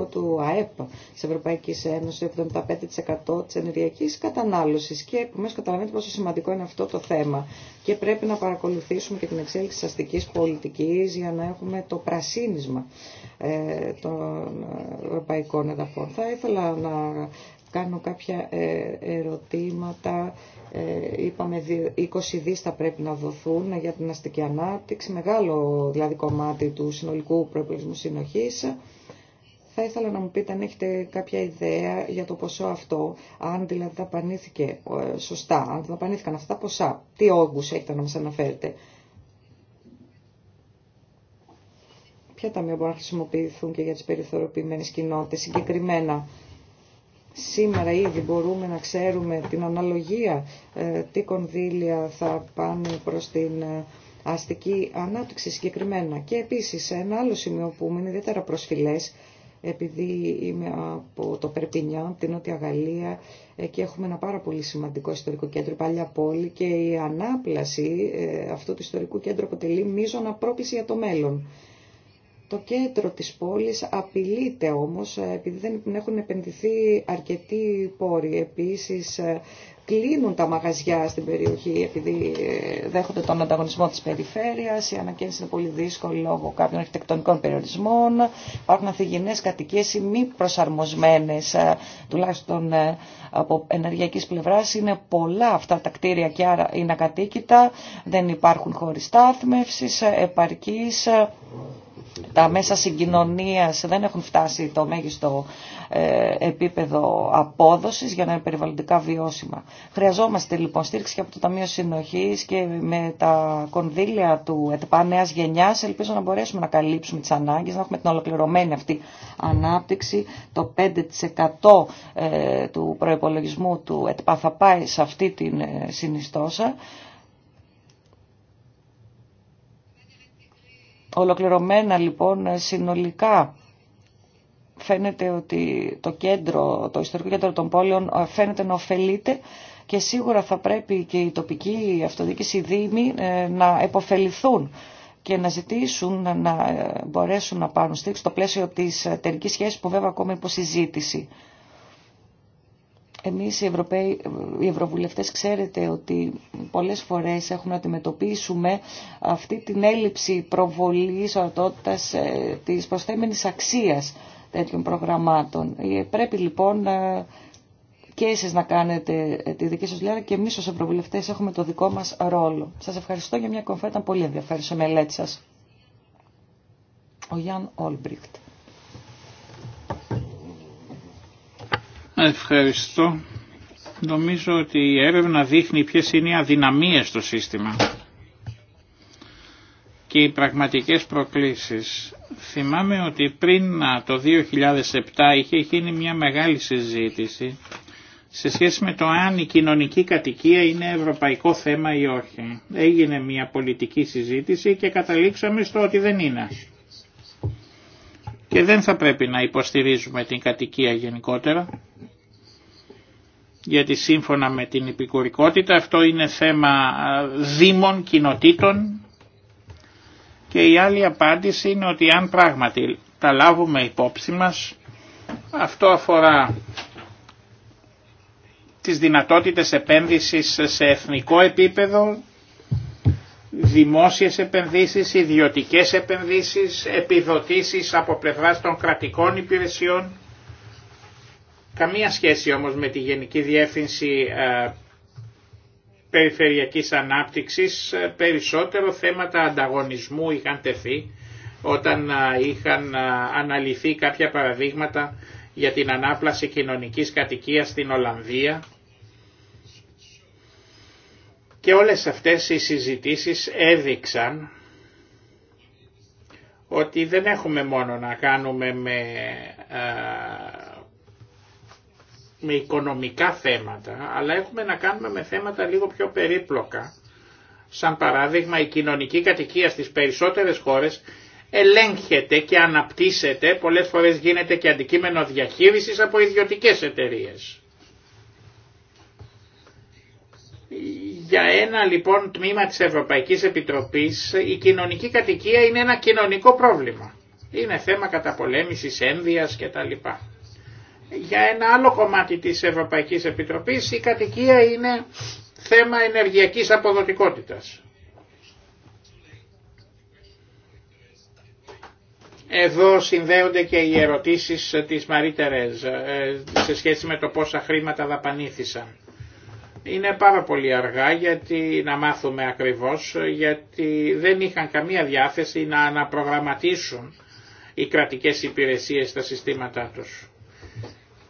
του ΑΕΠ τη Ευρωπαϊκή Ένωση, 75% τη ενεργειακή κατανάλωση. και επομένω καταλαβαίνετε πόσο σημαντικό είναι αυτό το θέμα. Και πρέπει να παρακολουθήσουμε και την εξέλιξη της αστική πολιτικής για να έχουμε το πρασίνισμα ε, των ευρωπαϊκών εδαφών. Θα ήθελα να κάνω κάποια ε, ερωτήματα. Ε, είπαμε 20 δις θα πρέπει να δοθούν για την αστική ανάπτυξη, μεγάλο δηλαδή κομμάτι του συνολικού προεπλισμού συνοχής. Θα ήθελα να μου πείτε αν έχετε κάποια ιδέα για το ποσό αυτό, αν δηλαδή πανήθηκε ε, σωστά, αν πανήθηκαν αυτά τα ποσά, τι όγκους έχετε να μας αναφέρετε. Ποια ταμεία μπορούν να χρησιμοποιηθούν και για τις περιθωριοποιημένες κοινότητες συγκεκριμένα σήμερα ήδη μπορούμε να ξέρουμε την αναλογία, ε, τι κονδύλια θα πάνε προς την ε, αστική ανάπτυξη συγκεκριμένα. Και επίσης ένα άλλο σημείο που είναι ιδιαίτερα προσφυλές, επειδή είμαι από το Περπινιά, την Νότια Γαλλία, εκεί έχουμε ένα πάρα πολύ σημαντικό ιστορικό κέντρο, η παλιά πόλη, και η ανάπλαση ε, αυτού του ιστορικού κέντρου αποτελεί μείζωνα πρόκληση για το μέλλον. Το κέντρο της πόλης απειλείται όμως ε, επειδή δεν έχουν επενδυθεί αρκετοί πόροι. Επίσης ε, κλείνουν τα μαγαζιά στην περιοχή επειδή ε, δέχονται τον ανταγωνισμό της περιφέρειας, η ανακαίνιση είναι πολύ δύσκολη λόγω κάποιων αρχιτεκτονικών περιορισμών, υπάρχουν αθυγινές κατοικίες ή μη προσαρμοσμένες τουλάχιστον από ενεργειακής πλευράς, είναι πολλά αυτά τα κτίρια και άρα είναι ακατοίκητα, δεν υπάρχουν χώροι στάθμευσης, επαρκής τα μέσα συγκοινωνίας δεν έχουν φτάσει το μέγιστο ε, επίπεδο απόδοσης για να είναι περιβαλλοντικά βιώσιμα. Χρειαζόμαστε λοιπόν στήριξη από το Ταμείο Συνοχής και με τα κονδύλια του ΕΤΠΑ Νέας Γενιάς ελπίζω να μπορέσουμε να καλύψουμε τις ανάγκες, να έχουμε την ολοκληρωμένη αυτή ανάπτυξη. Το 5% ε, του προϋπολογισμού του ΕΤΠΑ θα πάει σε αυτή την ε, συνιστόσα Ολοκληρωμένα λοιπόν συνολικά φαίνεται ότι το κέντρο, το ιστορικό κέντρο των πόλεων ε, φαίνεται να ωφελείται και σίγουρα θα πρέπει και οι τοπικοί αυτοδιοίκηση δήμοι ε, να επωφεληθούν και να ζητήσουν να ε, μπορέσουν να πάρουν στήριξη στο πλαίσιο της εταιρικής σχέσης που βέβαια ακόμα υποσυζήτηση. συζήτηση. Εμείς οι, Ευρωπαίοι, οι Ευρωβουλευτές ξέρετε ότι πολλές φορές έχουμε να αντιμετωπίσουμε αυτή την έλλειψη προβολής ορατότητας ε, της προσθέμενης αξίας τέτοιων προγραμμάτων. Ε, πρέπει λοιπόν ε, και εσείς να κάνετε τη δική σας δουλειά και εμείς ως Ευρωβουλευτές έχουμε το δικό μας ρόλο. Σας ευχαριστώ για μια κομφέτα πολύ ενδιαφέρουσα μελέτη σας. Ο Γιάνν Όλμπριχτ. Ευχαριστώ. Νομίζω ότι η έρευνα δείχνει ποιες είναι οι αδυναμίες στο σύστημα και οι πραγματικές προκλήσεις. Θυμάμαι ότι πριν το 2007 είχε γίνει μια μεγάλη συζήτηση σε σχέση με το αν η κοινωνική κατοικία είναι ευρωπαϊκό θέμα ή όχι. Έγινε μια πολιτική συζήτηση και καταλήξαμε στο ότι δεν είναι. Και δεν θα πρέπει να υποστηρίζουμε την κατοικία γενικότερα γιατί σύμφωνα με την επικουρικότητα αυτό είναι θέμα δήμων, κοινοτήτων και η άλλη απάντηση είναι ότι αν πράγματι τα λάβουμε υπόψη μας αυτό αφορά τις δυνατότητες επένδυσης σε εθνικό επίπεδο, δημόσιες επενδύσεις, ιδιωτικές επενδύσεις, επιδοτήσεις από πλευράς των κρατικών υπηρεσιών Καμία σχέση όμως με τη Γενική Διεύθυνση ε, Περιφερειακής Ανάπτυξης, ε, περισσότερο θέματα ανταγωνισμού είχαν τεθεί όταν ε, είχαν αναλυθεί κάποια παραδείγματα για την ανάπλαση κοινωνικής κατοικίας στην Ολλανδία και όλες αυτές οι συζητήσεις έδειξαν ότι δεν έχουμε μόνο να κάνουμε με με οικονομικά θέματα, αλλά έχουμε να κάνουμε με θέματα λίγο πιο περίπλοκα. Σαν παράδειγμα η κοινωνική κατοικία στις περισσότερες χώρες ελέγχεται και αναπτύσσεται, πολλές φορές γίνεται και αντικείμενο διαχείρισης από ιδιωτικές εταιρείες. Για ένα λοιπόν τμήμα της Ευρωπαϊκής Επιτροπής η κοινωνική κατοικία είναι ένα κοινωνικό πρόβλημα. Είναι θέμα καταπολέμησης ένδυας κτλ. Για ένα άλλο κομμάτι της Ευρωπαϊκής Επιτροπής η κατοικία είναι θέμα ενεργειακής αποδοτικότητας. Εδώ συνδέονται και οι ερωτήσεις της Μαρή Τερέζ ε, σε σχέση με το πόσα χρήματα δαπανήθησαν. Είναι πάρα πολύ αργά γιατί να μάθουμε ακριβώς γιατί δεν είχαν καμία διάθεση να αναπρογραμματίσουν οι κρατικές υπηρεσίες στα συστήματά τους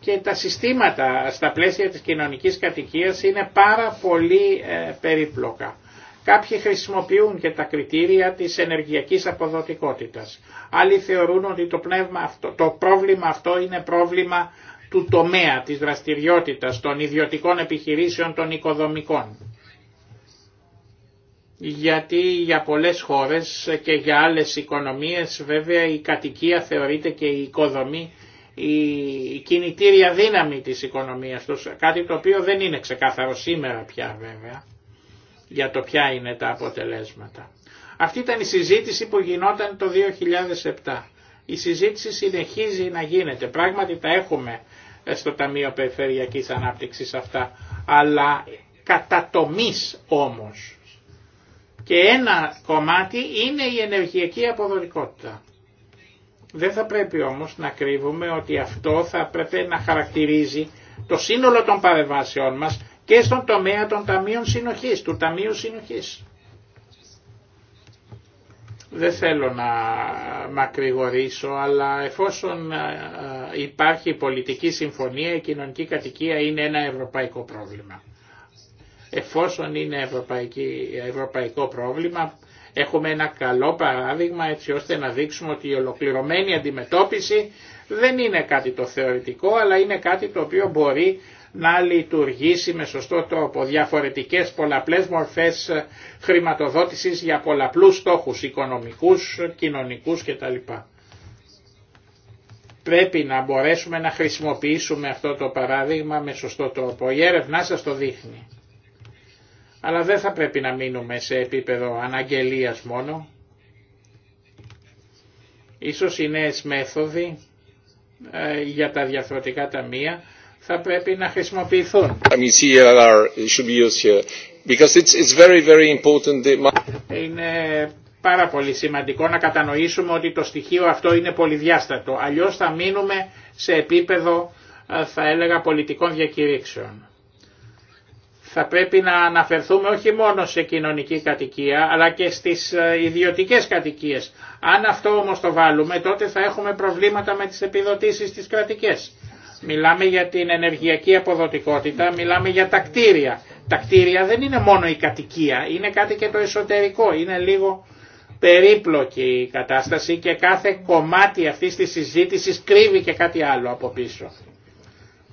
και τα συστήματα στα πλαίσια της κοινωνικής κατοικίας είναι πάρα πολύ ε, περίπλοκα. Κάποιοι χρησιμοποιούν και τα κριτήρια της ενεργειακής αποδοτικότητας. Άλλοι θεωρούν ότι το, πνεύμα το πρόβλημα αυτό είναι πρόβλημα του τομέα, της δραστηριότητας, των ιδιωτικών επιχειρήσεων, των οικοδομικών. Γιατί για πολλές χώρες και για άλλες οικονομίες βέβαια η κατοικία θεωρείται και η οικοδομή η κινητήρια δύναμη της οικονομίας τους, κάτι το οποίο δεν είναι ξεκάθαρο σήμερα πια βέβαια, για το ποια είναι τα αποτελέσματα. Αυτή ήταν η συζήτηση που γινόταν το 2007. Η συζήτηση συνεχίζει να γίνεται. Πράγματι τα έχουμε ε, στο Ταμείο Περιφερειακής Ανάπτυξης αυτά, αλλά κατά τομής όμως. Και ένα κομμάτι είναι η ενεργειακή αποδοτικότητα. Δεν θα πρέπει όμως να κρύβουμε ότι αυτό θα πρέπει να χαρακτηρίζει το σύνολο των παρεμβάσεών μας και στον τομέα των ταμείων συνοχής, του Ταμείου Συνοχής. Δεν θέλω να μακρηγορήσω, αλλά εφόσον ε, ε, υπάρχει πολιτική συμφωνία, η κοινωνική κατοικία είναι ένα ευρωπαϊκό πρόβλημα. Εφόσον είναι ευρωπαϊκό πρόβλημα, Έχουμε ένα καλό παράδειγμα έτσι ώστε να δείξουμε ότι η ολοκληρωμένη αντιμετώπιση δεν είναι κάτι το θεωρητικό αλλά είναι κάτι το οποίο μπορεί να λειτουργήσει με σωστό τρόπο διαφορετικές πολλαπλές μορφές χρηματοδότησης για πολλαπλούς στόχους οικονομικούς, κοινωνικούς κτλ. Πρέπει να μπορέσουμε να χρησιμοποιήσουμε αυτό το παράδειγμα με σωστό τρόπο. Η έρευνά σας το δείχνει. Αλλά δεν θα πρέπει να μείνουμε σε επίπεδο αναγγελίας μόνο. Ίσως οι νέες μέθοδοι ε, για τα διαφορετικά ταμεία θα πρέπει να χρησιμοποιηθούν. Είναι πάρα πολύ σημαντικό να κατανοήσουμε ότι το στοιχείο αυτό είναι πολυδιάστατο. Αλλιώς θα μείνουμε σε επίπεδο, ε, θα έλεγα, πολιτικών διακηρύξεων θα πρέπει να αναφερθούμε όχι μόνο σε κοινωνική κατοικία αλλά και στις ε, ιδιωτικές κατοικίες. Αν αυτό όμως το βάλουμε τότε θα έχουμε προβλήματα με τις επιδοτήσεις τις κρατικές. Μιλάμε για την ενεργειακή αποδοτικότητα, μιλάμε για τα κτίρια. Τα κτίρια δεν είναι μόνο η κατοικία, είναι κάτι και το εσωτερικό, είναι λίγο περίπλοκη η κατάσταση και κάθε κομμάτι αυτής της συζήτησης κρύβει και κάτι άλλο από πίσω.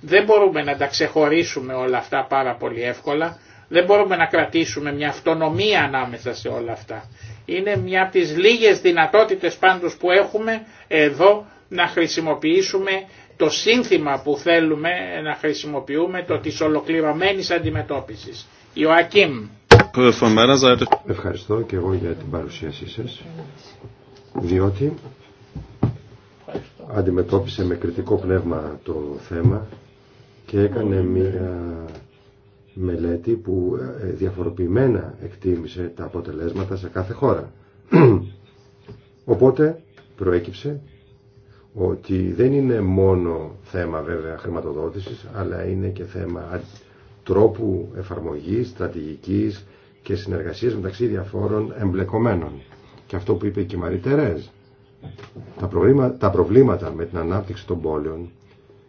Δεν μπορούμε να τα ξεχωρίσουμε όλα αυτά πάρα πολύ εύκολα. Δεν μπορούμε να κρατήσουμε μια αυτονομία ανάμεσα σε όλα αυτά. Είναι μια από τις λίγες δυνατότητες πάντως που έχουμε εδώ να χρησιμοποιήσουμε το σύνθημα που θέλουμε να χρησιμοποιούμε το της ολοκληρωμένης αντιμετώπισης. Ιωακίμ. Ευχαριστώ και εγώ για την παρουσίασή σας, διότι αντιμετώπισε με κριτικό πνεύμα το θέμα και έκανε μία μελέτη που ε, διαφοροποιημένα εκτίμησε τα αποτελέσματα σε κάθε χώρα. Οπότε προέκυψε ότι δεν είναι μόνο θέμα βέβαια χρηματοδότησης, αλλά είναι και θέμα τρόπου εφαρμογής, στρατηγικής και συνεργασίας μεταξύ διαφόρων εμπλεκομένων. Και αυτό που είπε και η Μαρή Τερέζ, τα προβλήματα με την ανάπτυξη των πόλεων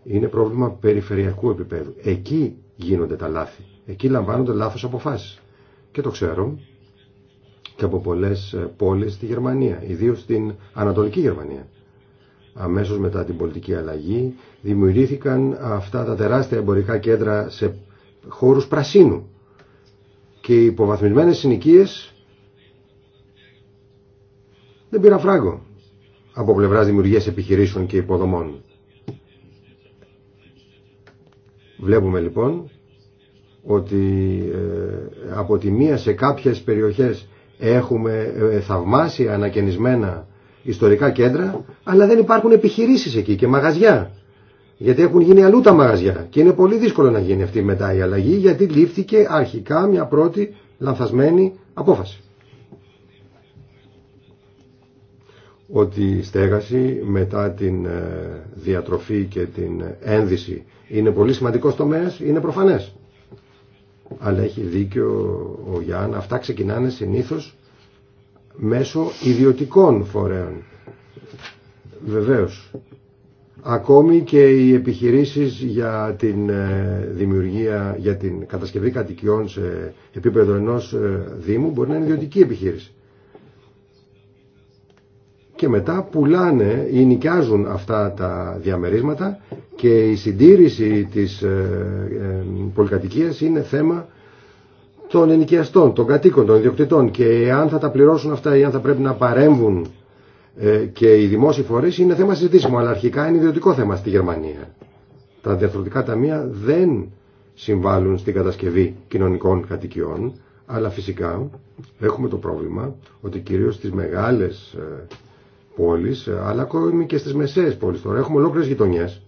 είναι πρόβλημα περιφερειακού επίπεδου. Εκεί γίνονται τα λάθη. Εκεί λαμβάνονται λάθος αποφάσεις. Και το ξέρω και από πολλέ ε, πόλεις στη Γερμανία, ιδίω στην Ανατολική Γερμανία. Αμέσως μετά την πολιτική αλλαγή δημιουργήθηκαν αυτά τα τεράστια εμπορικά κέντρα σε χώρους πρασίνου. Και οι υποβαθμισμένε συνοικίε δεν πήραν φράγκο από πλευρά δημιουργία επιχειρήσεων και υποδομών. Βλέπουμε λοιπόν ότι ε, από τη μία σε κάποιες περιοχές έχουμε ε, θαυμάσια ανακαινισμένα ιστορικά κέντρα, αλλά δεν υπάρχουν επιχειρήσεις εκεί και μαγαζιά. Γιατί έχουν γίνει αλλού τα μαγαζιά και είναι πολύ δύσκολο να γίνει αυτή μετά η αλλαγή γιατί λήφθηκε αρχικά μια πρώτη λανθασμένη απόφαση. ότι η στέγαση μετά την ε, διατροφή και την ένδυση είναι πολύ σημαντικός τομέας, είναι προφανές. Αλλά έχει δίκιο ο Γιάννα, αυτά ξεκινάνε συνήθως μέσω ιδιωτικών φορέων. Βεβαίως. Ακόμη και οι επιχειρήσεις για την ε, δημιουργία, για την κατασκευή κατοικιών σε επίπεδο ενός ε, Δήμου μπορεί να είναι ιδιωτική επιχείρηση και μετά πουλάνε ή νοικιάζουν αυτά τα διαμερίσματα και η συντήρηση της ε, ε, πολυκατοικίας είναι θέμα των ενοικιαστών, των κατοίκων, των ιδιοκτητών και αν θα τα πληρώσουν αυτά ή αν θα πρέπει να παρέμβουν ε, και οι δημόσιοι φορείς είναι θέμα συζητήσιμο, αλλά αρχικά είναι ιδιωτικό θέμα στη Γερμανία. Τα διαθροτικά ταμεία δεν συμβάλλουν στην κατασκευή κοινωνικών κατοικιών, αλλά φυσικά έχουμε το πρόβλημα ότι κυρίως στις μεγάλες πόλεις, ε, αλλά ακόμη και στις μεσαίες πόλεις τώρα. Έχουμε ολόκληρες γειτονιές,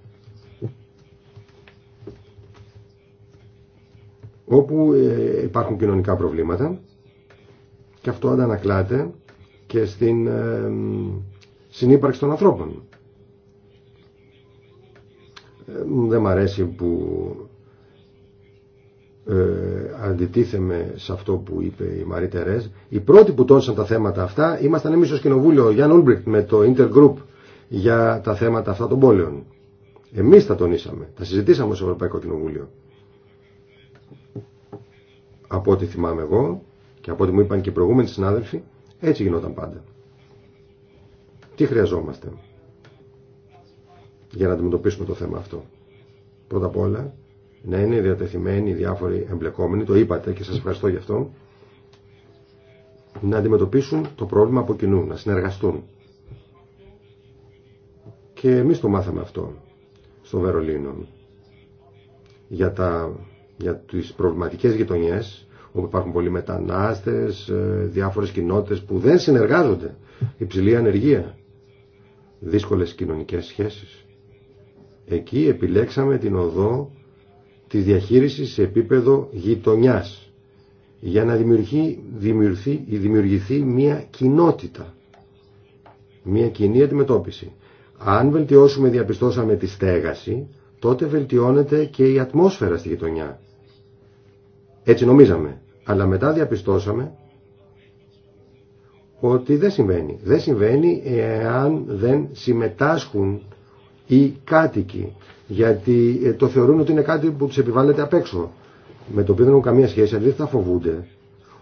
όπου ε, υπάρχουν κοινωνικά προβλήματα και αυτό αντανακλάται και στην ε, συνύπαρξη των ανθρώπων. Δεν μ' αρέσει που ε, αντιτίθεμαι σε αυτό που είπε η Μαρή Τερέζ. Οι πρώτοι που τόνισαν τα θέματα αυτά ήμασταν εμεί ω κοινοβούλιο Γιάνν Ολμπριχτ με το Intergroup για τα θέματα αυτά των πόλεων. Εμεί τα τονίσαμε. Τα συζητήσαμε ω Ευρωπαϊκό Κοινοβούλιο. Από ό,τι θυμάμαι εγώ και από ό,τι μου είπαν και οι προηγούμενοι συνάδελφοι, έτσι γινόταν πάντα. Τι χρειαζόμαστε για να αντιμετωπίσουμε το θέμα αυτό. Πρώτα απ' όλα, να είναι διατεθειμένοι οι διάφοροι εμπλεκόμενοι, το είπατε και σας ευχαριστώ γι' αυτό, να αντιμετωπίσουν το πρόβλημα από κοινού, να συνεργαστούν. Και εμείς το μάθαμε αυτό στο Βερολίνο για, τα, για τις προβληματικές γειτονιές όπου υπάρχουν πολλοί μετανάστες, ε, διάφορες κοινότητες που δεν συνεργάζονται, υψηλή ανεργία, δύσκολες κοινωνικές σχέσεις. Εκεί επιλέξαμε την οδό τη διαχείριση σε επίπεδο γειτονιάς για να δημιουργηθεί, δημιουργηθεί μια κοινότητα, μια κοινή αντιμετώπιση. Αν βελτιώσουμε, διαπιστώσαμε τη στέγαση, τότε βελτιώνεται και η ατμόσφαιρα στη γειτονιά. Έτσι νομίζαμε. Αλλά μετά διαπιστώσαμε ότι δεν συμβαίνει. Δεν συμβαίνει εάν δεν συμμετάσχουν οι κάτοικοι γιατί ε, το θεωρούν ότι είναι κάτι που τους επιβάλλεται απ' έξω με το οποίο δεν έχουν καμία σχέση αντίθετα φοβούνται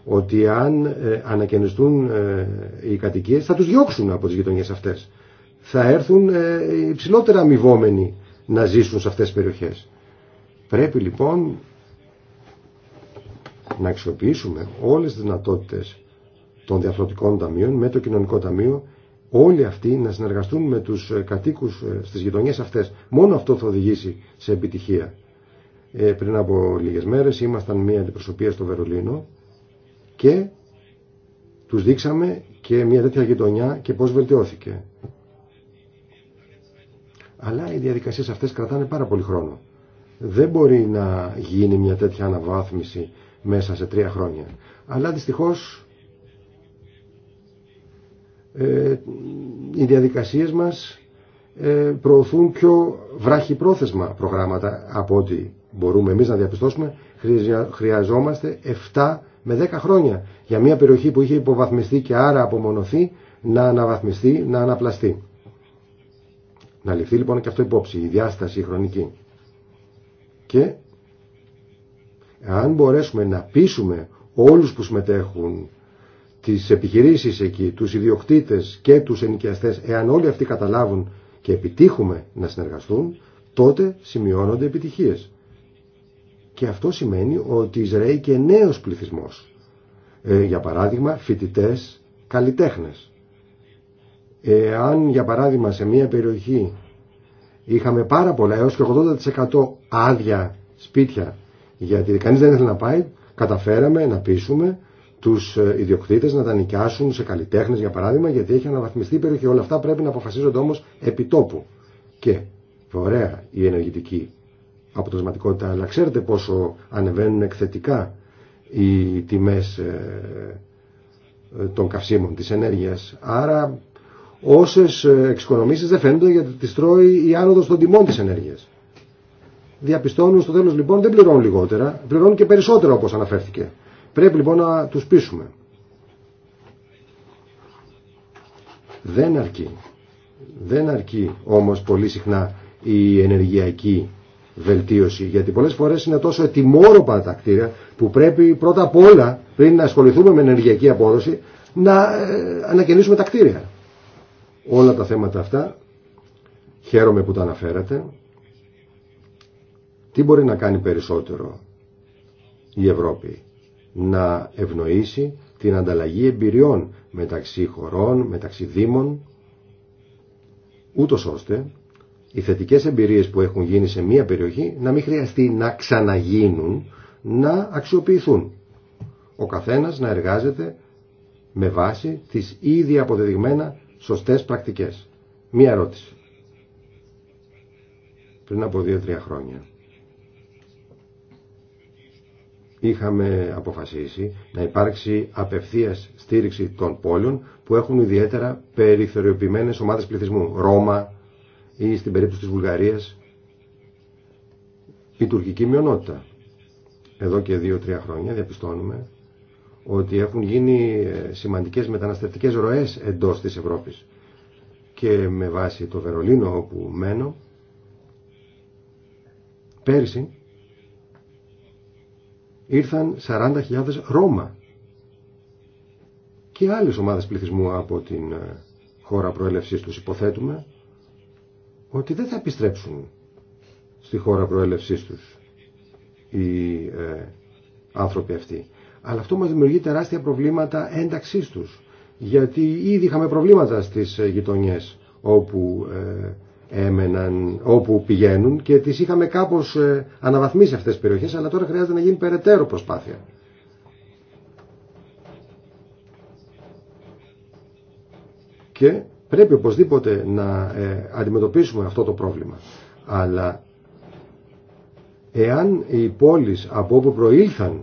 ότι αν ε, ανακαινιστούν ε, οι κατοικίες θα τους διώξουν από τις γειτονιές αυτές θα έρθουν υψηλότερα αμοιβόμενοι να ζήσουν σε αυτές τις περιοχές πρέπει λοιπόν να αξιοποιήσουμε όλες τις δυνατότητες των διαφορετικών ταμείων με το κοινωνικό ταμείο όλοι αυτοί να συνεργαστούν με τους ε, κατοίκους ε, στις γειτονιές αυτές. Μόνο αυτό θα οδηγήσει σε επιτυχία. Ε, πριν από λίγες μέρες ήμασταν μια αντιπροσωπεία στο Βερολίνο και τους δείξαμε και μια τέτοια γειτονιά και πώς βελτιώθηκε. Αλλά οι διαδικασίες αυτές κρατάνε πάρα πολύ χρόνο. Δεν μπορεί να γίνει μια τέτοια αναβάθμιση μέσα σε τρία χρόνια. Αλλά δυστυχώς ε, οι διαδικασίες μας ε, προωθούν πιο πρόθεσμα προγράμματα από ό,τι μπορούμε εμείς να διαπιστώσουμε. Χρειαζόμαστε 7 με 10 χρόνια για μια περιοχή που είχε υποβαθμιστεί και άρα απομονωθεί να αναβαθμιστεί, να αναπλαστεί. Να ληφθεί λοιπόν και αυτό υπόψη, η διάσταση χρονική. Και αν μπορέσουμε να πείσουμε όλους που συμμετέχουν τις επιχειρήσεις εκεί, τους ιδιοκτήτες και τους ενοικιαστές, εάν όλοι αυτοί καταλάβουν και επιτύχουμε να συνεργαστούν, τότε σημειώνονται επιτυχίες. Και αυτό σημαίνει ότι εισραίει και νέος πληθυσμός. Ε, για παράδειγμα, φοιτητέ, καλλιτέχνες. Εάν, για παράδειγμα, σε μια περιοχή είχαμε πάρα πολλά, έως και 80% άδεια σπίτια, γιατί κανείς δεν ήθελε να πάει, καταφέραμε να πείσουμε του ε, ιδιοκτητέ να τα νοικιάσουν σε καλλιτέχνε, για παράδειγμα γιατί έχει αναβαθμιστεί η περιοχή. Όλα αυτά πρέπει να αποφασίζονται όμω επί τόπου. Και ωραία η ενεργητική αποτελεσματικότητα αλλά ξέρετε πόσο ανεβαίνουν εκθετικά οι τιμές ε, ε, των καυσίμων, τη ενέργεια. Άρα όσε εξοικονομήσει δεν φαίνονται γιατί τι τρώει η άνοδος των τιμών τη ενέργεια. Διαπιστώνουν στο τέλο λοιπόν δεν πληρώνουν λιγότερα, πληρώνουν και περισσότερα όπω αναφέρθηκε. Πρέπει λοιπόν να τους πείσουμε. Δεν αρκεί. Δεν αρκεί όμως πολύ συχνά η ενεργειακή βελτίωση. Γιατί πολλές φορές είναι τόσο ετοιμόρροπα τα κτίρια που πρέπει πρώτα απ' όλα πριν να ασχοληθούμε με ενεργειακή απόδοση να ε, ανακαινήσουμε τα κτίρια. Όλα τα θέματα αυτά χαίρομαι που τα αναφέρατε. Τι μπορεί να κάνει περισσότερο η Ευρώπη να ευνοήσει την ανταλλαγή εμπειριών μεταξύ χωρών, μεταξύ δήμων, ούτως ώστε οι θετικές εμπειρίες που έχουν γίνει σε μία περιοχή να μην χρειαστεί να ξαναγίνουν, να αξιοποιηθούν. Ο καθένας να εργάζεται με βάση τις ήδη αποδεδειγμένα σωστές πρακτικές. Μία ερώτηση. Πριν από δύο-τρία χρόνια είχαμε αποφασίσει να υπάρξει απευθείας στήριξη των πόλεων που έχουν ιδιαίτερα περιθωριοποιημένες ομάδες πληθυσμού. Ρώμα ή στην περίπτωση της Βουλγαρίας η τουρκική μειονότητα. Εδώ και δύο-τρία χρόνια διαπιστώνουμε ότι έχουν γίνει ε, σημαντικές μεταναστευτικές ροές εντός της Ευρώπης. Και με βάση το Βερολίνο όπου μένω, πέρσι ήρθαν 40.000 Ρώμα και άλλες ομάδες πληθυσμού από την ε, χώρα προέλευσης τους υποθέτουμε ότι δεν θα επιστρέψουν στη χώρα προέλευσής τους οι ε, άνθρωποι αυτοί. Αλλά αυτό μας δημιουργεί τεράστια προβλήματα ένταξής τους. Γιατί ήδη είχαμε προβλήματα στις ε, γειτονιές όπου έμεναν όπου πηγαίνουν και τις είχαμε κάπως ε, αναβαθμίσει αυτές τις περιοχές αλλά τώρα χρειάζεται να γίνει περαιτέρω προσπάθεια. Και πρέπει οπωσδήποτε να ε, αντιμετωπίσουμε αυτό το πρόβλημα. Αλλά εάν οι πόλεις από όπου προήλθαν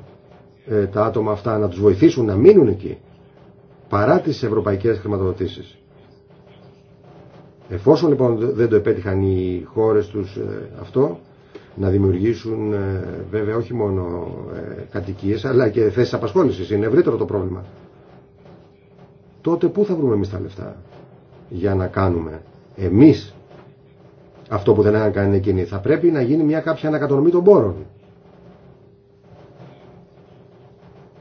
ε, τα άτομα αυτά να τους βοηθήσουν να μείνουν εκεί παρά τις ευρωπαϊκές χρηματοδοτήσεις Εφόσον λοιπόν δεν το επέτυχαν οι χώρες τους ε, αυτό, να δημιουργήσουν ε, βέβαια όχι μόνο ε, κατοικίες αλλά και θέσεις απασχόλησης, είναι ευρύτερο το πρόβλημα. Τότε πού θα βρούμε εμείς τα λεφτά για να κάνουμε εμείς αυτό που δεν έκανε κάνει εκείνοι. Θα πρέπει να γίνει μια κάποια ανακατονομή των πόρων.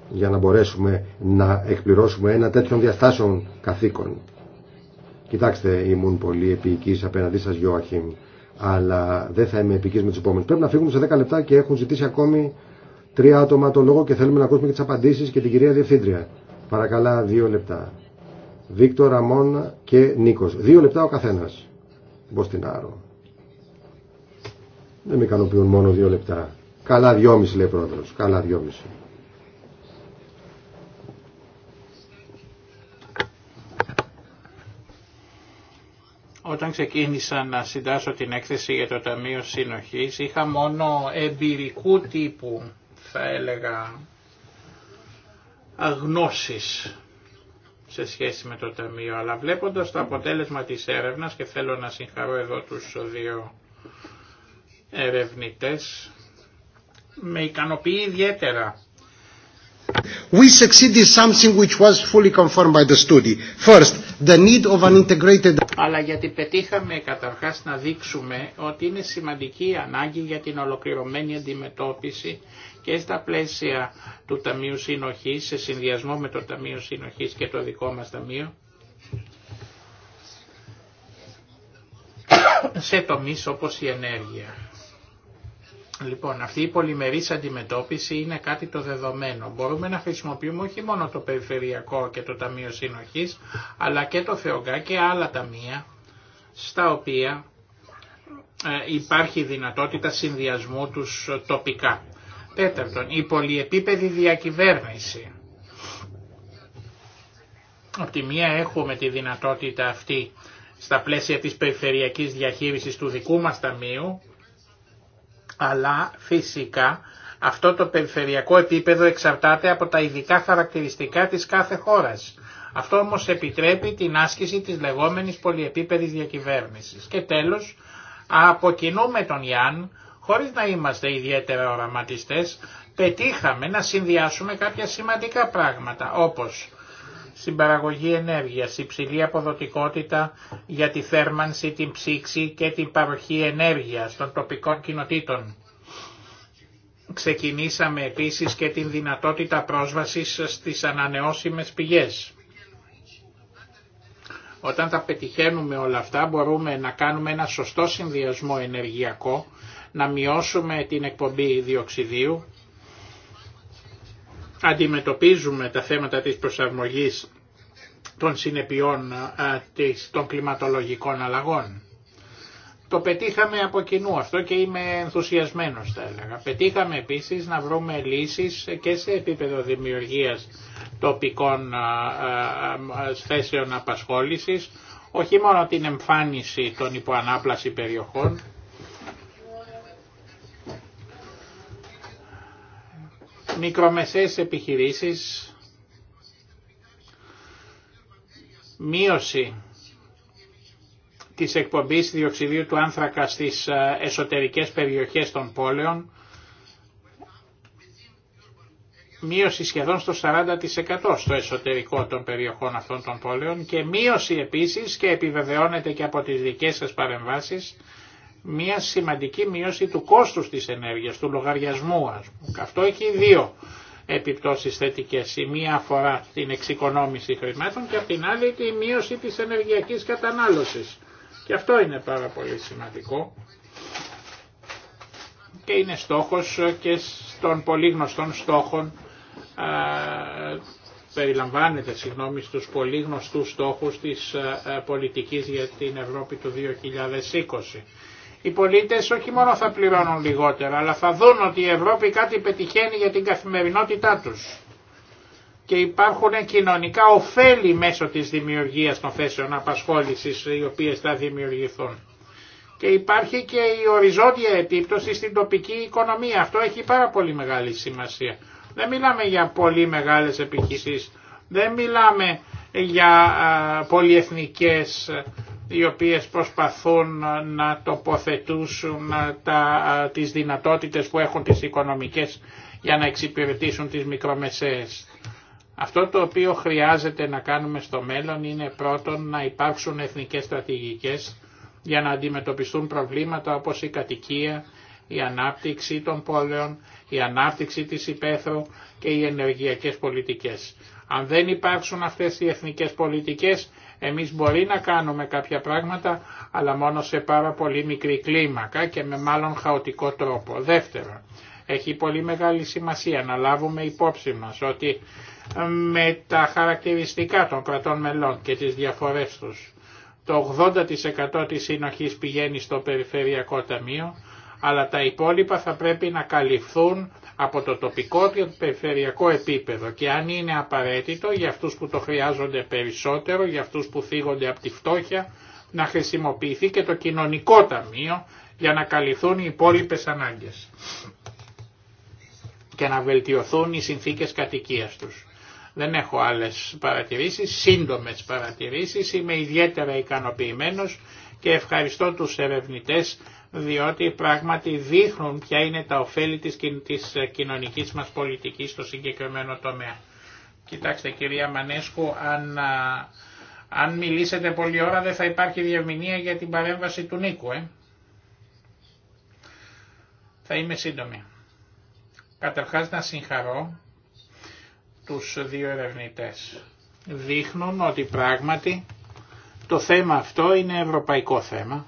Για να μπορέσουμε να εκπληρώσουμε ένα τέτοιον διαστάσεων καθήκον. Κοιτάξτε, ήμουν πολύ επίοικη απέναντί σα, Γιώαχημ, αλλά δεν θα είμαι επίκη με του επόμενου. Πρέπει να φύγουμε σε 10 λεπτά και έχουν ζητήσει ακόμη τρία άτομα το λόγο και θέλουμε να ακούσουμε και τι απαντήσει και την κυρία Διευθύντρια. Παρακαλά, δύο λεπτά. Βίκτορ, Ραμόν και Νίκο. Δύο λεπτά ο καθένα. Μποστινάρο. Δεν με ικανοποιούν μόνο δύο λεπτά. Καλά δυόμιση λέει ο πρόεδρο. Καλά δυόμιση. Όταν ξεκίνησα να συντάσω την έκθεση για το Ταμείο Συνοχής είχα μόνο εμπειρικού τύπου θα έλεγα αγνώσεις σε σχέση με το Ταμείο. Αλλά βλέποντας το αποτέλεσμα της έρευνας και θέλω να συγχαρώ εδώ τους δύο ερευνητές με ικανοποιεί ιδιαίτερα. We succeeded something which was fully confirmed by the study. First, the need Αλλά γιατί πετύχαμε καταρχάς να δείξουμε ότι είναι σημαντική η ανάγκη για την ολοκληρωμένη αντιμετώπιση και στα πλαίσια του Ταμείου Συνοχής, σε συνδυασμό με το Ταμείο Συνοχής και το δικό μας Ταμείο, σε τομείς όπως η ενέργεια. Λοιπόν, αυτή η πολυμερής αντιμετώπιση είναι κάτι το δεδομένο. Μπορούμε να χρησιμοποιούμε όχι μόνο το Περιφερειακό και το Ταμείο Συνοχής, αλλά και το Θεογκά και άλλα ταμεία, στα οποία ε, υπάρχει δυνατότητα συνδυασμού τους τοπικά. Τέταρτον, η πολυεπίπεδη διακυβέρνηση. Από τη μία έχουμε τη δυνατότητα αυτή στα πλαίσια της περιφερειακής διαχείρισης του δικού μας ταμείου, αλλά φυσικά αυτό το περιφερειακό επίπεδο εξαρτάται από τα ειδικά χαρακτηριστικά της κάθε χώρας. Αυτό όμως επιτρέπει την άσκηση της λεγόμενης πολυεπίπεδης διακυβέρνησης. Και τέλος, από τον Ιάν, χωρίς να είμαστε ιδιαίτερα οραματιστές, πετύχαμε να συνδυάσουμε κάποια σημαντικά πράγματα, όπως στην παραγωγή ενέργειας, υψηλή αποδοτικότητα για τη θέρμανση, την ψήξη και την παροχή ενέργειας των τοπικών κοινοτήτων. Ξεκινήσαμε επίσης και την δυνατότητα πρόσβασης στις ανανεώσιμες πηγές. Όταν τα πετυχαίνουμε όλα αυτά μπορούμε να κάνουμε ένα σωστό συνδυασμό ενεργειακό, να μειώσουμε την εκπομπή διοξιδίου αντιμετωπίζουμε τα θέματα της προσαρμογής των συνεπειών των κλιματολογικών αλλαγών. Το πετύχαμε από κοινού αυτό και είμαι ενθουσιασμένος θα έλεγα. Πετύχαμε επίσης να βρούμε λύσεις και σε επίπεδο δημιουργίας τοπικών θέσεων απασχόλησης, όχι μόνο την εμφάνιση των υποανάπλαση περιοχών, Μικρομεσαίες επιχειρήσεις, μείωση της εκπομπής διοξιδίου του άνθρακα στις ε, εσωτερικές περιοχές των πόλεων, μείωση σχεδόν στο 40% στο εσωτερικό των περιοχών αυτών των πόλεων και μείωση επίσης και επιβεβαιώνεται και από τις δικές σας παρεμβάσεις μια σημαντική μείωση του κόστους της ενέργειας, του λογαριασμού. Ας Αυτό έχει δύο επιπτώσεις θετικές. Η μία αφορά την εξοικονόμηση χρημάτων και από την άλλη τη μείωση της ενεργειακής κατανάλωσης. Και αυτό είναι πάρα πολύ σημαντικό και είναι στόχος και των πολύ γνωστών στόχων περιλαμβάνεται συγγνώμη στους πολύ γνωστούς στόχους της πολιτικής για την Ευρώπη του 2020. Οι πολίτες όχι μόνο θα πληρώνουν λιγότερα, αλλά θα δουν ότι η Ευρώπη κάτι πετυχαίνει για την καθημερινότητά τους. Και υπάρχουν κοινωνικά ωφέλη μέσω της δημιουργίας των θέσεων απασχόλησης οι οποίες θα δημιουργηθούν. Και υπάρχει και η οριζόντια επίπτωση στην τοπική οικονομία. Αυτό έχει πάρα πολύ μεγάλη σημασία. Δεν μιλάμε για πολύ μεγάλες επιχειρήσεις. Δεν μιλάμε για πολυεθνικές οι οποίες προσπαθούν να τοποθετούσουν ε, τα, ε, τις δυνατότητες που έχουν τις οικονομικές για να εξυπηρετήσουν τις μικρομεσαίες. Αυτό το οποίο χρειάζεται να κάνουμε στο μέλλον είναι πρώτον να υπάρξουν εθνικές στρατηγικές για να αντιμετωπιστούν προβλήματα όπως η κατοικία, η ανάπτυξη των πόλεων, η ανάπτυξη της υπαίθρου και οι ενεργειακές πολιτικές. Αν δεν υπάρξουν αυτές οι εθνικές πολιτικές εμείς μπορεί να κάνουμε κάποια πράγματα, αλλά μόνο σε πάρα πολύ μικρή κλίμακα και με μάλλον χαοτικό τρόπο. Δεύτερο, έχει πολύ μεγάλη σημασία να λάβουμε υπόψη μας ότι ε, με τα χαρακτηριστικά των κρατών μελών και τις διαφορές τους, το 80% της συνοχής πηγαίνει στο Περιφερειακό Ταμείο, αλλά τα υπόλοιπα θα πρέπει να καλυφθούν από το τοπικό και το περιφερειακό επίπεδο και αν είναι απαραίτητο για αυτούς που το χρειάζονται περισσότερο, για αυτούς που θίγονται από τη φτώχεια, να χρησιμοποιηθεί και το κοινωνικό ταμείο για να καλυφθούν οι υπόλοιπες ανάγκες και να βελτιωθούν οι συνθήκες κατοικίας τους. Δεν έχω άλλες παρατηρήσεις, σύντομες παρατηρήσεις, είμαι ιδιαίτερα ικανοποιημένος και ευχαριστώ τους ερευνητές διότι πράγματι δείχνουν ποια είναι τα ωφέλη της, της ε, κοινωνικής μας πολιτικής στο συγκεκριμένο τομέα. Κοιτάξτε κυρία Μανέσκου, αν, αν μιλήσετε πολλή ώρα δεν θα υπάρχει διαμηνία για την παρέμβαση του Νίκου. Ε. Θα είμαι σύντομη. Καταρχάς να συγχαρώ τους δύο ερευνητές. Δείχνουν ότι πράγματι το θέμα αυτό είναι ευρωπαϊκό θέμα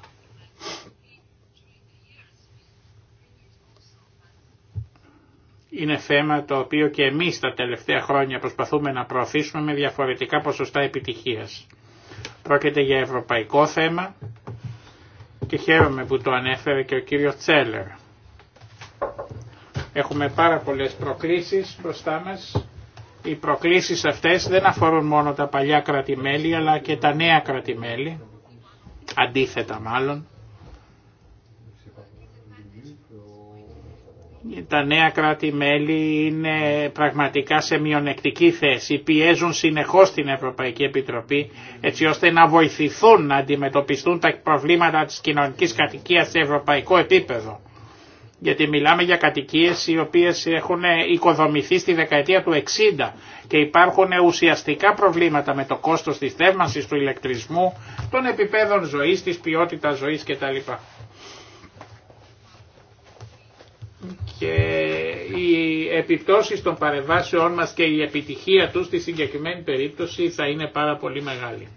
είναι θέμα το οποίο και εμείς τα τελευταία χρόνια προσπαθούμε να προωθήσουμε με διαφορετικά ποσοστά επιτυχίας. Πρόκειται για ευρωπαϊκό θέμα και χαίρομαι που το ανέφερε και ο κύριος Τσέλερ. Έχουμε πάρα πολλές προκλήσεις μπροστά μας. Οι προκλήσεις αυτές δεν αφορούν μόνο τα παλιά κρατημέλη αλλά και τα νέα κρατημέλη, αντίθετα μάλλον. τα νέα κράτη-μέλη είναι πραγματικά σε μειονεκτική θέση, πιέζουν συνεχώς την Ευρωπαϊκή Επιτροπή έτσι ώστε να βοηθηθούν να αντιμετωπιστούν τα προβλήματα της κοινωνικής κατοικίας σε ευρωπαϊκό επίπεδο. Γιατί μιλάμε για κατοικίες οι οποίες έχουν οικοδομηθεί στη δεκαετία του 60 και υπάρχουν ουσιαστικά προβλήματα με το κόστος της θέρμανσης, του ηλεκτρισμού, των επιπέδων ζωής, της ποιότητας ζωής κτλ. και οι επιπτώσεις των παρεμβάσεών μας και η επιτυχία τους στη συγκεκριμένη περίπτωση θα είναι πάρα πολύ μεγάλη.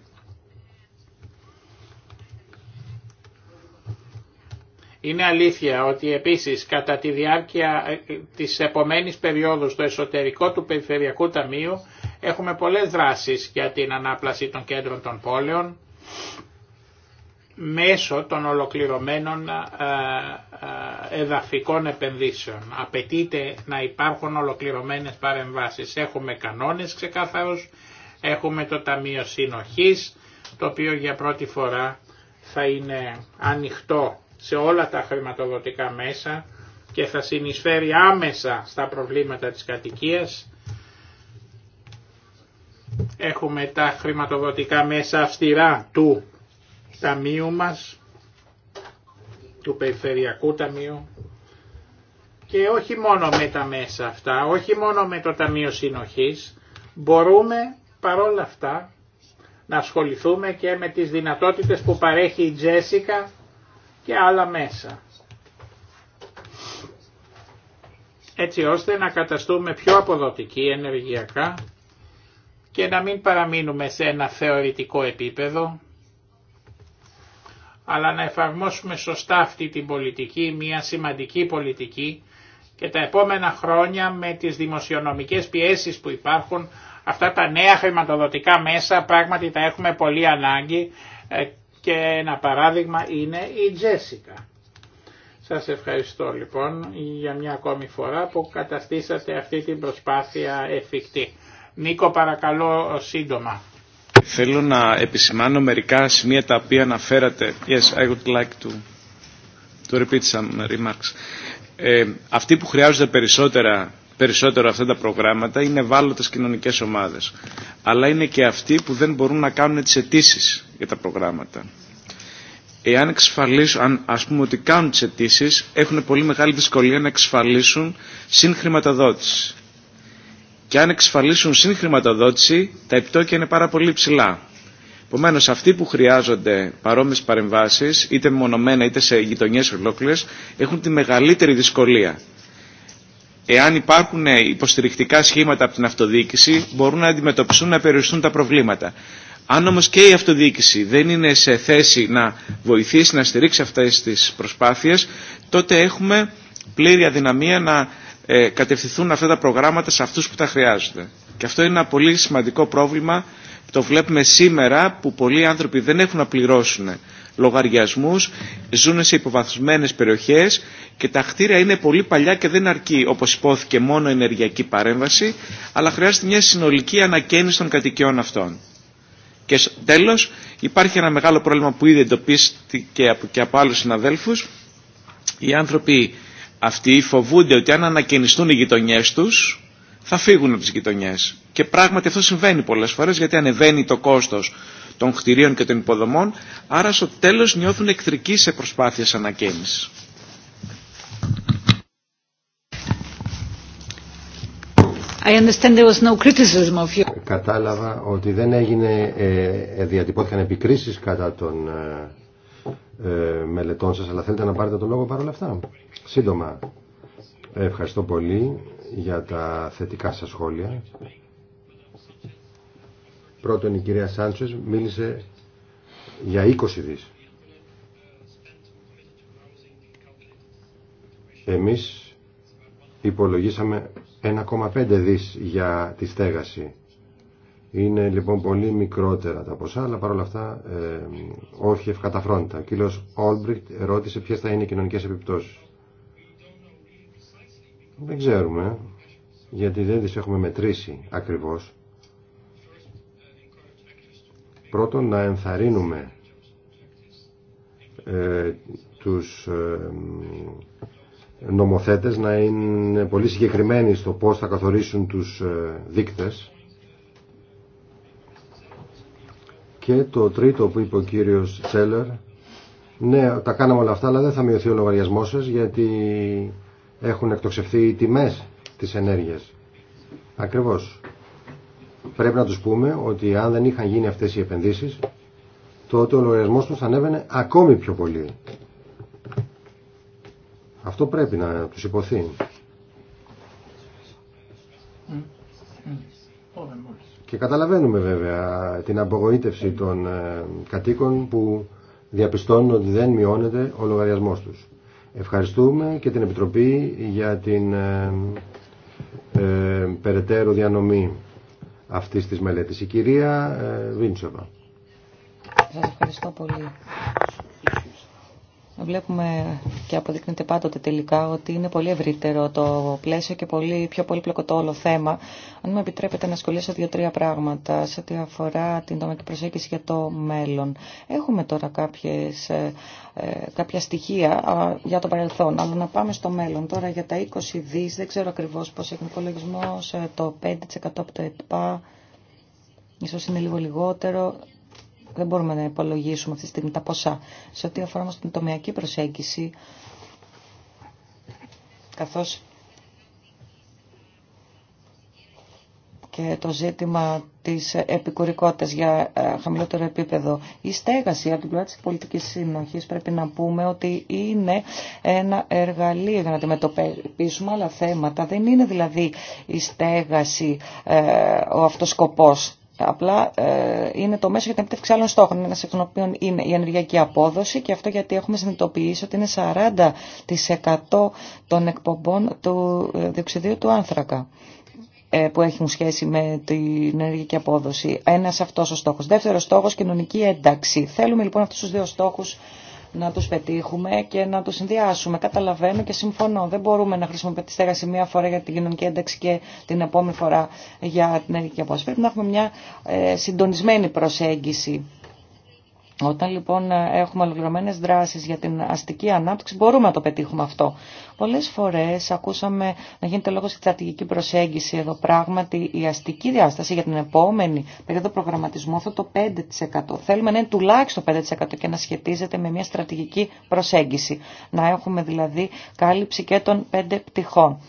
Είναι αλήθεια ότι επίσης κατά τη διάρκεια ε, της επομένης περίοδου στο εσωτερικό του Περιφερειακού Ταμείου έχουμε πολλές δράσεις για την ανάπλαση των κέντρων των πόλεων μέσω των ολοκληρωμένων ε, ε, εδαφικών επενδύσεων. Απαιτείται να υπάρχουν ολοκληρωμένες παρεμβάσεις. Έχουμε κανόνες ξεκάθαρους, έχουμε το Ταμείο Συνοχής, το οποίο για πρώτη φορά θα είναι ανοιχτό σε όλα τα χρηματοδοτικά μέσα και θα συνεισφέρει άμεσα στα προβλήματα της κατοικίας. Έχουμε τα χρηματοδοτικά μέσα αυστηρά του ταμείου μας, του Περιφερειακού Ταμείου και όχι μόνο με τα μέσα αυτά, όχι μόνο με το Ταμείο Συνοχής, μπορούμε παρόλα αυτά να ασχοληθούμε και με τις δυνατότητες που παρέχει η Τζέσικα και άλλα μέσα. Έτσι ώστε να καταστούμε πιο αποδοτικοί ενεργειακά και να μην παραμείνουμε σε ένα θεωρητικό επίπεδο αλλά να εφαρμόσουμε σωστά αυτή την πολιτική, μια σημαντική πολιτική και τα επόμενα χρόνια με τις δημοσιονομικές πιέσεις που υπάρχουν αυτά τα νέα χρηματοδοτικά μέσα πράγματι τα έχουμε πολύ ανάγκη ε, και ένα παράδειγμα είναι η Τζέσικα. Σας ευχαριστώ λοιπόν για μια ακόμη φορά που καταστήσατε αυτή την προσπάθεια εφικτή. Νίκο παρακαλώ σύντομα. Θέλω να επισημάνω μερικά σημεία τα οποία αναφέρατε. Yes, I like to, to repeat remarks. Ε, αυτοί που χρειάζονται περισσότερα, περισσότερο αυτά τα προγράμματα είναι ευάλωτες κοινωνικές ομάδες. Αλλά είναι και αυτοί που δεν μπορούν να κάνουν τις αιτήσει για τα προγράμματα. Εάν εξασφαλίσουν, αν ας πούμε ότι κάνουν τις αιτήσει, έχουν πολύ μεγάλη δυσκολία να εξασφαλίσουν χρηματοδότηση και αν εξασφαλίσουν συγχρηματοδότηση, τα επιτόκια είναι πάρα πολύ ψηλά. Επομένω, αυτοί που χρειάζονται παρόμοιε παρεμβάσει, είτε μονομένα είτε σε γειτονιέ ολόκληρε, έχουν τη μεγαλύτερη δυσκολία. Εάν υπάρχουν ε, υποστηρικτικά σχήματα από την αυτοδιοίκηση, μπορούν να αντιμετωπιστούν να περιοριστούν τα προβλήματα. Αν όμω και η αυτοδιοίκηση δεν είναι σε θέση να βοηθήσει, να στηρίξει αυτέ τι προσπάθειε, τότε έχουμε πλήρη αδυναμία να ε, κατευθυνθούν αυτά τα προγράμματα σε αυτούς που τα χρειάζονται. Και αυτό είναι ένα πολύ σημαντικό πρόβλημα που το βλέπουμε σήμερα που πολλοί άνθρωποι δεν έχουν να πληρώσουν λογαριασμούς, ζουν σε υποβαθμισμένες περιοχές και τα χτίρια είναι πολύ παλιά και δεν αρκεί όπως υπόθηκε μόνο ενεργειακή παρέμβαση αλλά χρειάζεται μια συνολική ανακαίνιση των κατοικιών αυτών. Και τέλος υπάρχει ένα μεγάλο πρόβλημα που ήδη εντοπίστηκε και από άλλους συναδέλφους. Οι άνθρωποι αυτοί φοβούνται ότι αν ανακαινιστούν οι γειτονιέ του, θα φύγουν από τι γειτονιέ. Και πράγματι αυτό συμβαίνει πολλέ φορέ γιατί ανεβαίνει το κόστο των χτιριών και των υποδομών, άρα στο τέλο νιώθουν εχθρικοί σε προσπάθειε ανακαίνιση. I understand there was no criticism of Κατάλαβα ότι δεν έγινε, ε, διατυπώθηκαν επικρίσεις κατά των ε, ε, μελετών σας, αλλά θέλετε να πάρετε το λόγο παρόλα αυτά. Σύντομα, ευχαριστώ πολύ για τα θετικά σας σχόλια. Πρώτον, η κυρία Σάντσες μίλησε για 20 δις. Εμείς υπολογίσαμε 1,5 δις για τη στέγαση είναι λοιπόν πολύ μικρότερα τα ποσά, αλλά παρόλα αυτά ε, όχι ευκαταφρόνητα. Ο κύριος Όλμπριχτ ρώτησε ποιες θα είναι οι κοινωνικές επιπτώσεις. Δεν ξέρουμε, γιατί δεν τις έχουμε μετρήσει ακριβώς. Πρώτον, να ενθαρρύνουμε ε, τους ε, νομοθέτες να είναι πολύ συγκεκριμένοι στο πώς θα καθορίσουν τους ε, δείκτες Και το τρίτο που είπε ο κύριος Τσέλερ, ναι, τα κάναμε όλα αυτά, αλλά δεν θα μειωθεί ο λογαριασμό σα γιατί έχουν εκτοξευθεί οι τιμέ τη ενέργεια. Ακριβώ. Πρέπει να του πούμε ότι αν δεν είχαν γίνει αυτές οι επενδύσει, τότε ο λογαριασμό του θα ανέβαινε ακόμη πιο πολύ. Αυτό πρέπει να του υποθεί. Καταλαβαίνουμε βέβαια την απογοήτευση των ε, κατοίκων που διαπιστώνουν ότι δεν μειώνεται ο λογαριασμός τους. Ευχαριστούμε και την Επιτροπή για την ε, ε, περαιτέρω διανομή αυτής της μελέτης. Η κυρία ε, Βίντσοβα. Σας ευχαριστώ πολύ. Βλέπουμε και αποδεικνύεται πάντοτε τελικά ότι είναι πολύ ευρύτερο το πλαίσιο και πολύ, πιο πολύπλοκο το όλο θέμα. Αν μου επιτρέπετε να σχολιάσω δύο-τρία πράγματα σε ό,τι αφορά την τομική προσέγγιση για το μέλλον. Έχουμε τώρα κάποιες, ε, ε, κάποια στοιχεία για το παρελθόν, αλλά να πάμε στο μέλλον. Τώρα για τα 20 δις, δεν ξέρω ακριβώς πώς έχει υπολογισμό, ε, το 5% από το ΕΤΠΑ, ίσως είναι λίγο λιγότερο. Δεν μπορούμε να υπολογίσουμε αυτή τη στιγμή τα ποσά. Σε ό,τι αφορά όμως την τομιακή προσέγγιση, καθώς και το ζήτημα της επικουρικότητας για ε, χαμηλότερο επίπεδο. Η στέγαση από την πλευρά της πολιτικής συνοχής πρέπει να πούμε ότι είναι ένα εργαλείο για να αντιμετωπίσουμε άλλα θέματα. Δεν είναι δηλαδή η στέγαση ε, ο αυτός Απλά ε, είναι το μέσο για την επιτεύξη άλλων στόχων, ένα εκ των οποίων είναι η ενεργειακή απόδοση και αυτό γιατί έχουμε συνειδητοποιήσει ότι είναι 40% των εκπομπών του ε, διοξιδίου του άνθρακα ε, που έχουν σχέση με την ενεργειακή απόδοση. Ένας αυτός ο στόχος. Δεύτερος στόχος, κοινωνική ένταξη. Θέλουμε λοιπόν αυτού τους δύο στόχους να τους πετύχουμε και να τους συνδυάσουμε. Καταλαβαίνω και συμφωνώ. Δεν μπορούμε να χρησιμοποιούμε τη στέγαση μία φορά για την κοινωνική ένταξη και την επόμενη φορά για την ενεργική απόσπαση. Πρέπει να έχουμε μια ε, συντονισμένη προσέγγιση όταν λοιπόν έχουμε ολοκληρωμένε δράσει για την αστική ανάπτυξη, μπορούμε να το πετύχουμε αυτό. Πολλέ φορέ ακούσαμε να γίνεται λόγο για στρατηγική προσέγγιση. Εδώ πράγματι η αστική διάσταση για την επόμενη περίοδο προγραμματισμού, αυτό το 5%. Θέλουμε να είναι τουλάχιστον 5% και να σχετίζεται με μια στρατηγική προσέγγιση. Να έχουμε δηλαδή κάλυψη και των 5 πτυχών.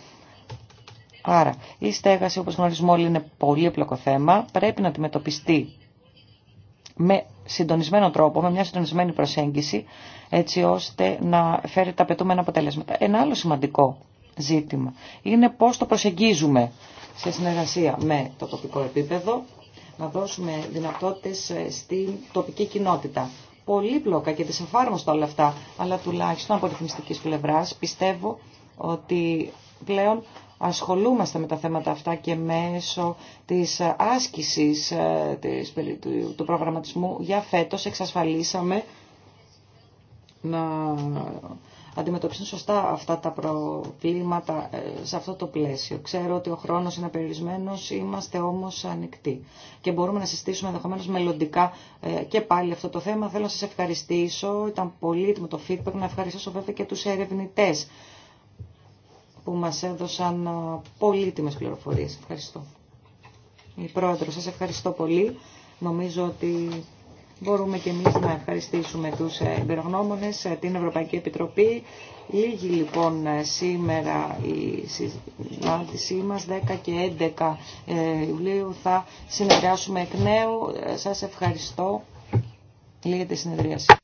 Άρα, η στέγαση, όπως γνωρίζουμε όλοι, είναι πολύ απλό θέμα. Πρέπει να αντιμετωπιστεί με συντονισμένο τρόπο, με μια συντονισμένη προσέγγιση, έτσι ώστε να φέρει τα απαιτούμενα αποτελέσματα. Ένα άλλο σημαντικό ζήτημα είναι πώς το προσεγγίζουμε σε συνεργασία με το τοπικό επίπεδο, να δώσουμε δυνατότητες στην τοπική κοινότητα. Πολύπλοκα και δυσεφάρμοστα όλα αυτά, αλλά τουλάχιστον από ρυθμιστική πλευρά πιστεύω ότι πλέον ασχολούμαστε με τα θέματα αυτά και μέσω της άσκησης ε, του προγραμματισμού για φέτος εξασφαλίσαμε να αντιμετωπίσουν σωστά αυτά τα προβλήματα ε, σε αυτό το πλαίσιο. Ξέρω ότι ο χρόνος είναι περιορισμένος, είμαστε όμως ανοιχτοί και μπορούμε να συστήσουμε ενδεχομένω μελλοντικά ε, και πάλι αυτό το θέμα. Θέλω να σας ευχαριστήσω, ήταν πολύ το feedback, να ευχαριστήσω βέβαια και τους ερευνητές που μας έδωσαν πολύτιμες πληροφορίες. Ευχαριστώ. Η Πρόεδρο, σας ευχαριστώ πολύ. Νομίζω ότι μπορούμε και εμείς να ευχαριστήσουμε τους εμπειρογνώμονες, ε, την Ευρωπαϊκή Επιτροπή. Λίγη λοιπόν ε, σήμερα η συνάντησή μας, 10 και 11 ε, Ιουλίου θα συνεδριάσουμε εκ νέου. Σας ευχαριστώ. Λίγη τη συνεδρίαση.